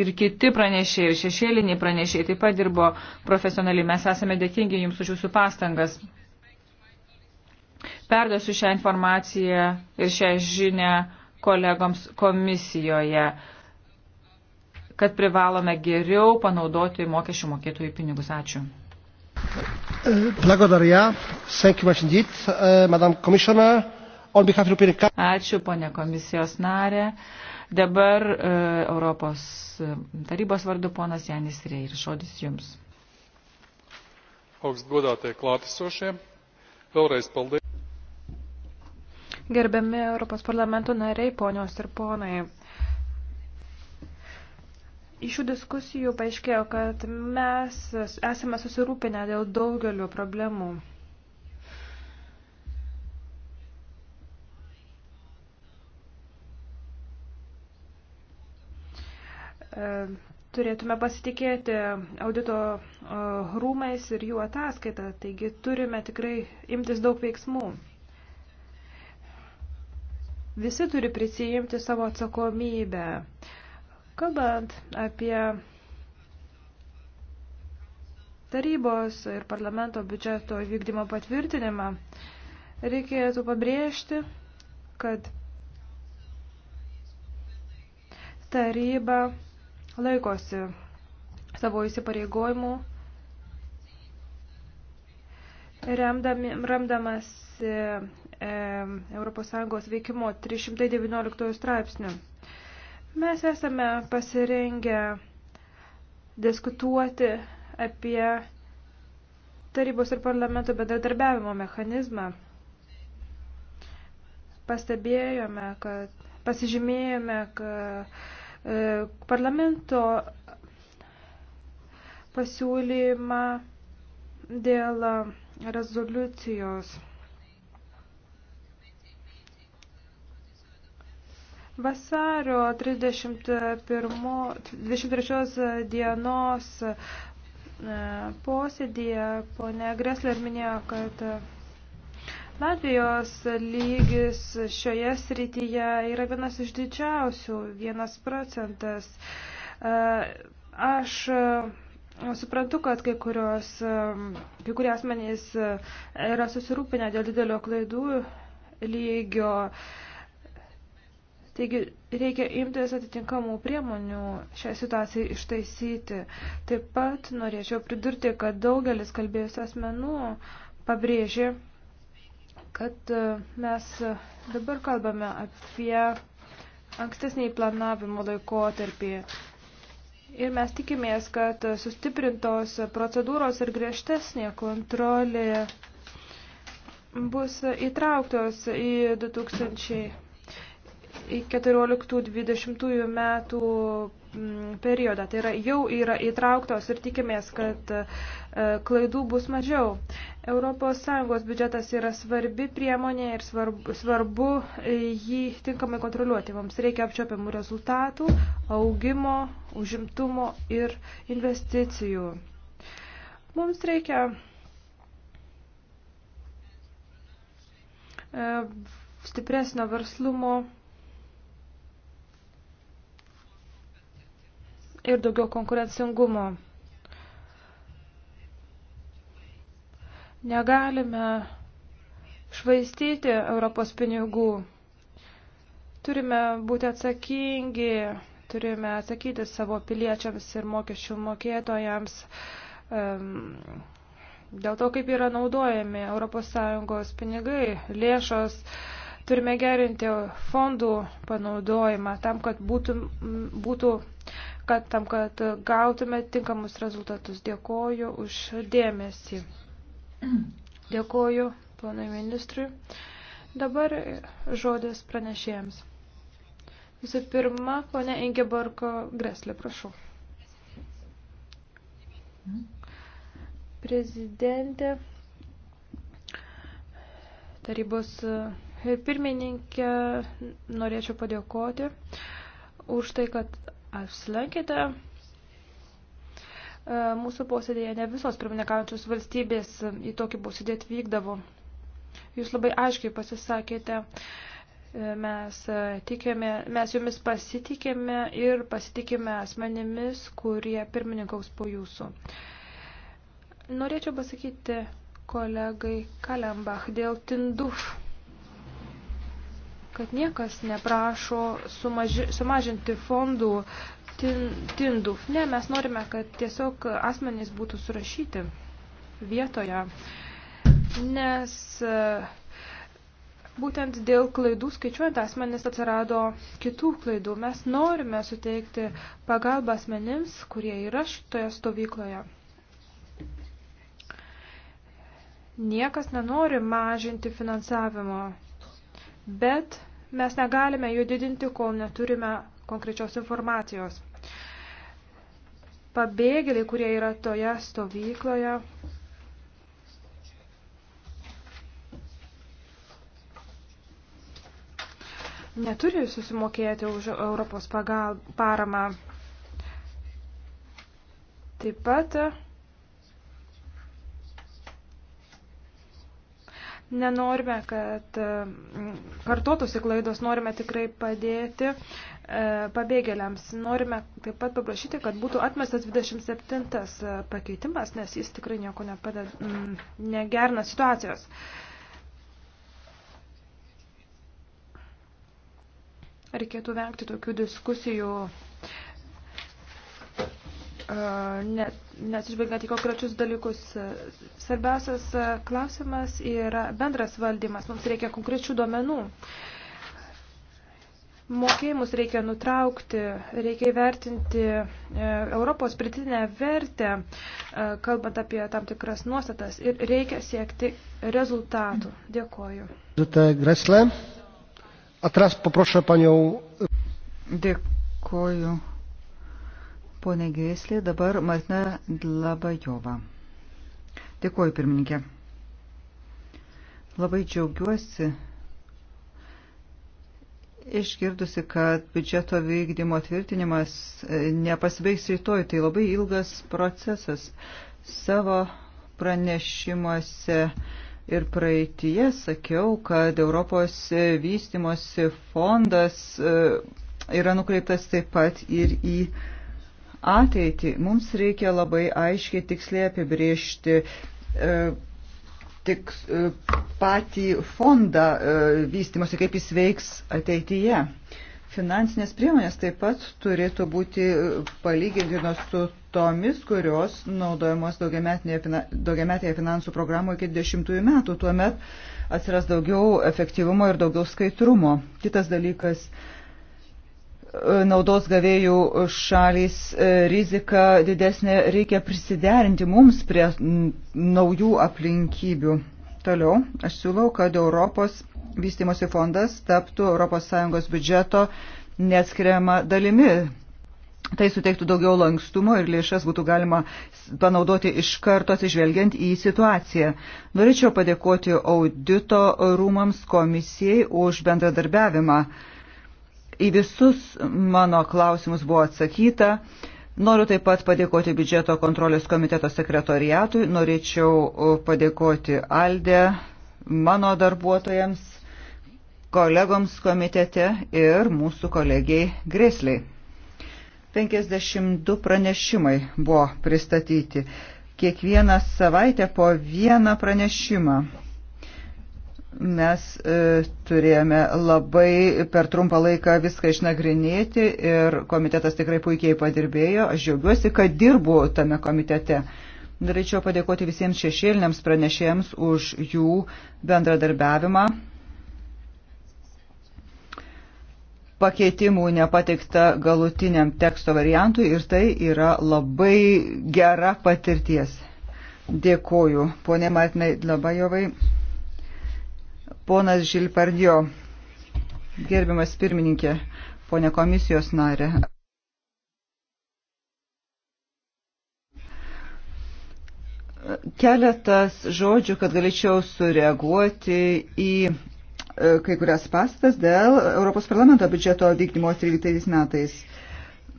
ir kiti pranešėjai, ir šešėliniai pranešėjai taip pat dirbo profesionaliai. Mes esame dėkingi jums už jūsų pastangas. Perduosiu šią informaciją ir šią žinę kolegoms komisijoje, kad privalome geriau panaudoti mokesčių mokėtojų pinigus. Ačiū. Uh, Ačiū, ponė komisijos narė. Dabar uh, Europos uh, tarybos vardu ponas Janis Reir. Žodis jums. Augstgodātie klātesošie, vēlreiz paldies. Gerbiami Europos parlamento nariai, ponios ir ponai. Iš šių diskusijų paaiškėjo, kad mes esame susirūpinę dėl daugelio problemų. E, turėtume pasitikėti audito e, rūmais ir jų ataskaitą, taigi turime tikrai imtis daug veiksmų. Visi turi prisijimti savo atsakomybę. Kalbant apie tarybos ir parlamento biudžeto vykdymo patvirtinimą, reikėtų pabrėžti, kad taryba laikosi savo įsipareigojimų, remdamasi ES veikimo 319 straipsnių. Mes esame pasirengę diskutuoti apie tarybos ir parlamento bendradarbiavimo mechanizmą. Pastebėjome, kad pasižymėjome, kad e, parlamento pasiūlymą dėl rezoliucijos Vasario 23 dienos e, posėdėje ponė Gresler minėjo, kad Latvijos lygis šioje srityje yra vienas iš didžiausių, vienas procentas. E, aš e, Suprantu, kad kai, kurios, kai kurie asmenys yra susirūpinę dėl didelio klaidų lygio. Taigi reikia imtis atitinkamų priemonių šią situaciją ištaisyti. Taip pat norėčiau pridurti, kad daugelis kalbėjusių asmenų pabrėžė, kad e, mes dabar kalbame apie ankstesnį planavimo laikotarpį. Ir mes tikimės, kad sustiprintos procedūros ir griežtesnė kontrolė bus įtrauktos į 2000. 14-20 metų mm, periodą. Tai yra, jau yra įtrauktos ir tikimės, kad e, klaidų bus mažiau. ES biudžetas yra svarbi priemonė ir svarbu, svarbu e, jį tinkamai kontroliuoti. Mums reikia apčiopiamų rezultatų, augimo, užimtumo ir investicijų. Mums reikia e, stipresnio verslumo ir daugiau konkurencingumo. Negalime švaistyti Europos pinigų. Turime būti atsakingi, turime atsakyti savo piliečiams ir mokesčių mokėtojams um, dėl to, kaip yra naudojami ES pinigai, lėšos. Turime gerinti fondų panaudojimą tam, kad būtų, būtų uh, kad tam, kad gautume tinkamus rezultatus. Dėkoju už dėmesį. Dėkoju planai ministrui. Dabar žodis pranešėjams. Visų pirma, ponė Ingeborko Greslė, prašau. Prezidentė, tarybos pirmininkė, norėčiau padėkoti už tai, kad apsilankėte e, mūsų posėdėje. Ne visos pirmininkaujančios valstybės į tokį posėdį atvykdavo. Jūs labai aiškiai pasisakėte, e, mes, e, tikėme, mes jumis pasitikėme ir pasitikėme asmenimis, kurie pirmininkaus po jūsų. Norėčiau pasakyti kolegai Kalembach dėl Tinduf kad niekas neprašo sumaži, sumažinti fondų tindų. Ne, mes norime, kad tiesiog asmenys būtų surašyti vietoje, nes būtent dėl klaidų skaičiuojant asmenys atsirado kitų klaidų. Mes norime suteikti pagalbą asmenims, kurie yra šitoje stovykloje. Niekas nenori mažinti finansavimo bet mes negalime jų didinti, kol neturime konkrečios informacijos. Pabėgėliai, kurie yra toje stovykloje, neturi susimokėti už Europos pagal, paramą. Taip pat Nenorime, kad mm, kartotųsi klaidos, norime tikrai padėti e, pabėgėliams. Norime taip pat paprašyti, kad būtų atmestas 27 e, pakeitimas, nes jis tikrai nieko nepadeda, mm, negerina situacijos. Reikėtų vengti tokių diskusijų neatsižvelgiant į konkrečius dalykus. Svarbiausias klausimas yra bendras valdymas. Mums reikia konkrečių duomenų. Mokėjimus reikia nutraukti, reikia įvertinti e, Europos pritinę vertę, e, kalbant apie tam tikras nuostatas ir reikia siekti rezultatų. Dėkoju. Dėkoju. Pone Geislė, dabar Martina Labajova. Dėkuoju, pirmininkė. Labai džiaugiuosi išgirdusi, kad biudžeto vykdymo tvirtinimas e, nepasibaigs rytoj. Tai labai ilgas procesas. Savo pranešimuose ir praeitie sakiau, kad Europos vystimosi fondas e, yra nukreiptas taip pat ir į ateitį, mums reikia labai aiškiai tiksliai apibriežti e, tik e, patį fondą e, vystimosi, kaip jis veiks ateityje. Finansinės priemonės taip pat turėtų būti e, palygintinos su tomis, kurios naudojamos daugiametėje finansų programoje iki 10 metų. Tuomet atsiras daugiau efektyvumo ir daugiau skaidrumo. Kitas dalykas naudos gavėjų šalys e, rizika didesnė, reikia prisiderinti mums prie naujų aplinkybių. Toliau aš siūlau, kad Europos vystimosi fondas taptų ES biudžeto neatskiriama dalimi. Tai suteiktų daugiau lankstumo ir lėšas būtų galima panaudoti iš karto atsižvelgiant į situaciją. Norėčiau padėkoti audito rūmams komisijai už bendradarbiavimą. Į visus mano klausimus buvo atsakyta. Noriu taip pat padėkoti biudžeto kontrolės komiteto sekretoriatui, norėčiau padėkoti Alde, mano darbuotojams, kolegoms komitete ir mūsų kolegiai Grėsliai. 52 pranešimai buvo pristatyti. Kiekvieną savaitę po vieną pranešimą mes e, turėjome labai per trumpą laiką viską išnagrinėti ir komitetas tikrai puikiai padirbėjo. Aš džiaugiuosi, kad dirbu tame komitete. Norėčiau padėkoti visiems šešėliniams pranešėjams už jų bendradarbiavimą. Pakeitimų nepateikta galutiniam teksto variantui ir tai yra labai gera patirties. Dėkoju, ponė Martinai Labajovai. Ponas Žilpardio, gerbiamas pirmininkė, ponė komisijos narė. Keletas žodžių, kad galėčiau sureaguoti į e, kai kurias pastas dėl Europos parlamento biudžeto vykdymo 13 metais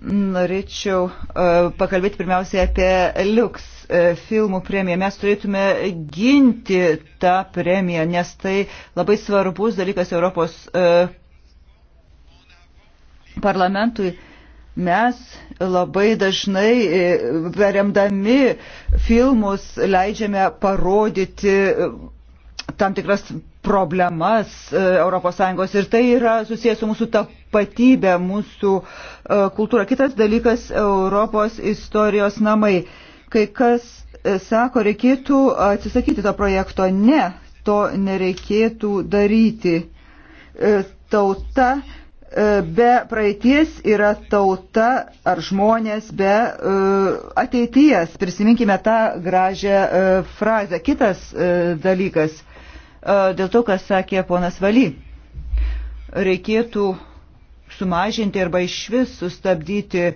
norėčiau e, pakalbėti pirmiausiai apie Liux e, filmų premiją. Mes turėtume ginti tą premiją, nes tai labai svarbus dalykas Europos e, parlamentui. Mes labai dažnai, veremdami filmus, leidžiame parodyti tam tikras problemas ES ir tai yra susijęs su mūsų tapu tapatybę, mūsų e, kultūrą. Kitas dalykas - Europos istorijos namai. Kai kas e, sako, reikėtų atsisakyti to projekto. Ne, to nereikėtų daryti. E, tauta be praeities yra tauta ar žmonės be ateities. Prisiminkime tą gražią frazę. Kitas dalykas, dėl to, kas sakė ponas Valy, reikėtų sumažinti arba iš vis sustabdyti e,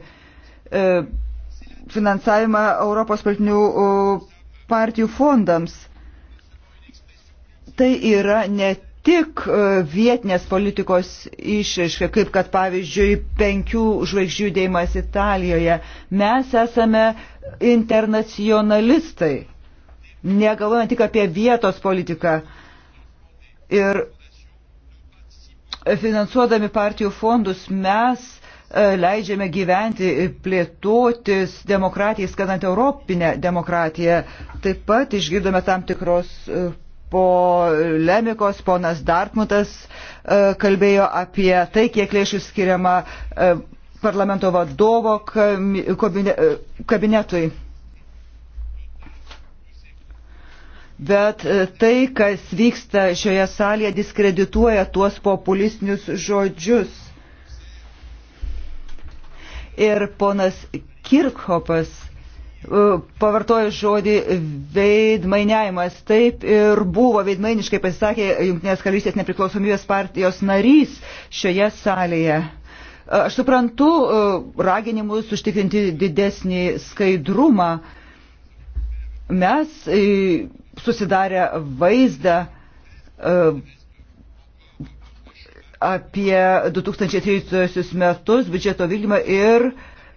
finansavimą Europos politinių e, partijų fondams. Tai yra ne tik e, vietinės politikos išraiška, kaip kad pavyzdžiui penkių žvaigždžių dėjimas Italijoje. Mes esame internacionalistai, negalvojant tik apie vietos politiką. Ir Finansuodami partijų fondus mes e, leidžiame gyventi ir e, plėtotis demokratijai, skandant Europinę demokratiją. Taip pat išgirdome tam tikros e, polemikos, ponas Dartmutas kalbėjo apie tai, kiek lėšų skiriama parlamento vadovo kabinetui. Bet e, tai, kas vyksta šioje salėje, diskredituoja tuos populistinius žodžius. Ir ponas Kirkhopas e, pavartojo žodį veidmainiavimas. Taip ir buvo veidmainiškai pasisakė Junktinės karalystės nepriklausomybės partijos narys šioje salėje. E, aš suprantu raginimus užtikrinti didesnį skaidrumą. Mes susidarę vaizdą e, apie 2013 metus biudžeto vykdymą ir,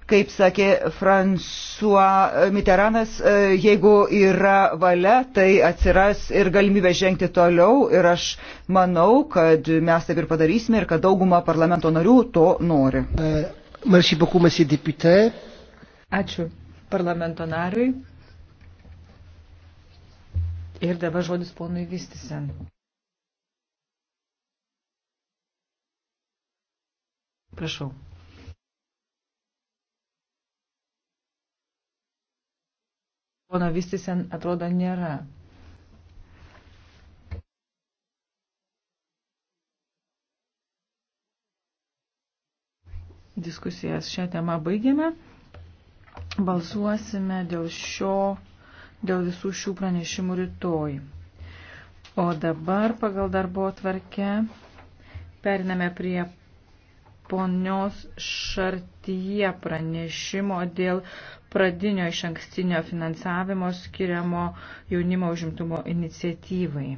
kaip sakė François Mitteranas, e, jeigu yra valia, tai atsiras ir galimybė žengti toliau ir aš manau, kad mes taip ir padarysime ir kad dauguma parlamento narių to nori. Ačiū parlamento nariui. Ir dabar žodis ponui Vistisen. Prašau. Pono Vistisen atrodo nėra. Diskusijas šią temą baigėme. Balsuosime dėl šio dėl visų šių pranešimų rytoj. O dabar pagal darbo tvarkę periname prie ponios Šartyje pranešimo dėl pradinio iš ankstinio finansavimo skiriamo jaunimo užimtumo iniciatyvai.